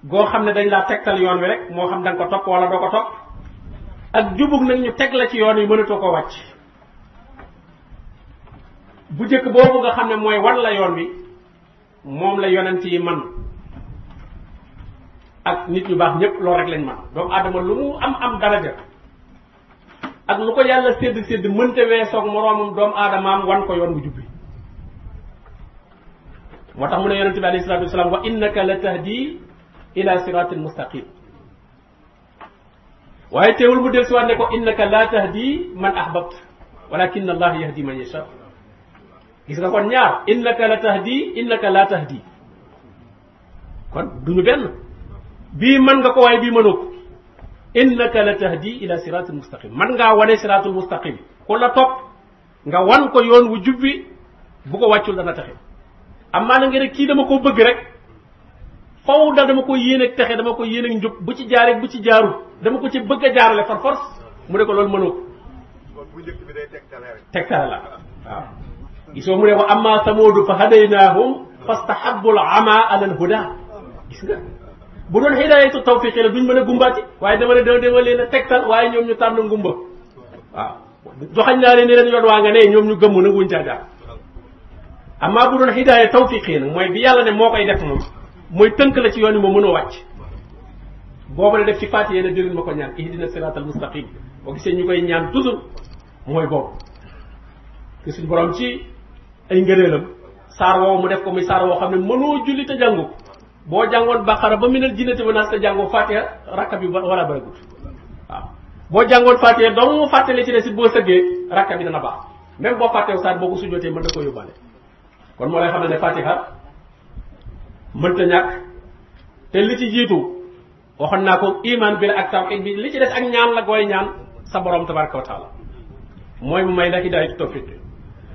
goo xam ne dañ laa tegtal yoon wi rek moo xam da ko topp wala doo ko topp ak jubug nag ñu teg la ci yoon yi mënatoo ko wàcc bu njëkk boobu nga xam ne mooy wan la yoon wi moom la yonent yi man ak nit ñu baax ñépp loolu rek lañ man doomu aadama lu mu am am daraja ak lu ko yàlla sédd sédd mënta weesoog moroomum doomu aadamaam wan ko yoon bu jubbi moo tax mu ne yonente bi alayhi salatu wasalaam wa innaka la tahdi ila siratin waaye teewul mu del siwaat ne ko innaka la tahdi man ahbabta walakin allah yahdi man yasha gis nga kon ñaar innaka la tahdi innaka la tahdi kon duñu benn bii mën nga ko waaye bii mënoo ko innaka la tahdi ila siratul mustaqim man ngaa wane siratul mustaqim ku la topp nga wan ko yoon wu jubbi bu ko wàccul dana taxe amaa na nga kii dama ko bëgg rek faw da dama ko yéen ak dama ko yéen ak njub bu ci jaaree bu ci jaarul dama ko ci bëgg a jaarale par force mu ne ko loolu mënoo ko bu la gisoo mu ne ko amma samoodu fa hadaynahum fastahabbu al ama ala al huda bu doon hidaayatu tawfiqi la duñ mën a gumbaati waaye dama ne dama leen a tegtal waaye ñoom ñu tànn ngumba waaw joxañ naa leen ni leen yoon waa nga ne ñoom ñu gëmm nag wuñ caa jaar amaa bu doon hidaaya tawfiqi mooy bi yàlla ne moo koy def moom mooy tënk la ci yoon yi moom mënoo wàcc boobu la def ci fàtte yéen a jëriñ ma ko ñaan ihdina siraatal mustaqim boo gisee ñu koy ñaan toujours mooy boobu te suñu borom ci ay ngëneelam saar woowu mu def ko muy saar woo xam ne julli te jàngu boo jàngoon baqara ba minal jinnati wa naas te jàngoo fatiha rakka bi wala bëragut waaw boo jàngoon fatiha dong mu fàttali ci ne si boo sëggee rakka bi dana baax même boo fàttew saar boo ko sujjootee mën na koo yóbbaale kon moo lay xamal ne fatiha mënta te li ci jiitu waxoon naa ko iman bi la ak tawxid li ci ak ñaan la gooy ñaan sa borom tabaraka wa mu may la hidaayatu tawfiq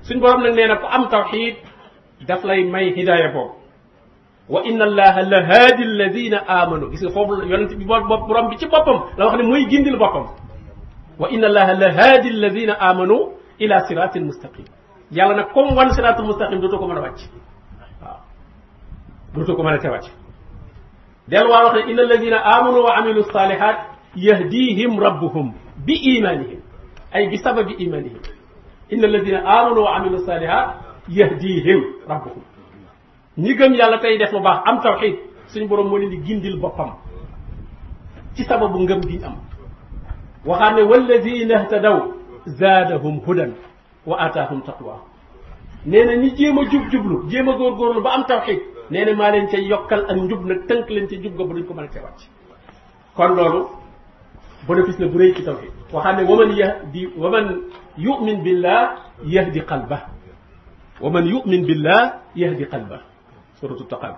suñ borom nag nee na ku am tawxid daf lay may hidaaya boobu wa inna allaha la haadi alladina amanu gis nga foofu yonent bi borom bi ci boppam la wax ne mooy gindil boppam wa inna allaha la haadi alladina amanu ila siratin mustaqim yàlla nag comme wan siratul mustaqim dootoo ko mën a wàcc waaw dootoo ko mën a te wàcc delluwaa wax ne inna alladina amanu wa amilu salihat yahdihim rabbuhum bi imanihim ay bi sababi imanihim inna alladina amanu wa amilu salihat yahdihim rabbuhum ñi gëm yàlla tey def lu baax am tawxid suñu borom moo leen di gindil boppam ci sababu ngëm gi am waxaat ne walladina htadaw zaadahum hudan wa ataahum taqwa nee na ñi jéem a jub jublu jéem a góorgóorlu ba am tawxid nee na maa leen ca yokkal ak njub nag tënk leen ca jub ga ba duñ ko mën a wàcc kon loolu bénéfice la bu rëy ci tawxid waxaat ne waman yahdi waman yumin billah yahdi qalba waman yumin billah yahdi qalba suratu taqab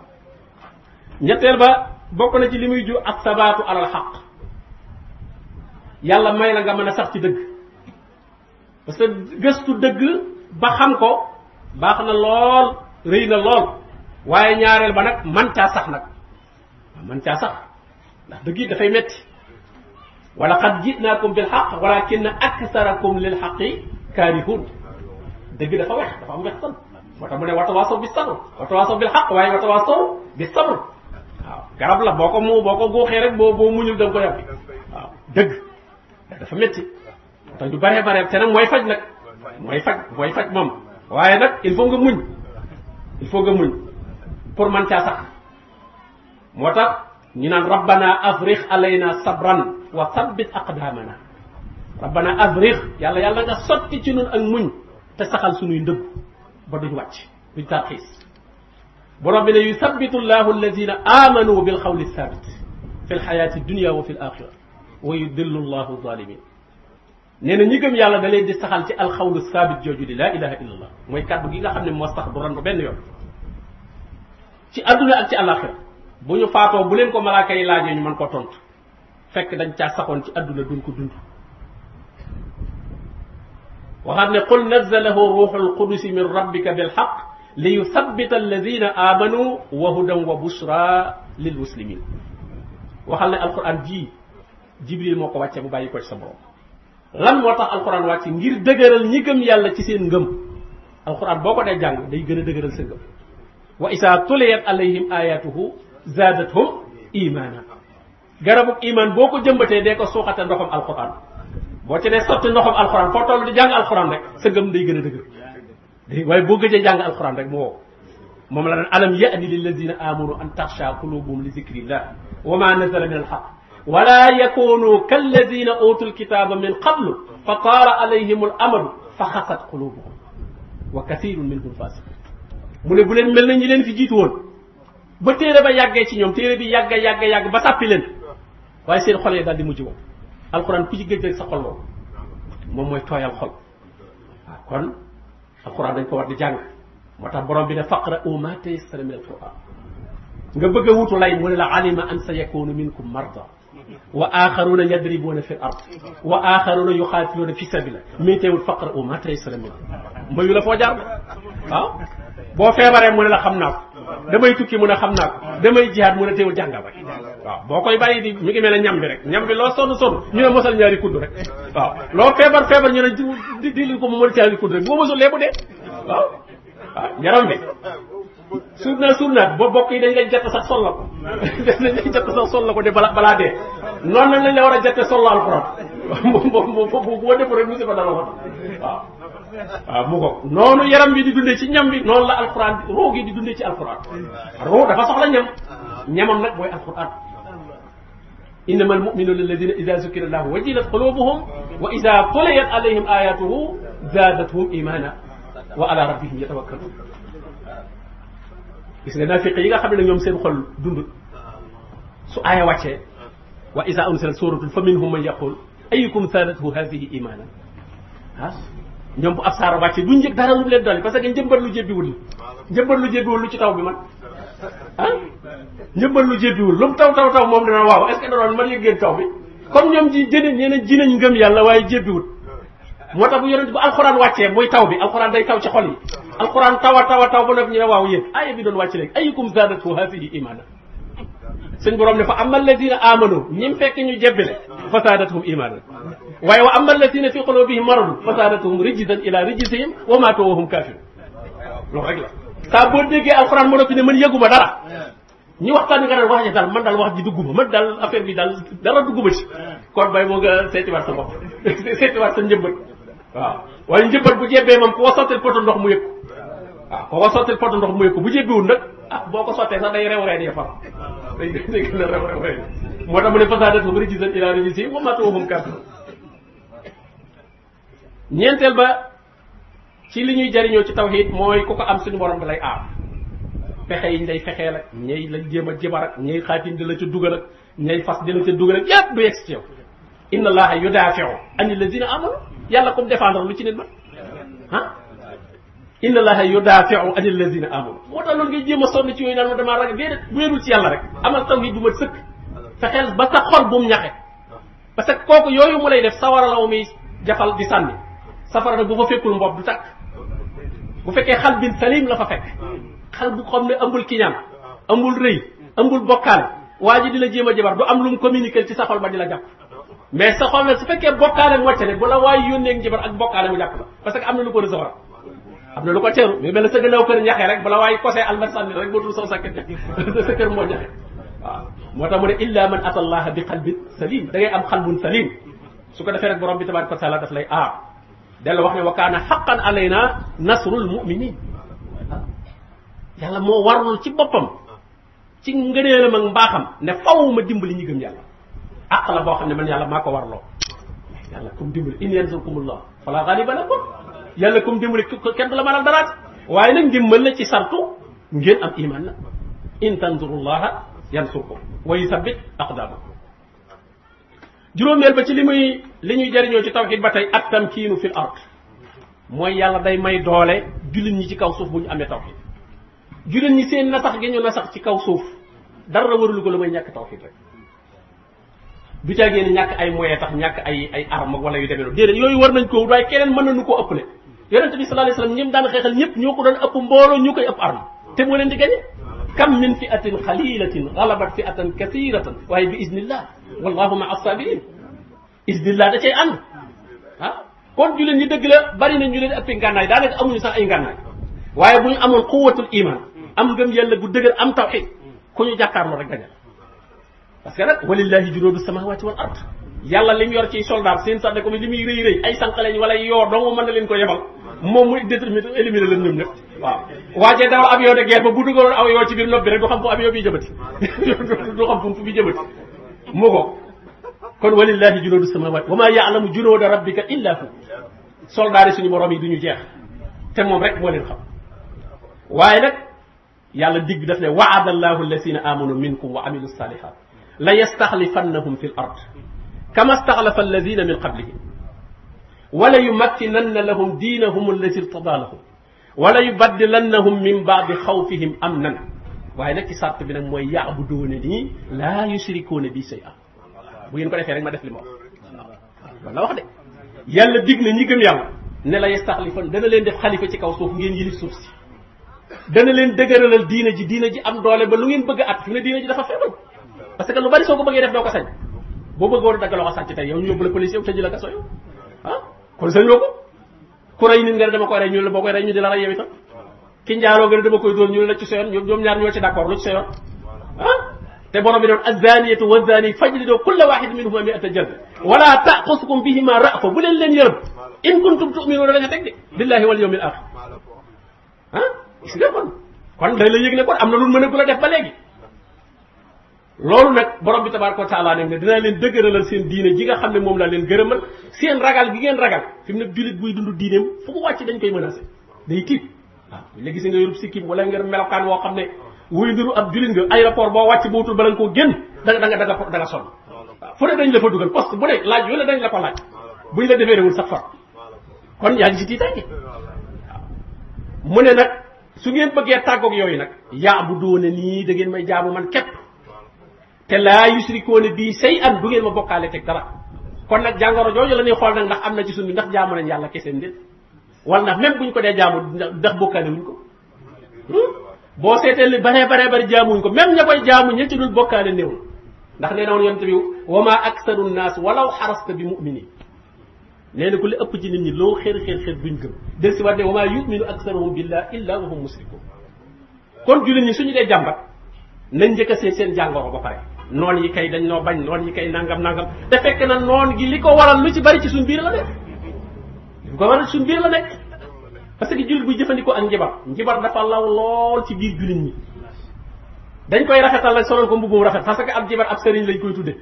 ñetteel ba bokk na ci li muy ju ak sabaatu alal xaq yàlla may la nga mën a sax ci dëgg parce que gëstu dëgg ba xam ko baax na lool rëy na lool waaye ñaareel ba nag man caa sax nag man caa sax ndax dëgg yi dafay metti wala xad ji'naakum bil xaq walakinna aksarakum lil xaqi kaarihun dëgg dafa wex dafa am wex san moo tax mu ne watawaasaw bi sabr watawaasaw bil xaq waaye watawaasaw bi sabr waaw garab la boo ko mu boo ko góoxee rek boo boo muñul da ko yàq waaw dëgg dafa métti moo tax du baree baree te nag mooy faj nag mooy faj mooy faj moom waaye nag il faut nga muñ il faut nga muñ pour man caa sax moo tax ñu naan rabbana afrix alayna sabran wa sabbit aqdamana rabbana afrix yàlla yàlla nga sotti ci nun ak muñ te saxal sunuy ndëgg ba duñ wàcc duñ tarxiis borom bi ne yusabbitu llahu alladina amanu bil xawli sabit fi lxayaati dunia wa fi laxira wa yudillu llahu zalimin nee na ñi gëm yàlla da leen di saxal ci alxawlu sabit jooju di laa ilaha illa allah mooy kàddu gi nga xam ne moo sax du randu benn yoon ci adduna ak ci alaxira bu ñu faatoo bu leen ko malaaka yi laajee ñu mën koo tontu fekk dañ caa saxoon ci adduna duñ ko dund waxaat ne qul nazzalahu ruuxul qudusi min rabbika bil xaq li yusabbita alladina amanu wa hudan wa busra lil muslimin waxal ne alquran ji jibril moo ko wàcce bu bàyyi ko sa borom lan moo tax alquran wàcce ngir dëgëral ñi gëm yàlla ci seen ngëm alquran boo ko dee jàng day gën a dëgëral sa ngëm wa isaa tuliyat alayhim ayatuhu zaadathum imaana garabuk iman boo ko jëmbatee dee ko suuxate ndoxam alquran boo ci dee sotti ndoxam alxuraan foo toll di jàng alxuraan rek sa gëm day gën a dëgër waaye boo gëjee jàng alxuraan rek moo moom la naan alam yaani lilladina amanu an taxsha qulubuhum li zikrillah wa ma nazala min alxaq wala yakunu kalladina utu alkitaba min qablu fa taala alayhim al amadu fa xasat qulubuhum wa kathirun minhum fasiqun mu ne bu leen mel na ñi leen fi jiitu woon ba téere ba yàggee ci ñoom téere bi yàgg yàgg yàgg ba sàppi leen waaye seen xol yi daal di mujj woon alxuraan ku ci géej rek sa xol moom moom mooy tooyal kon alxuraan dañ ko war di jàng moo tax borom bi ne faqra'u ma nga bëgg a wutu lay mu ne la alima an sa yakunu minkum marda wa axaruna yadribuna fi l ard wa axaruna fi sabila mais teewul faqra'u ma tayassara min mayu la foo boo feebaree mu la xam naa damay tukki mun a xam naa ko damay jihaat mun a teewul jànga ba waaw boo koy bàyyi di mi ngi mel ne ñam bi rek ñam bi loo sonn sonn ñu ne mosal ñaari kudd rek waaw loo feebar feebar ñu ne di di li ko mu mën ñaari kudd rek boo mosul lee bu dee waaw waaw yaram bi suur naa suur naat ba bokk yi dañ lay jatt sax sol la ko *laughs* la ko de balaa balaa dee noonu la war a jatte sol la alxuraan boo boo defoo rek musiba dala ko waaw. waaw mu ko noonu yaram bi di dundee ci ñam bi noonu la alxuraan roo gi di dundee ci alxuraan roo dafa soxla ñam ñamam nag mooy alxuraan innama almuminuuna alladina ida zukira allahu wajilat qulubuhum wa ida tuliyat alayhim ayatuhu zaadathum imana wa ala rabbihim yatawakkalun gis nga naafiq yi nga xam ne ñoom seen xol dund su aaya wàccee wa ida unsilat suratun fa minhum man yaqul ayukum saanathu hadihi imaana ah ñoom bu ab saar wàcce duñ njëkk dara lu leen dolli parce que njëmbat lu jébbiwul la njëmbat lu jébbiwul lu ci taw bi man ah njëmbat lu jébbiwul lu mu taw taw taw moom dana waaw est man yëg ngeen taw bi comme ñoom ji jëne ñeneen ji nañ ngëm yàlla waaye jébbiwul moo tax bu yonent bu alxuraan wàccee muy taw bi alxuraan day taw ci xol yi alxuraan taw a taw a taw ba noppi ñu ne waaw yéen aaya bi doon wàcce léegi ayukum saanathu hadihi imaana suñ borom ne fa amma alladina amanu ñim fekk ñu jebbile fa saadathum imaanan waaye wa amma alladina fi qulubihim maradun fa saadathum rijzan ila rijzihim wa maatu wa hum kafirun loolu rek la saa boo déggee alxuraan moo noppi ne man yëguma dara ñu waxtaan nga daan wax ji daal man daal wax ji dugguma man daal affaire bi daal dara dugguma ci kon bay moo nga seetiwaat sa bopp *laughs* seetiwaat sa njëmbat waaw waaye njëmbat bu jebbee moom ku wasantel poto ndox mu yëg waaw ah, koo ko sottil pot ndox muy ko bu jébbiwul nag ah boo ko sottee sax day rew reen yi far day day gën a rew rew reen moo tax mu ne fasadat fa bëri ñeenteel ba ci li ñuy jariñoo ci tawhid mooy ku ko am suñu borom da lay aar fexe yi ñu lay fexee la ñay lañ jéem a jibar ak ñay xaatim di la ci dugal ak ñay fas di la ca dugal ak yépp du yegg ci yow inna allaha yudafiu an illazina amanu yàlla comme défendre lu ci nit ba inna allaha yudafi'u anil ladina amanu moo tax loolu ngay jéem a sonn ci yooyu naan ma damaa ragal déedéet wéerul ci yàlla rek amal tawhid bu ma sëkk fexeel ba sa xol bu mu ñaxe parce que kooku yooyu mu lay def sawara law muy jafal di sànni safara nag bu fa fekkul mbob du takk bu fekkee xal bin salim la fa fekk xal bu xam ne amul kiñaan amul rëy amul bokkaale waa ji di la jéem a jabar du am lu mu communiquer ci sa xol ba di la jàpp mais sa xol nag su fekkee bokkaale mu wàcce ne bu la waay yónnee que am na lu ko recevoir am na lu ko teeru mais mel na sa kër ñaxee rek bala waaye kosee almet sànni rek bootul saw sa kër *laughs* sa kër moo ñaxe moo tax mu ne illa man ata allah bi qalbin salim da am xalbun salim su ko defee rek borom bi tabaraka wa taala daf lay aar dellu wax ne wa kaana xaqan alayna nasrul muminin yàlla moo warul ci boppam ci ngëneelam ak mbaaxam ne faw ma dimbali ñi gëm yàlla àq la boo xam ne man yàlla maa ko warloo yàlla comme dimbali in yansurkumullah fala ghaliba lakum yàlla comme dimbali kenn du la mënal dara waaye nag ndimbal la ci sartu ngeen am iman la in tanzurullaha yansurkum wa yusabbit aqdamakum juróomeel ba ci li muy li ñuy jariñoo ci tawxid ba tey at tamkiinu fil ard mooy yàlla day may doole jullit ñi ci kaw suuf bu ñu amee tawxid jullit ñi seen nasax gi ñu nasax ci kaw suuf dara warulu ko la may ñàkk tawxid rek du caa génn ñàkk ay moyen tax ñàkk ay ay arme wala yu demee noonu déedéet yooyu war nañ ko waaye keneen mën nañu koo ëppale yonente bi sallallahu alayhi wasallam ñim daan xeexal ñëpp ñoo ko doon ëpp mbooloo ñu koy ëpp arme te moo leen di gagné kam min fi'atin xalilatin galabat fi'atan kathiratan waaye bi iznillah wallahu ma assabirin iznillah da cay ànd ah kon jullit ñi dëgg la bari na ñu leen ëppi ngànnaay daanaka amuñu sax ay ngànnaay waaye bu ñu amoon quwwatul iman am ngëm yàlla gu dëgër am tawxid ku ñu jàkkaarloo rek dañal parce que nag walillahi junuudu samawati wal ard yàlla li mu yor ci soldat seen sànne ko li muy rëy rëy ay sànq lañ wala yoor dong mën na leen ko yebal moo muy déterminé éliminé leen ñoom ñëpp waaw. waajee daaw avion de guerre ba bu dugaloon aw yoo ci biir nopp bi rek du xam fu avion bi jëmati *laughs* du xam fu bi mu ko kon walillahi junuudu samaawaati wa maa ya'lamu junuuda rabbika illa hu soldat yi suñu borom yi duñu jeex te moom rek moo leen xam waaye nag yàlla digg daf ne wa'ada allahu allazina amanu minkum wa amilu salihat la yastaxlifannahum fil ard kama staxlafa alladina min qablihim wala yumakkinanna lahum diinahum alladi irtada lahum wala yubaddilannahum min baadi xawfihim amnan waaye nag ci sàtt bi nag mooy yaabuduuna nii laa yusrikuuna bi say am bu ngeen ko defee rek ma def li ma wax loolu la wax de yàlla dig na ñi gëm yàlla ne la yastaxlifan dana leen def xalifa ci kaw suuf ngeen yilif suuf si dana leen dëgëralal diina ji diina ji am doole ba lu ngeen bëgg a at fi ne diina ji dafa feebar parce que lu bari soo ko bëggee def doo ko sañ boo bëggoon a dagg loxo sàcc tey yow ñu yóbbu la police yow tëj la kaso yow ah kon sañoo ko ku rey nit nga ne dama koy rey ñu la boo koy rey ñu di la rey yow itam ki njaaloo nga ne dama koy la ci sa yoon ñoom ñaar ñoo ci d'accord lu ci sa yoon ah te borom bi doon azaniyatu wazani fajlidu kulla wahid minhuma mi'ata jalda wala taqusukum bihima ra'fa bu leen leen yërëm in kuntum tu'minuna la ca teg de billahi wal yawmil akhir ah am na lu mën a ku la def ba léegi loolu nag borom bi tabaraka wa taala ne dinaa leen dëgëralal seen diine ji nga xam ne moom laa leen gërëmal seen ragal gi ngeen ragal fi mu ne jullit dund diineem fu ko wàcc dañ koy menacé day tiit waaw la gis nga yorub sikkim wala nga melokaan woo xam ne wuy niru ab jullit nga aéroport boo wàcc bootul bala nga koo génn da nga da nga da nga sonn waaw fu ne dañ la fa dugal poste bu ne laaj wala dañ la ko laaj buñ la defee réewul sax far kon yaa si tiitaange waaw mu ne nag su ngeen bëggee tàggoog yooyu nag yaabu doone nii da ngeen may jaamu man képp te laa yusrikoona bii sey an du ngeen ma bokkaale teg dara kon nag jàngoro jooju la ñuy xool nag ndax am na ci suñu ndax jaamu nañ yàlla kese ndéet wala ndax même ko dee jaamu ndax bokkaale wuñ ko hmm? boo seetee li baree baree bari jaamuñ ko même ña koy jaamu ña ci dul bokkaale néew ndax nee na woon yonte bi wa maa aksaru naas walaw xarasta bi muminin nee na ku li ëpp ci ñi loo xër xër xër duñ gëm del wa maa yuminu aksaruhum billah illa wa hum kon jullit ñi suñu dee jàmbat nañ njëkk a seen jàngoro ba pare noon yi kay dañ noo bañ noon yi kay nangam nangam te fekk na noon gi li ko waral lu ci bari ci suñ biir la nekk li ko waral suñ biir la nekk parce que jullit buy jëfandikoo ak njibar njibar dafa law lool ci biir jullit ñi dañ koy rafetal lañ solol ko mbubbum rafet parce que ab njibar ab sëriñ lañ koy tudde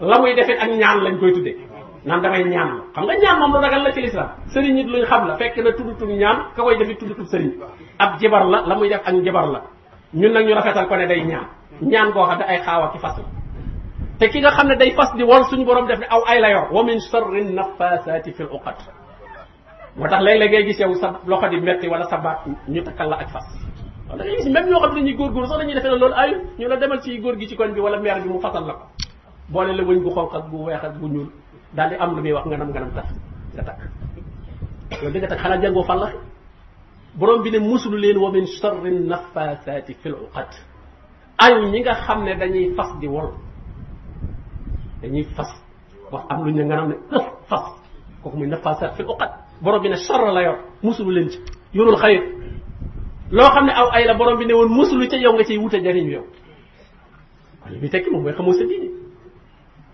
la muy defee ak ñaan lañ koy tudde naan damay ñaan la xam nga ñaan moom lu ragal la ci lislam sëriñ it luñ xam la fekk na tudd tudd ñaan ka koy defee tudd tudd sëriñ ab jibar la la muy def ak njibar la ñun nag ñu rafetal ko ne day ñaan ñaan goo xam ne ay xaawa ki fas la te ki nga xam ne day fas di wol suñu borom def ne aw ay la yor wa min sharri nafasati fil uqad moo tax léeg-léeg ngay gis yow sa loxo di metti wala sa baat ñu takkal la ak fas wala da ngay gis même ñoo xam ne dañuy góor sax dañuy defee ne loolu ay ñu la demal ci góor gi ci koñ bi wala meer bi mu fasal la ko boole la wëñ bu xonq ak gu weex ak gu ñuul daal di am lu muy wax nganam nganam tax nga takk loolu di nga takk xanaa jàngoo fan la borom bi ne musulu leen wa min sharri nafaasaati fil uqad ayu ñi nga xam ne dañuy fas di wol dañuy fas wax am lu ñu nga xam ne ëf fas kooku muy nafaasaat fil uqad borom bi ne sharr la yor musulu leen ci yorul xayir loo xam ne aw ay la borom bi ne woon musulu ci yow nga ciy wute jariñ yow kon li muy tekki moom mooy xamoo sa diine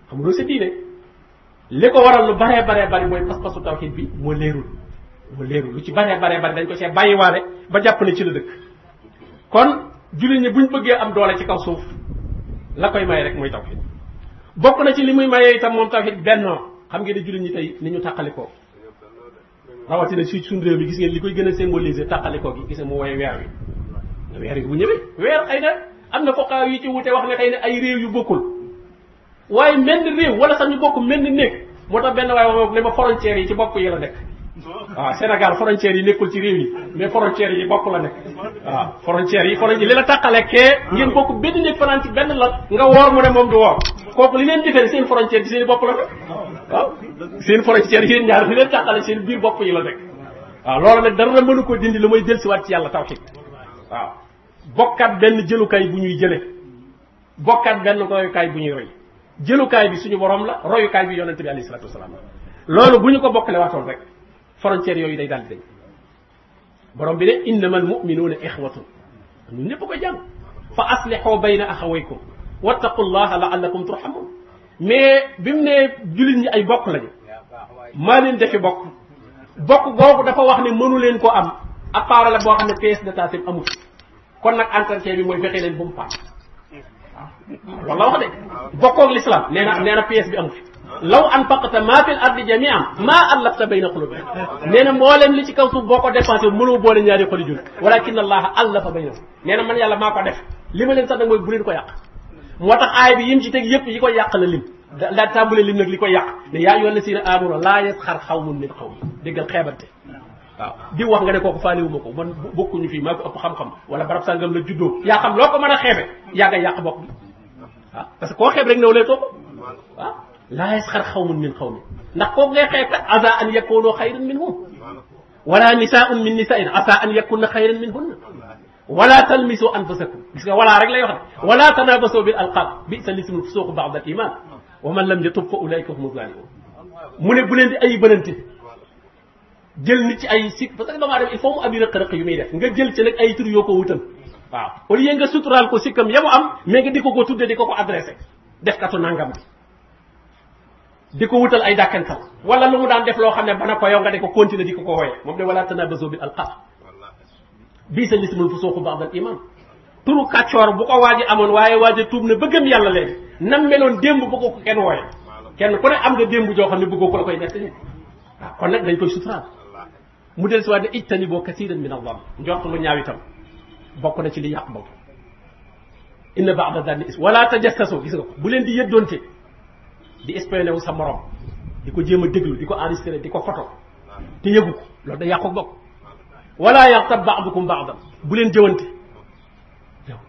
xamuloo sa diine li ko waral lu baree baree bari mooy pas-pasu tawxiid bi moo leerul mu léeru lu ci baree baree bari dañ ko see bàyyiwaale ba jàpp ne ci la dëkk kon jullit ñi buñ bëggee am doole ci kaw suuf la koy may rek muy tawhid bokk na ci li muy mayee itam moom tawhid bennoo xam ngeen ne jullit ñi tey ni ñu tàqalikoo rawatina si suñ réew mi gis ngeen li koy gën a symboliser tàqalikoo gi gis mu woye weer wi weer yi bu ñëwee weer xëy na am na foqaaw yi ci wute wax ne xëy na ay réew yu bokkul waaye menn réew wala sax ñu bokk menn néeg moo tax benn waaye wax ne ma frontières yi ci bopp yi la nekk waaw ah, Sénégal frontières yi nekkul ci réew yi mais frontières yi bokk la nekk waaw ah, frontières yi frontières yi li la tàqale kee ngeen bokk benn néeg fanaan ci benn la nga woor mu ne moom du woor kooku li leen différé seen frontière yi seen bopp la nekk waaw ah, seen frontières yéen ñaar li leen tàqale seen biir bopp yi la nekk waaw loolu nag dara mënu ko dindi lu may dellusiwaat ci yàlla tawxiid waaw bokkaat benn jëlukaay bu ñuy jële bokkat benn royukaay bu ñuy roy jëlukaay bi suñu borom la royukaay bi yonente bi alayhi salaatu bu ñu ko bokkale waatoon rek frontières yooyu day daal di dañ borom bi ne innamal muminuuna ixwatun ñun ñëpp koy jàng fa aslixoo bayna axawaykum wattaqullaha laallakum turhamun mais bi mu ne jullit ñi ay bokk lañu maa leen defi bokk bokk googu dafa wax ne mënu leen ko am appareil la boo xam ne pièce détachée amul kon nag entretien bi mooy fexe leen bu mu paam waaw de bokkoog l'islam nee na nee bi amul law anfaqta maa fil ardi jami'an maa allafta bayna qulubihim nee na mboolem li ci kaw suuf boo ko dépensé mënoo boole ñaari xoli jul walakin allaha allafa baynahum nee na man yàlla maa ko def li ma leen sax nag mooy bu leen ko yàq moo tax aay bi yim ci teg yëpp yi ko yàq la lim daa tàmbalee lim nag li koy yàq ne yaa ayyuha llaziina aamanu laa yasxar xawmun min xawmin déggal xeebante waaw di wax nga ne kooku faalewu ma ko man bokkuñu fii maa ko ëpp xam-xam wala barab sangam la juddoo yaa xam loo ko mën a xeebe yaa nga yàq bokk bi waaw koo xeeb rek ne wala too laa yasxar xawmun min xawmin ndax kooku ngay xeeb kat asa an yakoonoo xayran minhum wala nisaun min nisain asa an yakunna xayran minhunna wala talmisu anfusakum gis nga wala rek lay wax ne wala tanabasoo bil alqab bisa lismul fusuqu ba'da iman wa man lam yatub fa ulaika humu zalimun mu ne bu leen di ay bënante jël nit ci ay si parce que damaa dem il faut mu am i rëq-rëq yu muy def nga jël ci nag ay tur yoo ko wutal waaw au lieu nga suturaal ko sikkam ya mu am mais nga di ko ko tudde di ko ko adressé def katu nangam bi di ko wutal ay dàkkantal wala lu mu daan def loo xam ne bana ko yow nga di ko continuer di ko ko wooye moom de wala tanabazu bi alqab bii sa lismul fusuuqu ba'da al iman turu kàccoor bu ko waaji amoon waaye waaja tuub ne bëggam yàlla léegi nam meloon démb bëgg ko kenn wooye kenn ku ne am nga démb joo xam ne bëggoo ko la koy nettali waaw kon nag dañ koy suturaal mu del si waat ne ijtaniboo kasiran min allah njort lu ñaaw itam bokk na ci li yàq bopp inna ba'da zanni is wala tajassasu gis nga ko bu leen di yëddoonte di espionné wu sa moroom di ko jéem a déglu di ko enregistré di ko photo te yëgu ko loolu da yàqu bokk wala yaxtab baadukum baadan bu leen jëwante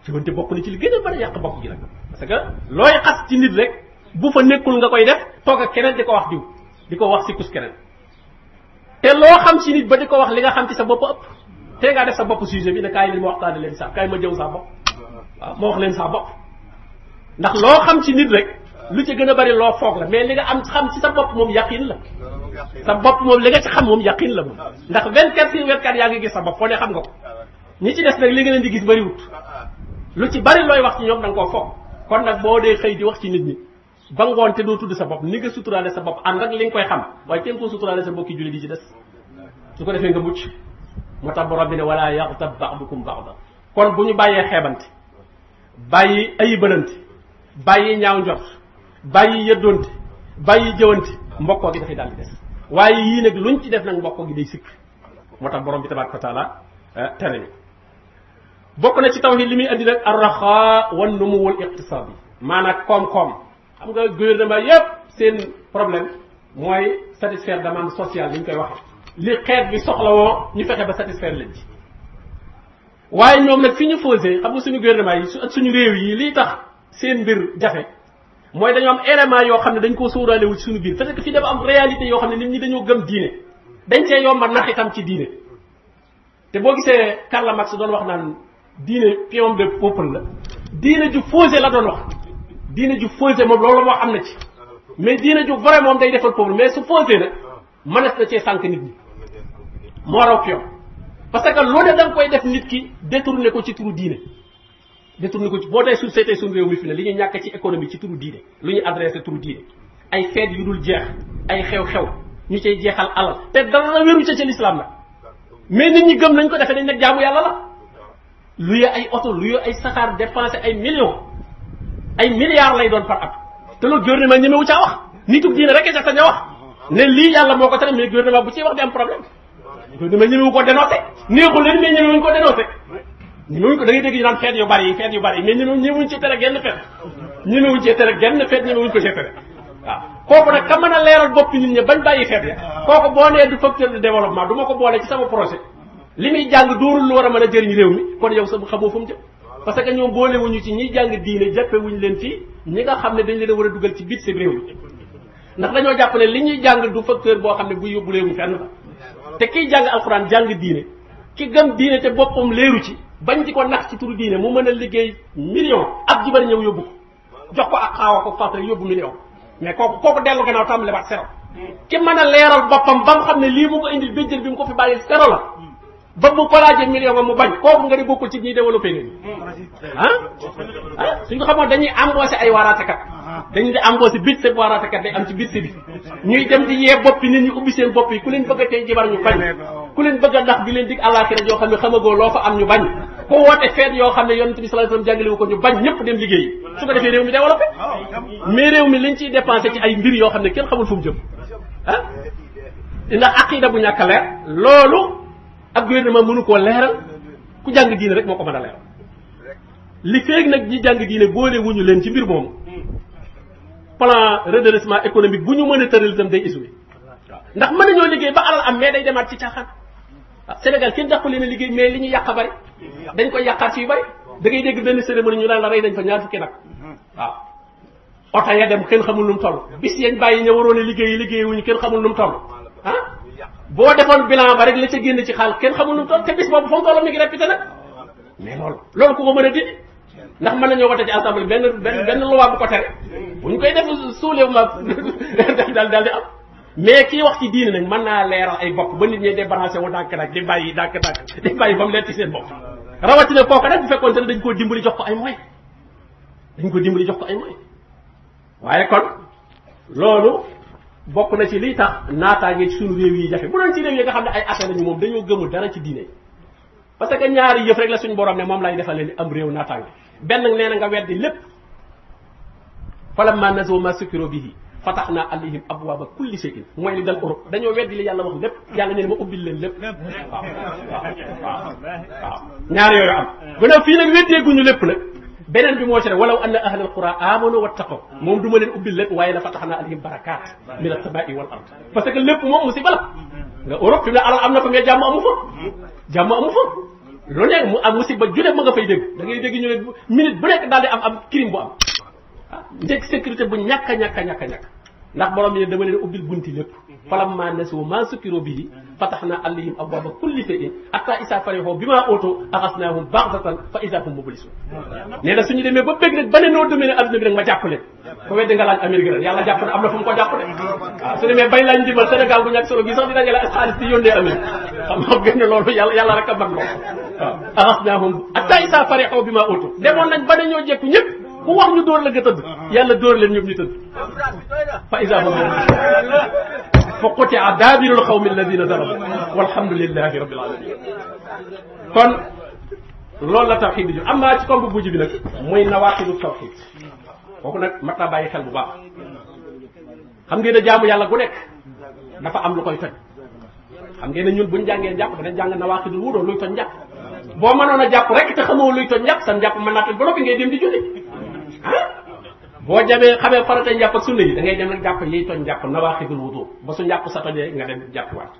jëwante bokk na ci li gën a bari yàq bokk gi nag parce que looy xas ci nit rek bu fa nekkul nga koy def toog ak keneen di ko wax diw di ko wax si kus keneen te loo xam ci nit ba di ko wax li nga xam ci sa bopp ëpp te ngaa def sa bopp sujet bi ne kaay li ma waxtaane leen sa kaay ma jëw sa bopp waaw ma wax leen sa loo xam ci nit rek lu ci gën a bari loo foog la mais li nga am xam ci sa bopp moom yaqin la sa bopp moom li nga ci xam moom yaqin la moom ndax 24 sur 24 yaa ngi gis sa bopp foo ne xam nga ko ñi ci des nag li nga leen di gis bariwut lu ci bari looy wax ci ñoom da nga koo foog kon nag boo dee xëy di wax ci nit ñi ba ngoon te doo tudd sa bopp ni nga suturaale sa bopp ànd ak li nga koy xam waaye kenn koo suturaale sa mbokki jullit yi ci des su ko defee nga mucc moo tax borom bi ne wala yaxtab ba'dukum ba'da kon bu ñu bàyyee xeebante bàyyi ayibalante bàyyi ñaaw njort bàyyi yëddoonte bàyyi jëwante mbokkoo gi dafay daal di des waaye yii nag luñ ci def nag mbokkoo gi day sikk moo tax borom bi tabaraka wa taala eh, tere bokk na ci tawhid li muy andi nag arraxa wan numu wal iqtisaad yi maanaam koom-koom xam nga gouvernement yépp seen problème mooy satisfaire demande sociale ni ñu koy waxee li xeet bi soxlawoo ñu fexe ba satisfaire leen ci waaye ñoom nag fi ñu fausé xam nga suñu gouvernement yi su ak suñu réew yi liy tax seen mbir jafe mooy dañoo am élément yoo xam ne dañ koo sóoraale wu ci suñu biir parce que fii dafa am réalité yoo xam ne nit ñi dañoo gëm diine dañ cee yomb a nax ci diine te boo gisee Karl Marx doon wax naan diine pion de peuple la diine ju fausé la doon wax diine ju fausé moom loolu moo am na ci mais diine ju vrai moom day defal peuple mais su fausé nag mënees na cee sànq nit ñi moo raw parce que lu ne da koy def nit ki détourné ko ci turu diine détourné ko ci boo tey suñ seetee suñ réew mi fi ne li ñuy ñàkk ci économie ci turu diine lu ñu adressé turu diine ay feet yu dul jeex ay xew-xew ñu cay jeexal alal te dara wéru ca ci lislaam nag mais nit ñi gëm nañ ko defee nañ nag jaamu yàlla la luye ay oto luye ay saxaar dépensé ay millions ay milliards lay doon par at te loolu gouvernement ñemewu caa wax nit ku diine rek ca sañ a wax ne lii yàlla moo ko tere mais gouvernement bu ciy wax di am problème gouvernement ñemewu ko dénoncé neexul leen ko dénoncé ñemewuñ ko da ngay dégg ñu naan feet yu bari yi feet yu bari yi mais ñemewuñ ñemewuñ ci tere genn feet ñemewuñ ci tere genn feet ñemewuñ ko ci tere waaw kooku nag ka mën a leeral bopp nit ñi bañ bàyyi feet ya kooku boo nee du facteur de développement du ma ko boolee ci sama projet li muy jàng dóorul lu war a mën a jëriñ réew mi kon yow sa xamoo fa mu jëm parce que ñoom boole wuñu ci ñiy jàng diine jàppe wuñu leen ci ñi nga xam ne dañ leen a war a dugal ci biir seen réew ndax dañoo jàpp li ñuy jàng du facteur boo xam ne buy yóbbu réew mi fenn la te kiy jàng alxuraan jàng ki gëm diine te boppam leeru ci bañ di ko nax ci turu diine mu mën a liggéey million ab jibar ñëw yóbbu ko jox ko ak xaawa ko fas rek yóbbu million mais kooku kooku dellu gannaaw tàmbali waat sero ki mën a leeral boppam ba mu xam ne lii mu ko indi béjjën bi mu ko fi bàyyi sero la ba mu ko laajee million ba mu bañ kooku nga di bokkul ci ñiy développé nii mm. ah ah suñ ko xamoon dañuy embauché ay waaraatekat uh-huh. dañuy di embauché biir seen waaraatekat day am ci biir si bi ñuy dem di yee bopp yi nit ñu ubbi seen bopp yi ku leen bëgg a tey jibar ñu bañ ku leen bëgg a ndax di leen dig àllaaxira yoo xam ne xamagoo loo fa am ñu bañ ku woote feet yoo xam ne yonent bi sallallahu alayhi wasallam jàngale wu ko ñu bañ ñëpp dem liggéey su ko defee réew mi développé oh, ciy dépensé ci ay mbir yoo xam ne kenn xamul fu mu jëm ah ndax bu ñàkk a leer ab gouvernement mënu koo leeral ku jàng diine rek moo ko mën a leeral li nag ñi jàng diine boole wuñu leen ci mbir moomu plan redressement économique bu ñu mën a tëral itam day échoué waaw ndax mën nañoo liggéey ba alal am mais day demaat ci caaxaan waaw Sénégal kenn jàppale na liggéey mais li ñu yàq bari dañ koy yàqaat ci yu bari da ngay dégg benn cérémonie ñu naan la rey dañ fa ñaar fukki nag waaw oto ya dem kenn xamul nu mu toll bis yañ bàyyi ña waroon a liggéey liggéey kenn xamul nu mu boo defoon bilan ba rek la ca génn ci xaalis kenn xamul lu mu toll te bis boobu fa mu tolloon mi ngi répété nag mais loolu loolu ku ko mën a dindi ndax mën nañoo wote ci assemblée benn benn benn loi bu ko tere bu ñu koy def soulèvement *laughs* daal daal di am mais kii wax ci diine nag mën naa leeral ay bopp ba nit ñi débranché wu dànk nag di bàyyi dànk dànk di bàyyi ba mu leer ci seen bopp rawatina kooku nag bu fekkoon te ne dañ koo dimbali jox ko ay moyens dañ ko dimbali jox ko ay moyens waaye kon loolu bokk na ci liy tax naataange ci suñu réew yi jafe bu doon ci réew yi nga xam ne ay ate lañu moom dañoo gëmul dara ci diine parce que ñaari yëf rek la suñu borom ne moom lay defal leen am réew naataange benn nee na nga weddi lépp falamma nasu ma sukkiro bihi fataxna alayhim abwaaba kulli shay'in mooy li dal Europe dañoo weddi li yàlla wax lépp yàlla nee na ma ubbil leen lépp waaw waaw ñaar yooyu am gannaaw fii nag weddeeguñu lépp la beneen bi moo ci ne walaw anna ahlal qura amanu wattaqaw ah. moom duma leen ubbil lépp waaye la fataxnaa alayhim barakaat min as-samaa'i wal ard parce que lépp moom musiba la mm-hmm. nga fi mu ne alal am na fa mais jàmm amu fa mm-hmm. jàmm amu fa lu nekk mu am musiba ju ne ma nga fay dégg da ngay dégg ñu ne minute bu nekk daal di am am crime bu am ah njëkk sécurité bu ñàkk a ñàkk a a ñàkk ndax borom yi ne dama leen ubbil bunti lépp mm-hmm. falammaa nasuu maa zukkiruu bihi fataxnaa alayhim abwaaba kulli shay'in hatta isa farihoo bi maa ootoo axasnaahum baxdatan fa isa hum mublisun nee na suñu demee ba bëgg nag ba ne noo demee ne adduna bi nag ma jàppale ko weddi nga laaj Amérique rek yàlla jàpp na am na a man bi maa ootoo demoon nañ ba dañoo jekku ñëpp ku wax ñu dóor la nga tëdd yàlla dóor leen ñoom ñu tëdd fa qutia daabirul xawmi alladina zalamu walhamdulillahi rabbil alamin kon loolu la tawxid di ju am naa ci komb bu mujj na nag muy nawaaqidu tawxid kooku na mat naa bàyyi xel bu baax xam ngeen ne jaamu yàlla gu nekk dafa am lu koy toj xam ngeen ne ñun bu buñ jàngee njàpp danañ jàng nawaaqidul wudu luy toj njàpp boo mënoon a jàpp rek te xamoo luy toj njàpp sa njàpp mën naa toj ba bi ngay dem di julli ah boo jamee xamee farata njàpp ak sunna yi da ngay dem nag jàpp yiy toj jàpp nawaaxidul wudu ba su njàpp sa tojee nga dem jàppiwaat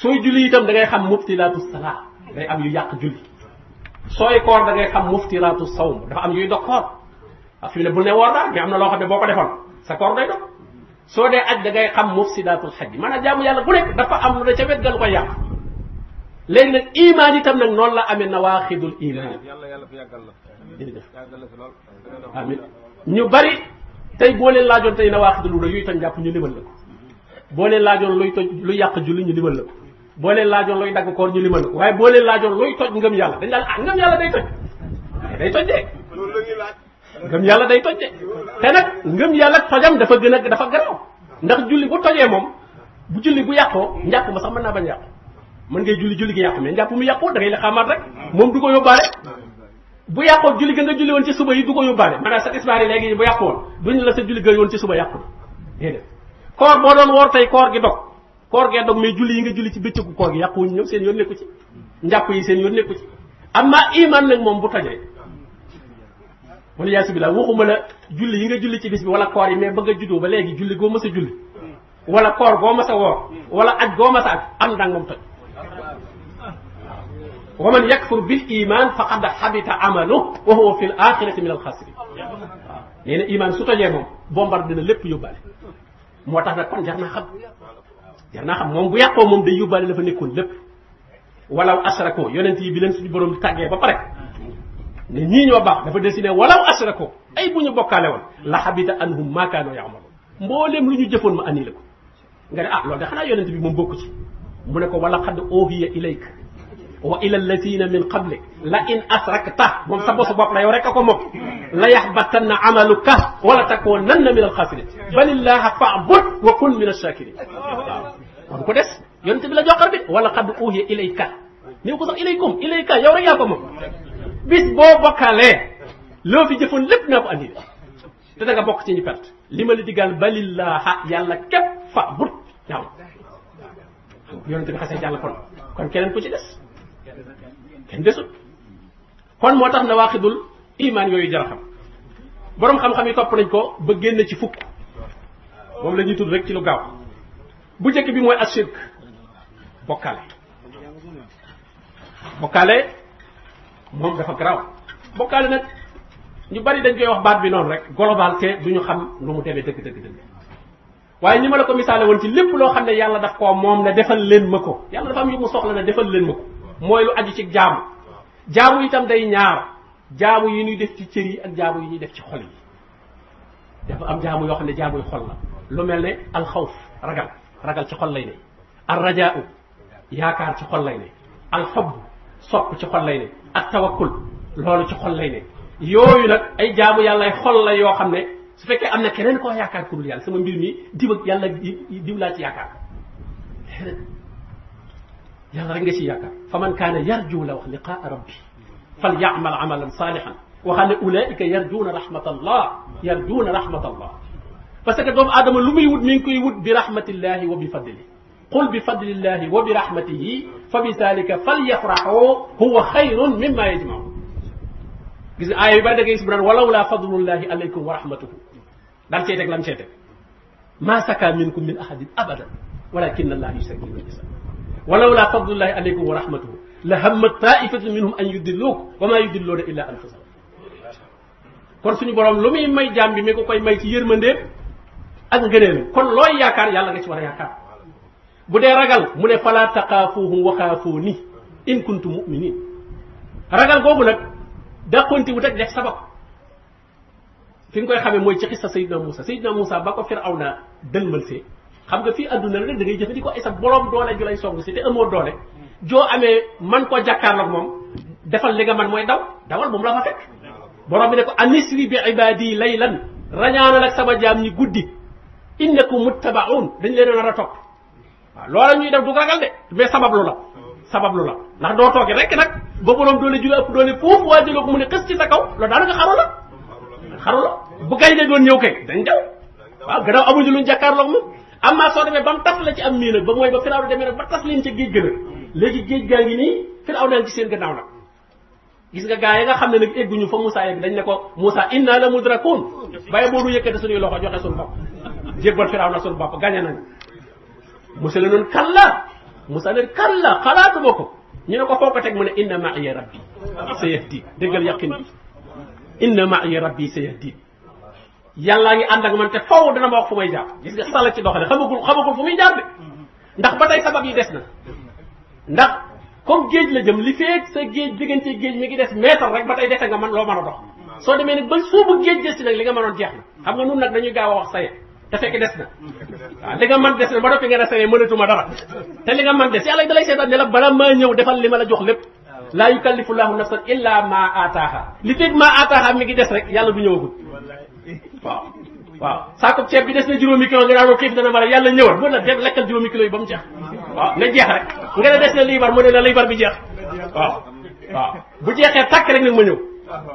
sooy julli tam da ngay xam muftilaatu salaa day am yu yàq julli sooy koor da ngay xam muftilaatu sawm dafa am yuy dog koor a fi ne bu ne woor daal am na loo xam ne boo ko defoon sa koor day dog soo dee aj da ngay xam mufsidaatul xaj maanaam jaamu yàlla bu nekk dafa am lu ne ca wet ga lu koy yàq léegi nag imaan itam nag noonu la amee nawaaxidul imaan yàlla yàlla fi yàggal la jërëjëf amin ñu bari tey boo leen laajoon tey na waa xidul wuda yuy toj jàpp ñu limal la ko boo leen laajoon luy toj lu yàq julli ñu limal la ko boo leen laajoon luy dagg koor ñu limal la ko waaye boo leen laajoon luy toj ngëm yàlla dañ daal ah ngëm yàlla day toj day toj de la ñuy laaj ngëm yàlla day toj de te nag ngëm yàlla tojam dafa gën a dafa garaaw ndax julli bu tojee moom bu julli bu yàqoo njàpp ma sax mën naa bañ yàqu mën ngay julli julli gi yàqu mais njàpp mu yàqu da ngay la rek moom du ko yóbbaale bu yàqoon julli gën a julli woon ci suba yi du ko yóbbaale maanaam sa tisbaar yi léegi bu yàqoon duñu la sa julli ga woon ci suba yàqu déedéet koor boo doon woor tey koor gi dog koor gee dog mais julli yi nga julli ci bëccëgu koor gi yàquwuñ ñoom seen yoon nekku ci njàpp yi seen yoon nekku ci amma iman nag moom bu tojee wala yaa subila waxuma la julli yi nga julli ci bis bi wala koor yi mais ba nga juddoo ba léegi julli goo mës a julli wala koor goo mës a woor wala aj goo mës a aj am ndàngam toj wa man yakfur bil iman faqad xabita amalu wa huwa fil axirati min al xasirin waaw nee na iman su tojee moom bombard dina lépp yóbbaale moo tax nag kon jar naa xam jar xam moom bu yàqoo moom day yóbbaale fa nekkoon lépp walaw asrako yonent yi bi leen suñu borom tàggee ba pare ne ñii ñoo baax dafa des dessiné walaw asrako ay bu ñu bokkaale woon la xabita anhum ma kaanu yaamalu mboolem lu ñu jëfoon ma annulé ko nga ne ah loolu de xanaa bi moom bokku ci mu ne ko wala xadd oohiya wa ila allatina min qablik la in asrakta moom sa bosu bopp la yow rek a ko moom la yaxbatanna amaluka wala takunanna min alxasirin balillaha fa'bud wa kun min alshakirin waaw kon ku des yonente bi la joxar bi wala qad uhiya ilayka ni ko sax ilaykum ilayka yow rek yaa ko moom bis boo bokkaalee loo fi jëfoon lépp naa ko andi te da nga bokk ci ñu perte li ma la digal balillaaha yàlla képp fa but yàlla yonente bi xasee jàll kon kon keneen ku ci des kenn desut kon moo tax na waaqidul imaan yooyu jar a boroom xam-xam yi topp nañ ko ba génn ci fukk moom la ñuy tudd rek ci lu gaaw bu njëkk bi mooy asirk bokkaale bokkaale moom dafa garaaw bokkaale nag ñu bari dañ koy wax baat bi noonu rek global te ñu xam lu mu demee dëgg dëgg dëgg waaye ni ma la ko misaale woon ci lépp loo xam ne yàlla daf koo moom ne defal leen ma ko yàlla dafa am yu mu soxla ne defal leen ma ko mooy lu aju ci jaamu jaamu itam day ñaar jaamu yi ñuy def ci cër yi ak jaamu yi ñuy def ci xol yi dafa am jaamu yoo xam ne jaamuy xol la lu mel ne alxawf ragal ragal ci xol lay ne al rajaau yaakaar ci xol lay ne alxobb sopp ci xol lay ne ak tawakkul loolu ci xol lay ne yooyu nag ay jaamu yàllay xol la yoo xam ne su fekkee am na keneen koo yaakaar ku dul yàlla sama mbir mi diw yàlla diw laa ci yaakaar yàlla rek nga ci yaakaar fa man kaana yarju la wax liqaa rabbi fal yaamal amalan saalihan waxaa ne ulaika yarjuuna rahmatallah yarjuuna rahmatallah parce que doomu aadama lu muy wut mi ngi koy wut bi rahmatillahi wa bi fadli qul bi fadlillahi wa bi rahmatihi fa bi dalika fal yafraxu huwa xayrun mimma yajmaun gis nga aaya yu bari da ngay gis bu naan walaw laa fadlullahi alaykum wa rahmatuhu daan cey teg lam cey teg maa saka minkum min ahadin abadan walakin allah yusakki man yasa walaw laa fadlullahi aleykum wa rahmatuhu la hammat taifatun minhum an yudilluuk wa maa yudilluuna illa anfusahum kon suñu boroom lu muy may jaam bi mi ko koy may ci yërmandeem ak ngëneelu kon looy yaakaar yàlla nga ci war a yaakaar bu dee ragal mu ne falaa taqaafuuhum wa xaafuuni in kuntum muminin ragal googu nag dàqonti wut ak def sabab fi nga koy xamee mooy ci xissa Seydina Moussa Seydina Moussa ba ko Firawna dëlmal see xam nga fii àdduna la nag da ngay jëfandikoo ay sa borom doole ju lay song si te amoo doole joo amee man koo jàkkaarloog moom defal li nga man mooy daw dawal moom la fa fekk borom bi ne ko anisri bi ibadi laylan rañaanal ak sama jaam ñi guddi innakum muttabaun dañ leen nar a topp waaw loola ñuy def du ragal de mais sabablu la sabab lu la ndax doo toogi rek nag ba borom doole ju la ëpp doole foofu waa jëloo ko ne xës ci sa kaw loolu daanaka xaru la xaru la bu gaynde doon ñëw kay dañ daw waaw gannaaw amuñu luñ jàkkaarloog moom amma soo demee ba mu tas la ci am mii nag ba mooy ba firaaw na demee nag ba tas leen ca géej ga nag léegi géej gaa ngi nii firaaw naa ngi seen gannaaw nag gis nga gaa yi nga xam ne nag egguñu fa Moussa yegg dañ ne ko Moussa inna la mudrakoon bàyyi boobu yëkkate suñuy loxo joxe suñu bopp jébbal firaaw na suñu bopp gañe nañ Moussa la noonu kalla Moussa leen kalla xalaatu ma ko ñu ne ko foo teg mu ne inna ma'iya rabbi sayahdi déggal yaqin inna ma'iya rabbi sayahdi yàllaa ngi ànd ak man te faww dana ma wax fu may jaar gis nga sala ci doxale xamagul xamagul ndax ba tey sabab yi des na ndax comme géej la jëm li feeg sa géej diggante géej mi ngi des mètre rek ba tey dese nga man loo mën a dox soo demee ne ba suubu géej des ci nag li nga mënoon jeex na xam nga nun nag dañuy gaaw a wax te fekk des na waaw li nga ba doppi nga ne saye mënatuma dara te li nga mën des yàlla dalay seetaan ne la bala maa ñëw defal li ma la jox lépp laa yukallifu llahu nafsan illa ma ataaha li feeg ma ataaha mi ngi des rek yàlla du ñëwagul waaw waaw saako ceeb bi des na juróomi kilo nga naan ko xiif dana mara yàlla ñëwal mën na dem lekkal juróomi kilo yi ba mu jeex waaw nga jeex rek nga ne des na liibar mu ne la bi jeex waaw waaw bu jeexee takk rek nag ma ñëw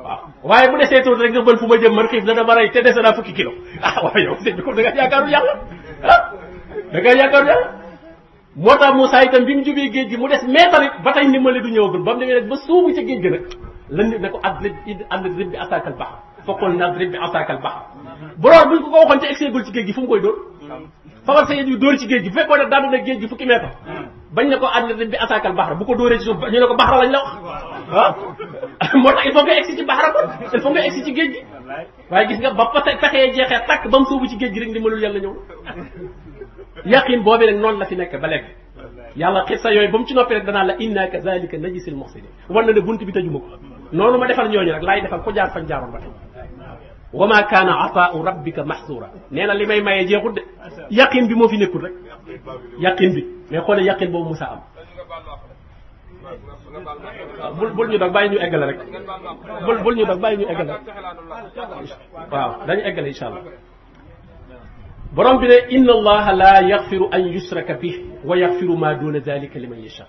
waaw waaye bu desee tuuti rek nga bën fu ma jëm man xiif dana mara te dese naa fukki kilo ah waaw yow sëñ bi ko da nga yaakaaru yàlla da nga yaakaaru yàlla moo tax Moussa itam bi mu jubee géej gi mu des meetar it ba tey ndimbali du ñëwagul ba mu demee nag ba suubu géej gi nag lan nit ne ko ad la id ànd bi attaque baax foqal naa rek bi attaque al bahr borom buñ ko ko waxoon te egseegul ci géej gi fu mu koy dóor. fawal sa yéen yu dóor ci géej gi bu fekkoon ne daanu na géej gi fukki mètre. bañ ko ànd rek bi attaque al bahr bu ko dóoree ci suuf ñu ne ko baxra lañ la wax ah. *laughs* ba tax nga egsi ci baxra kon il faut nga egsi ci géej gi waaye gis nga ba pexee jeexee takk ba mu sóobu ci géej gi rek ndimbalul yàlla ñëw. yaqin boobu nag noonu la fi nekk ba léegi yàlla xissa yooyu ba mu ci noppi rek danaa la inna kazalika najisil muhsinin war na ne ko jaar fañ jaaroon ba wa ma kaana ataau rabbika mahsura nee na li may maye jeexut de yaqin bi moo fi nekkul rek yaqin bi mais xoolee yaqin boobu Moussa am bul bul ñu dog bàyyi ñu eggale rek bul bul ñu dog bàyyi ñu eggale rek waaw dañu eggale insha allah borom bi ne inna allaha la yaxfiru an yusraka bih wa yaxfiru ma duna dalika liman yasha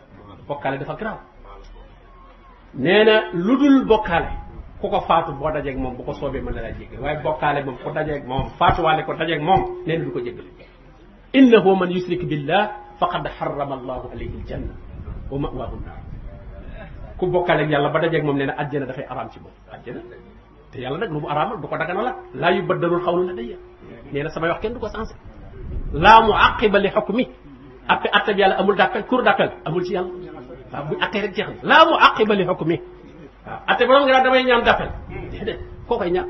bokkaale dafa garaaw nee na lu dul bokkaale ku ko faatu boo dajeeg moom bu ko soobee mën na laa jéggal waaye bokkaale moom ku dajeeg moom faatuwaale ko dajeeg moom nee na du ko jéggal innahu man yusrik billah faqad harrama allahu alayhi aljanna wa mawaahu naar ku bokkaale ak yàlla ba dajeeg moom nee na àjjana dafay araam ci moom àjjana te yàlla nag lu mu araamal du ko dagana la laa yubaddalul xawlu ladayya nee na samay wax kenn du ko sensé laa mu aqiba li xukmi atte atte bi yàlla amul d'appel cour d'appel amul ci yàlla waaw buñ attee rek jeex na laa mu aqiba li xukmi ate borom nga daal damay ñaan d'appel déedéet koo koy ñaan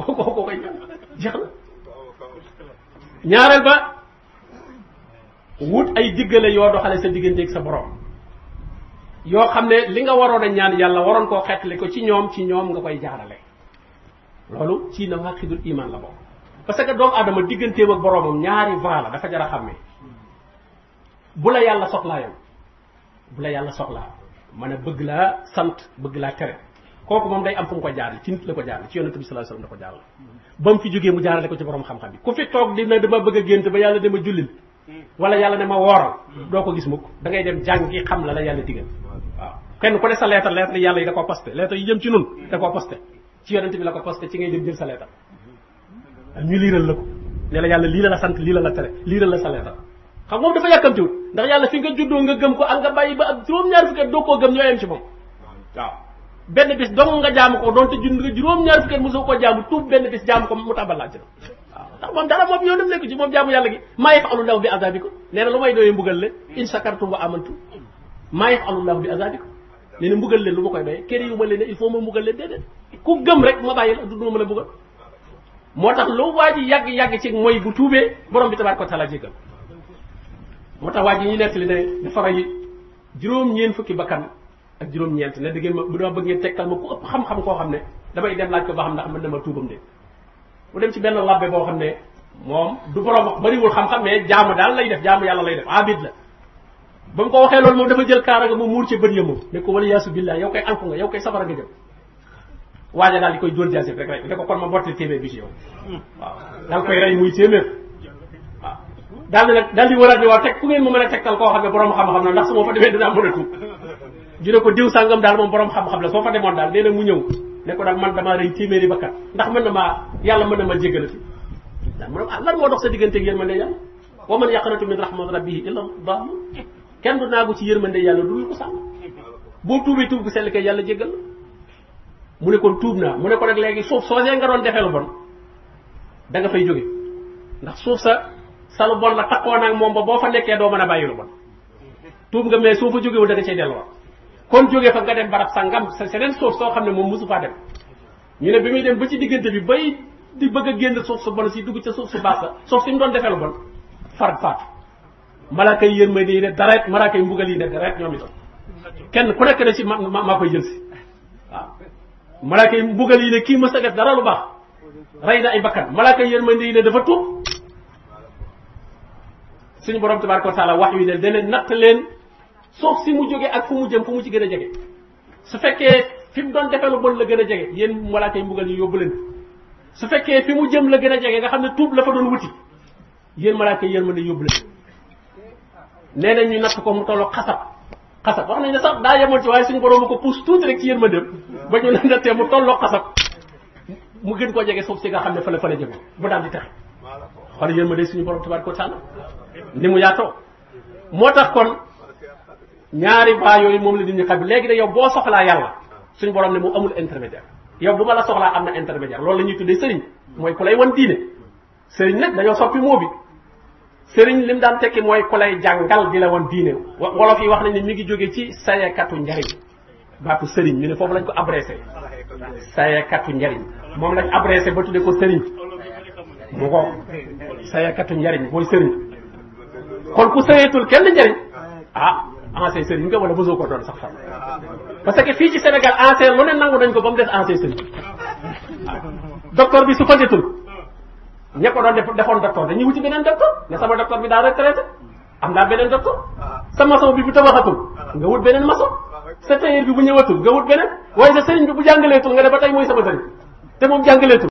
koo koy ñaan ñaareel ba wut ay diggale yoo doxale sa digganteeg sa boroom yoo xam ne li nga waroon a ñaan yàlla waroon koo xeetli ko ci ñoom ci ñoom nga koy jaarale loolu ci na xaqidul iman la bokk parce que doomu aadama digganteem ak boromam ñaari vaa la dafa jar a xàmmee bu la yàlla soxlaa bu la yàlla soxlaa mane bëgg laa sant bëgg laa tere kooku moom day am fu mu ko jaarale ci nit la ko jaarale ci yonent bi borom xam bi ku fi toog dina dama bëgg a gént ba yàlla dama jullil wala ma ko da ngay dem jàngi xam la la yàlla digal waaw kenn ku ne sa lettre lettre yàlla yi da koo posté lettre yi jëm ci nun da koo posté bi la ko sa lettre ñu liiral la ko ne la yàlla lii la la sant lii la la tere liiral la sa lettre xam moom dafa yàkkamtiwul ndax yàlla fi nga juddoo nga gëm ko ak nga bàyyi ba ak juróom-ñaari fukki at doo koo gëm ñoo yem ci moom waaw benn bis dong nga jaamu ko doonte jund nga juróom-ñaari fukki at mosoo ko jaamu tuub benn bis jaamu ko mu tàbbal laa ci waaw ndax dara moom yoonam nekku ci moom jaamu yàlla gi maa yafalullaahu bi azabikum nee na lu may doyee mbugal le in sakartum wa amantum maa yafalullaahu bi azabikum nee na mbugal leen lu ma koy doyee yu ma leen ne il faut ma mbugal leen déedéet ku gëm rek ma bàyyi la du ma mën a mbugal moo tax lu waa yàgg-yàgg ci mooy bu tuubee borom bi ko wa taala jéggal moo tax waa ji ñu nekk li ne dafa rey juróom-ñeent fukki bakkan ak juróom-ñeent ne da ngeen ma bu dama bëgg ngeen tegtal ma ku ëpp xam-xam koo xam ne damay dem laaj ko ba xam ndax mën na ma tuubam de mu dem ci benn labbe boo xam ne moom du borom bariwul xam-xam mais jaamu daal lay def jaamu yàlla lay def abid la ba mu ko waxee loolu moom dafa jël kaaraga mu muur ci bët ya moom ne ko wala yaasu billah yow koy alku nga yow koy safara nga jëm waaja daal di koy dóor jaasif rek rek ne ko kon ma bottali bi ci yow hmm. daal di nag daal di waraat ni waa teg fu ngeen ma mën a tegtal koo xam ne borom xam-xam la ndax su ma fa demee dinaa mën a tuub ñu ne ko diw sàngam daal moom borom xam-xam la soo fa demoon daal mu ñëw ne ko daal man damaa rëy téeméeri ndax mën na maa yàlla mën na ma jéggalati daal ah, lan moo dox sa diggante ak yërmande yàlla wa man yaqanatu min rahmat rabbihi illa daamu kenn du naagu ci yërmande yàlla dul ko boo tuubee tuub gu sell kay yàlla jéggal mu ne kon tuub naa mu ne nag léegi suuf soosee nga doon defee lu da nga fay jóge ndax suuf sa sa lu bon la taxoon ak moom ba boo fa nekkee doo mën a bàyyi lu bon tuub nga mais soo fa jógewul da nga cay delloo kon jógee fa nga dem barab sangam sa seneen suuf soo xam ne moom mosu faa dem ñu ne bi muy dem ba ci diggante bi bay di bëgg a génn suuf su bon si dugg ca suuf su baax sa suuf si mu doon defee lu bon far faatu malaaka yi yéen may di ne dareet malaaka yi mbugal yi ne ñoom ñoom itam kenn ku nekk ne si ma maa koy jël si waaw malaaka yi mbugal yi ne kii mës a def dara lu rey na ay bakkan malaaka yéen may di ne dafa tuub suñu borom tabaraka wa taala wax yu ne danañ natt leen soof si mu jógee ak fu mu jëm fu mu ci gën a jege su fekkee fi mu doon defee lu bon la gën a jege yéen malaaka yi mbugal yi yóbbu fi mu jëm la gën a jege nga xam ne tuub la fa doon wuti yéen malaaka yi yéen mën a yóbbu leen nee nañ ñu natt ko mu tolloo xasab xasab wax nañ ne sax daa yemoon ci waaye suñu borom ko pousse tuuti rek ci yéen dem ba ñu la nattee mu tolloo xasab mu gën koo jege suuf si nga xam ne fa la fa la jëm bu daal di tax xool yéen ma de suñu borom tabaaraka wa taala ni mu yaatoo moo tax kon ñaari baa yooyu moom la nit ñi xam léegi de yow boo soxlaa yàlla suñu borom ne mu amul intermédiaire yow bu ma la soxlaa am na intermédiaire loolu la ñuy tuddee sëriñ mooy ku lay wan diine sëriñ nag dañoo soppi moo bi sëriñ lim daan tekki mooy ku lay jàngal di la wan diine wolof yi wax nañ ne mi ngi jóge ci sayekatu njariñ baatu sëriñ ñu ne foofu lañ ko abressé sayekatu njariñ moom lañ abressé ba tudde ko sëriñ mu ko sayakatu njariñ mooy sëriñ kon ku sayeetul kenn njariñ ah ancien sëriñ nga wala bësoo ko doon sax far parce que fii ci Sénégal ancien lu ne nangu dañ ko ba mu des ancien sëriñ docteur bi su fa detul ña ko doon def defoon docteur dañuy wuti beneen docteur ne sama docteur bi daa retraité am naa beneen docteur sa maçon bi bu tabaxatul nga wut beneen maçon sa tailleur bi bu ñëwatul nga wut beneen waaye sa sëriñ bi bu jàngaleetul nga ne ba tey mooy sama sëriñ te moom jàngaleetul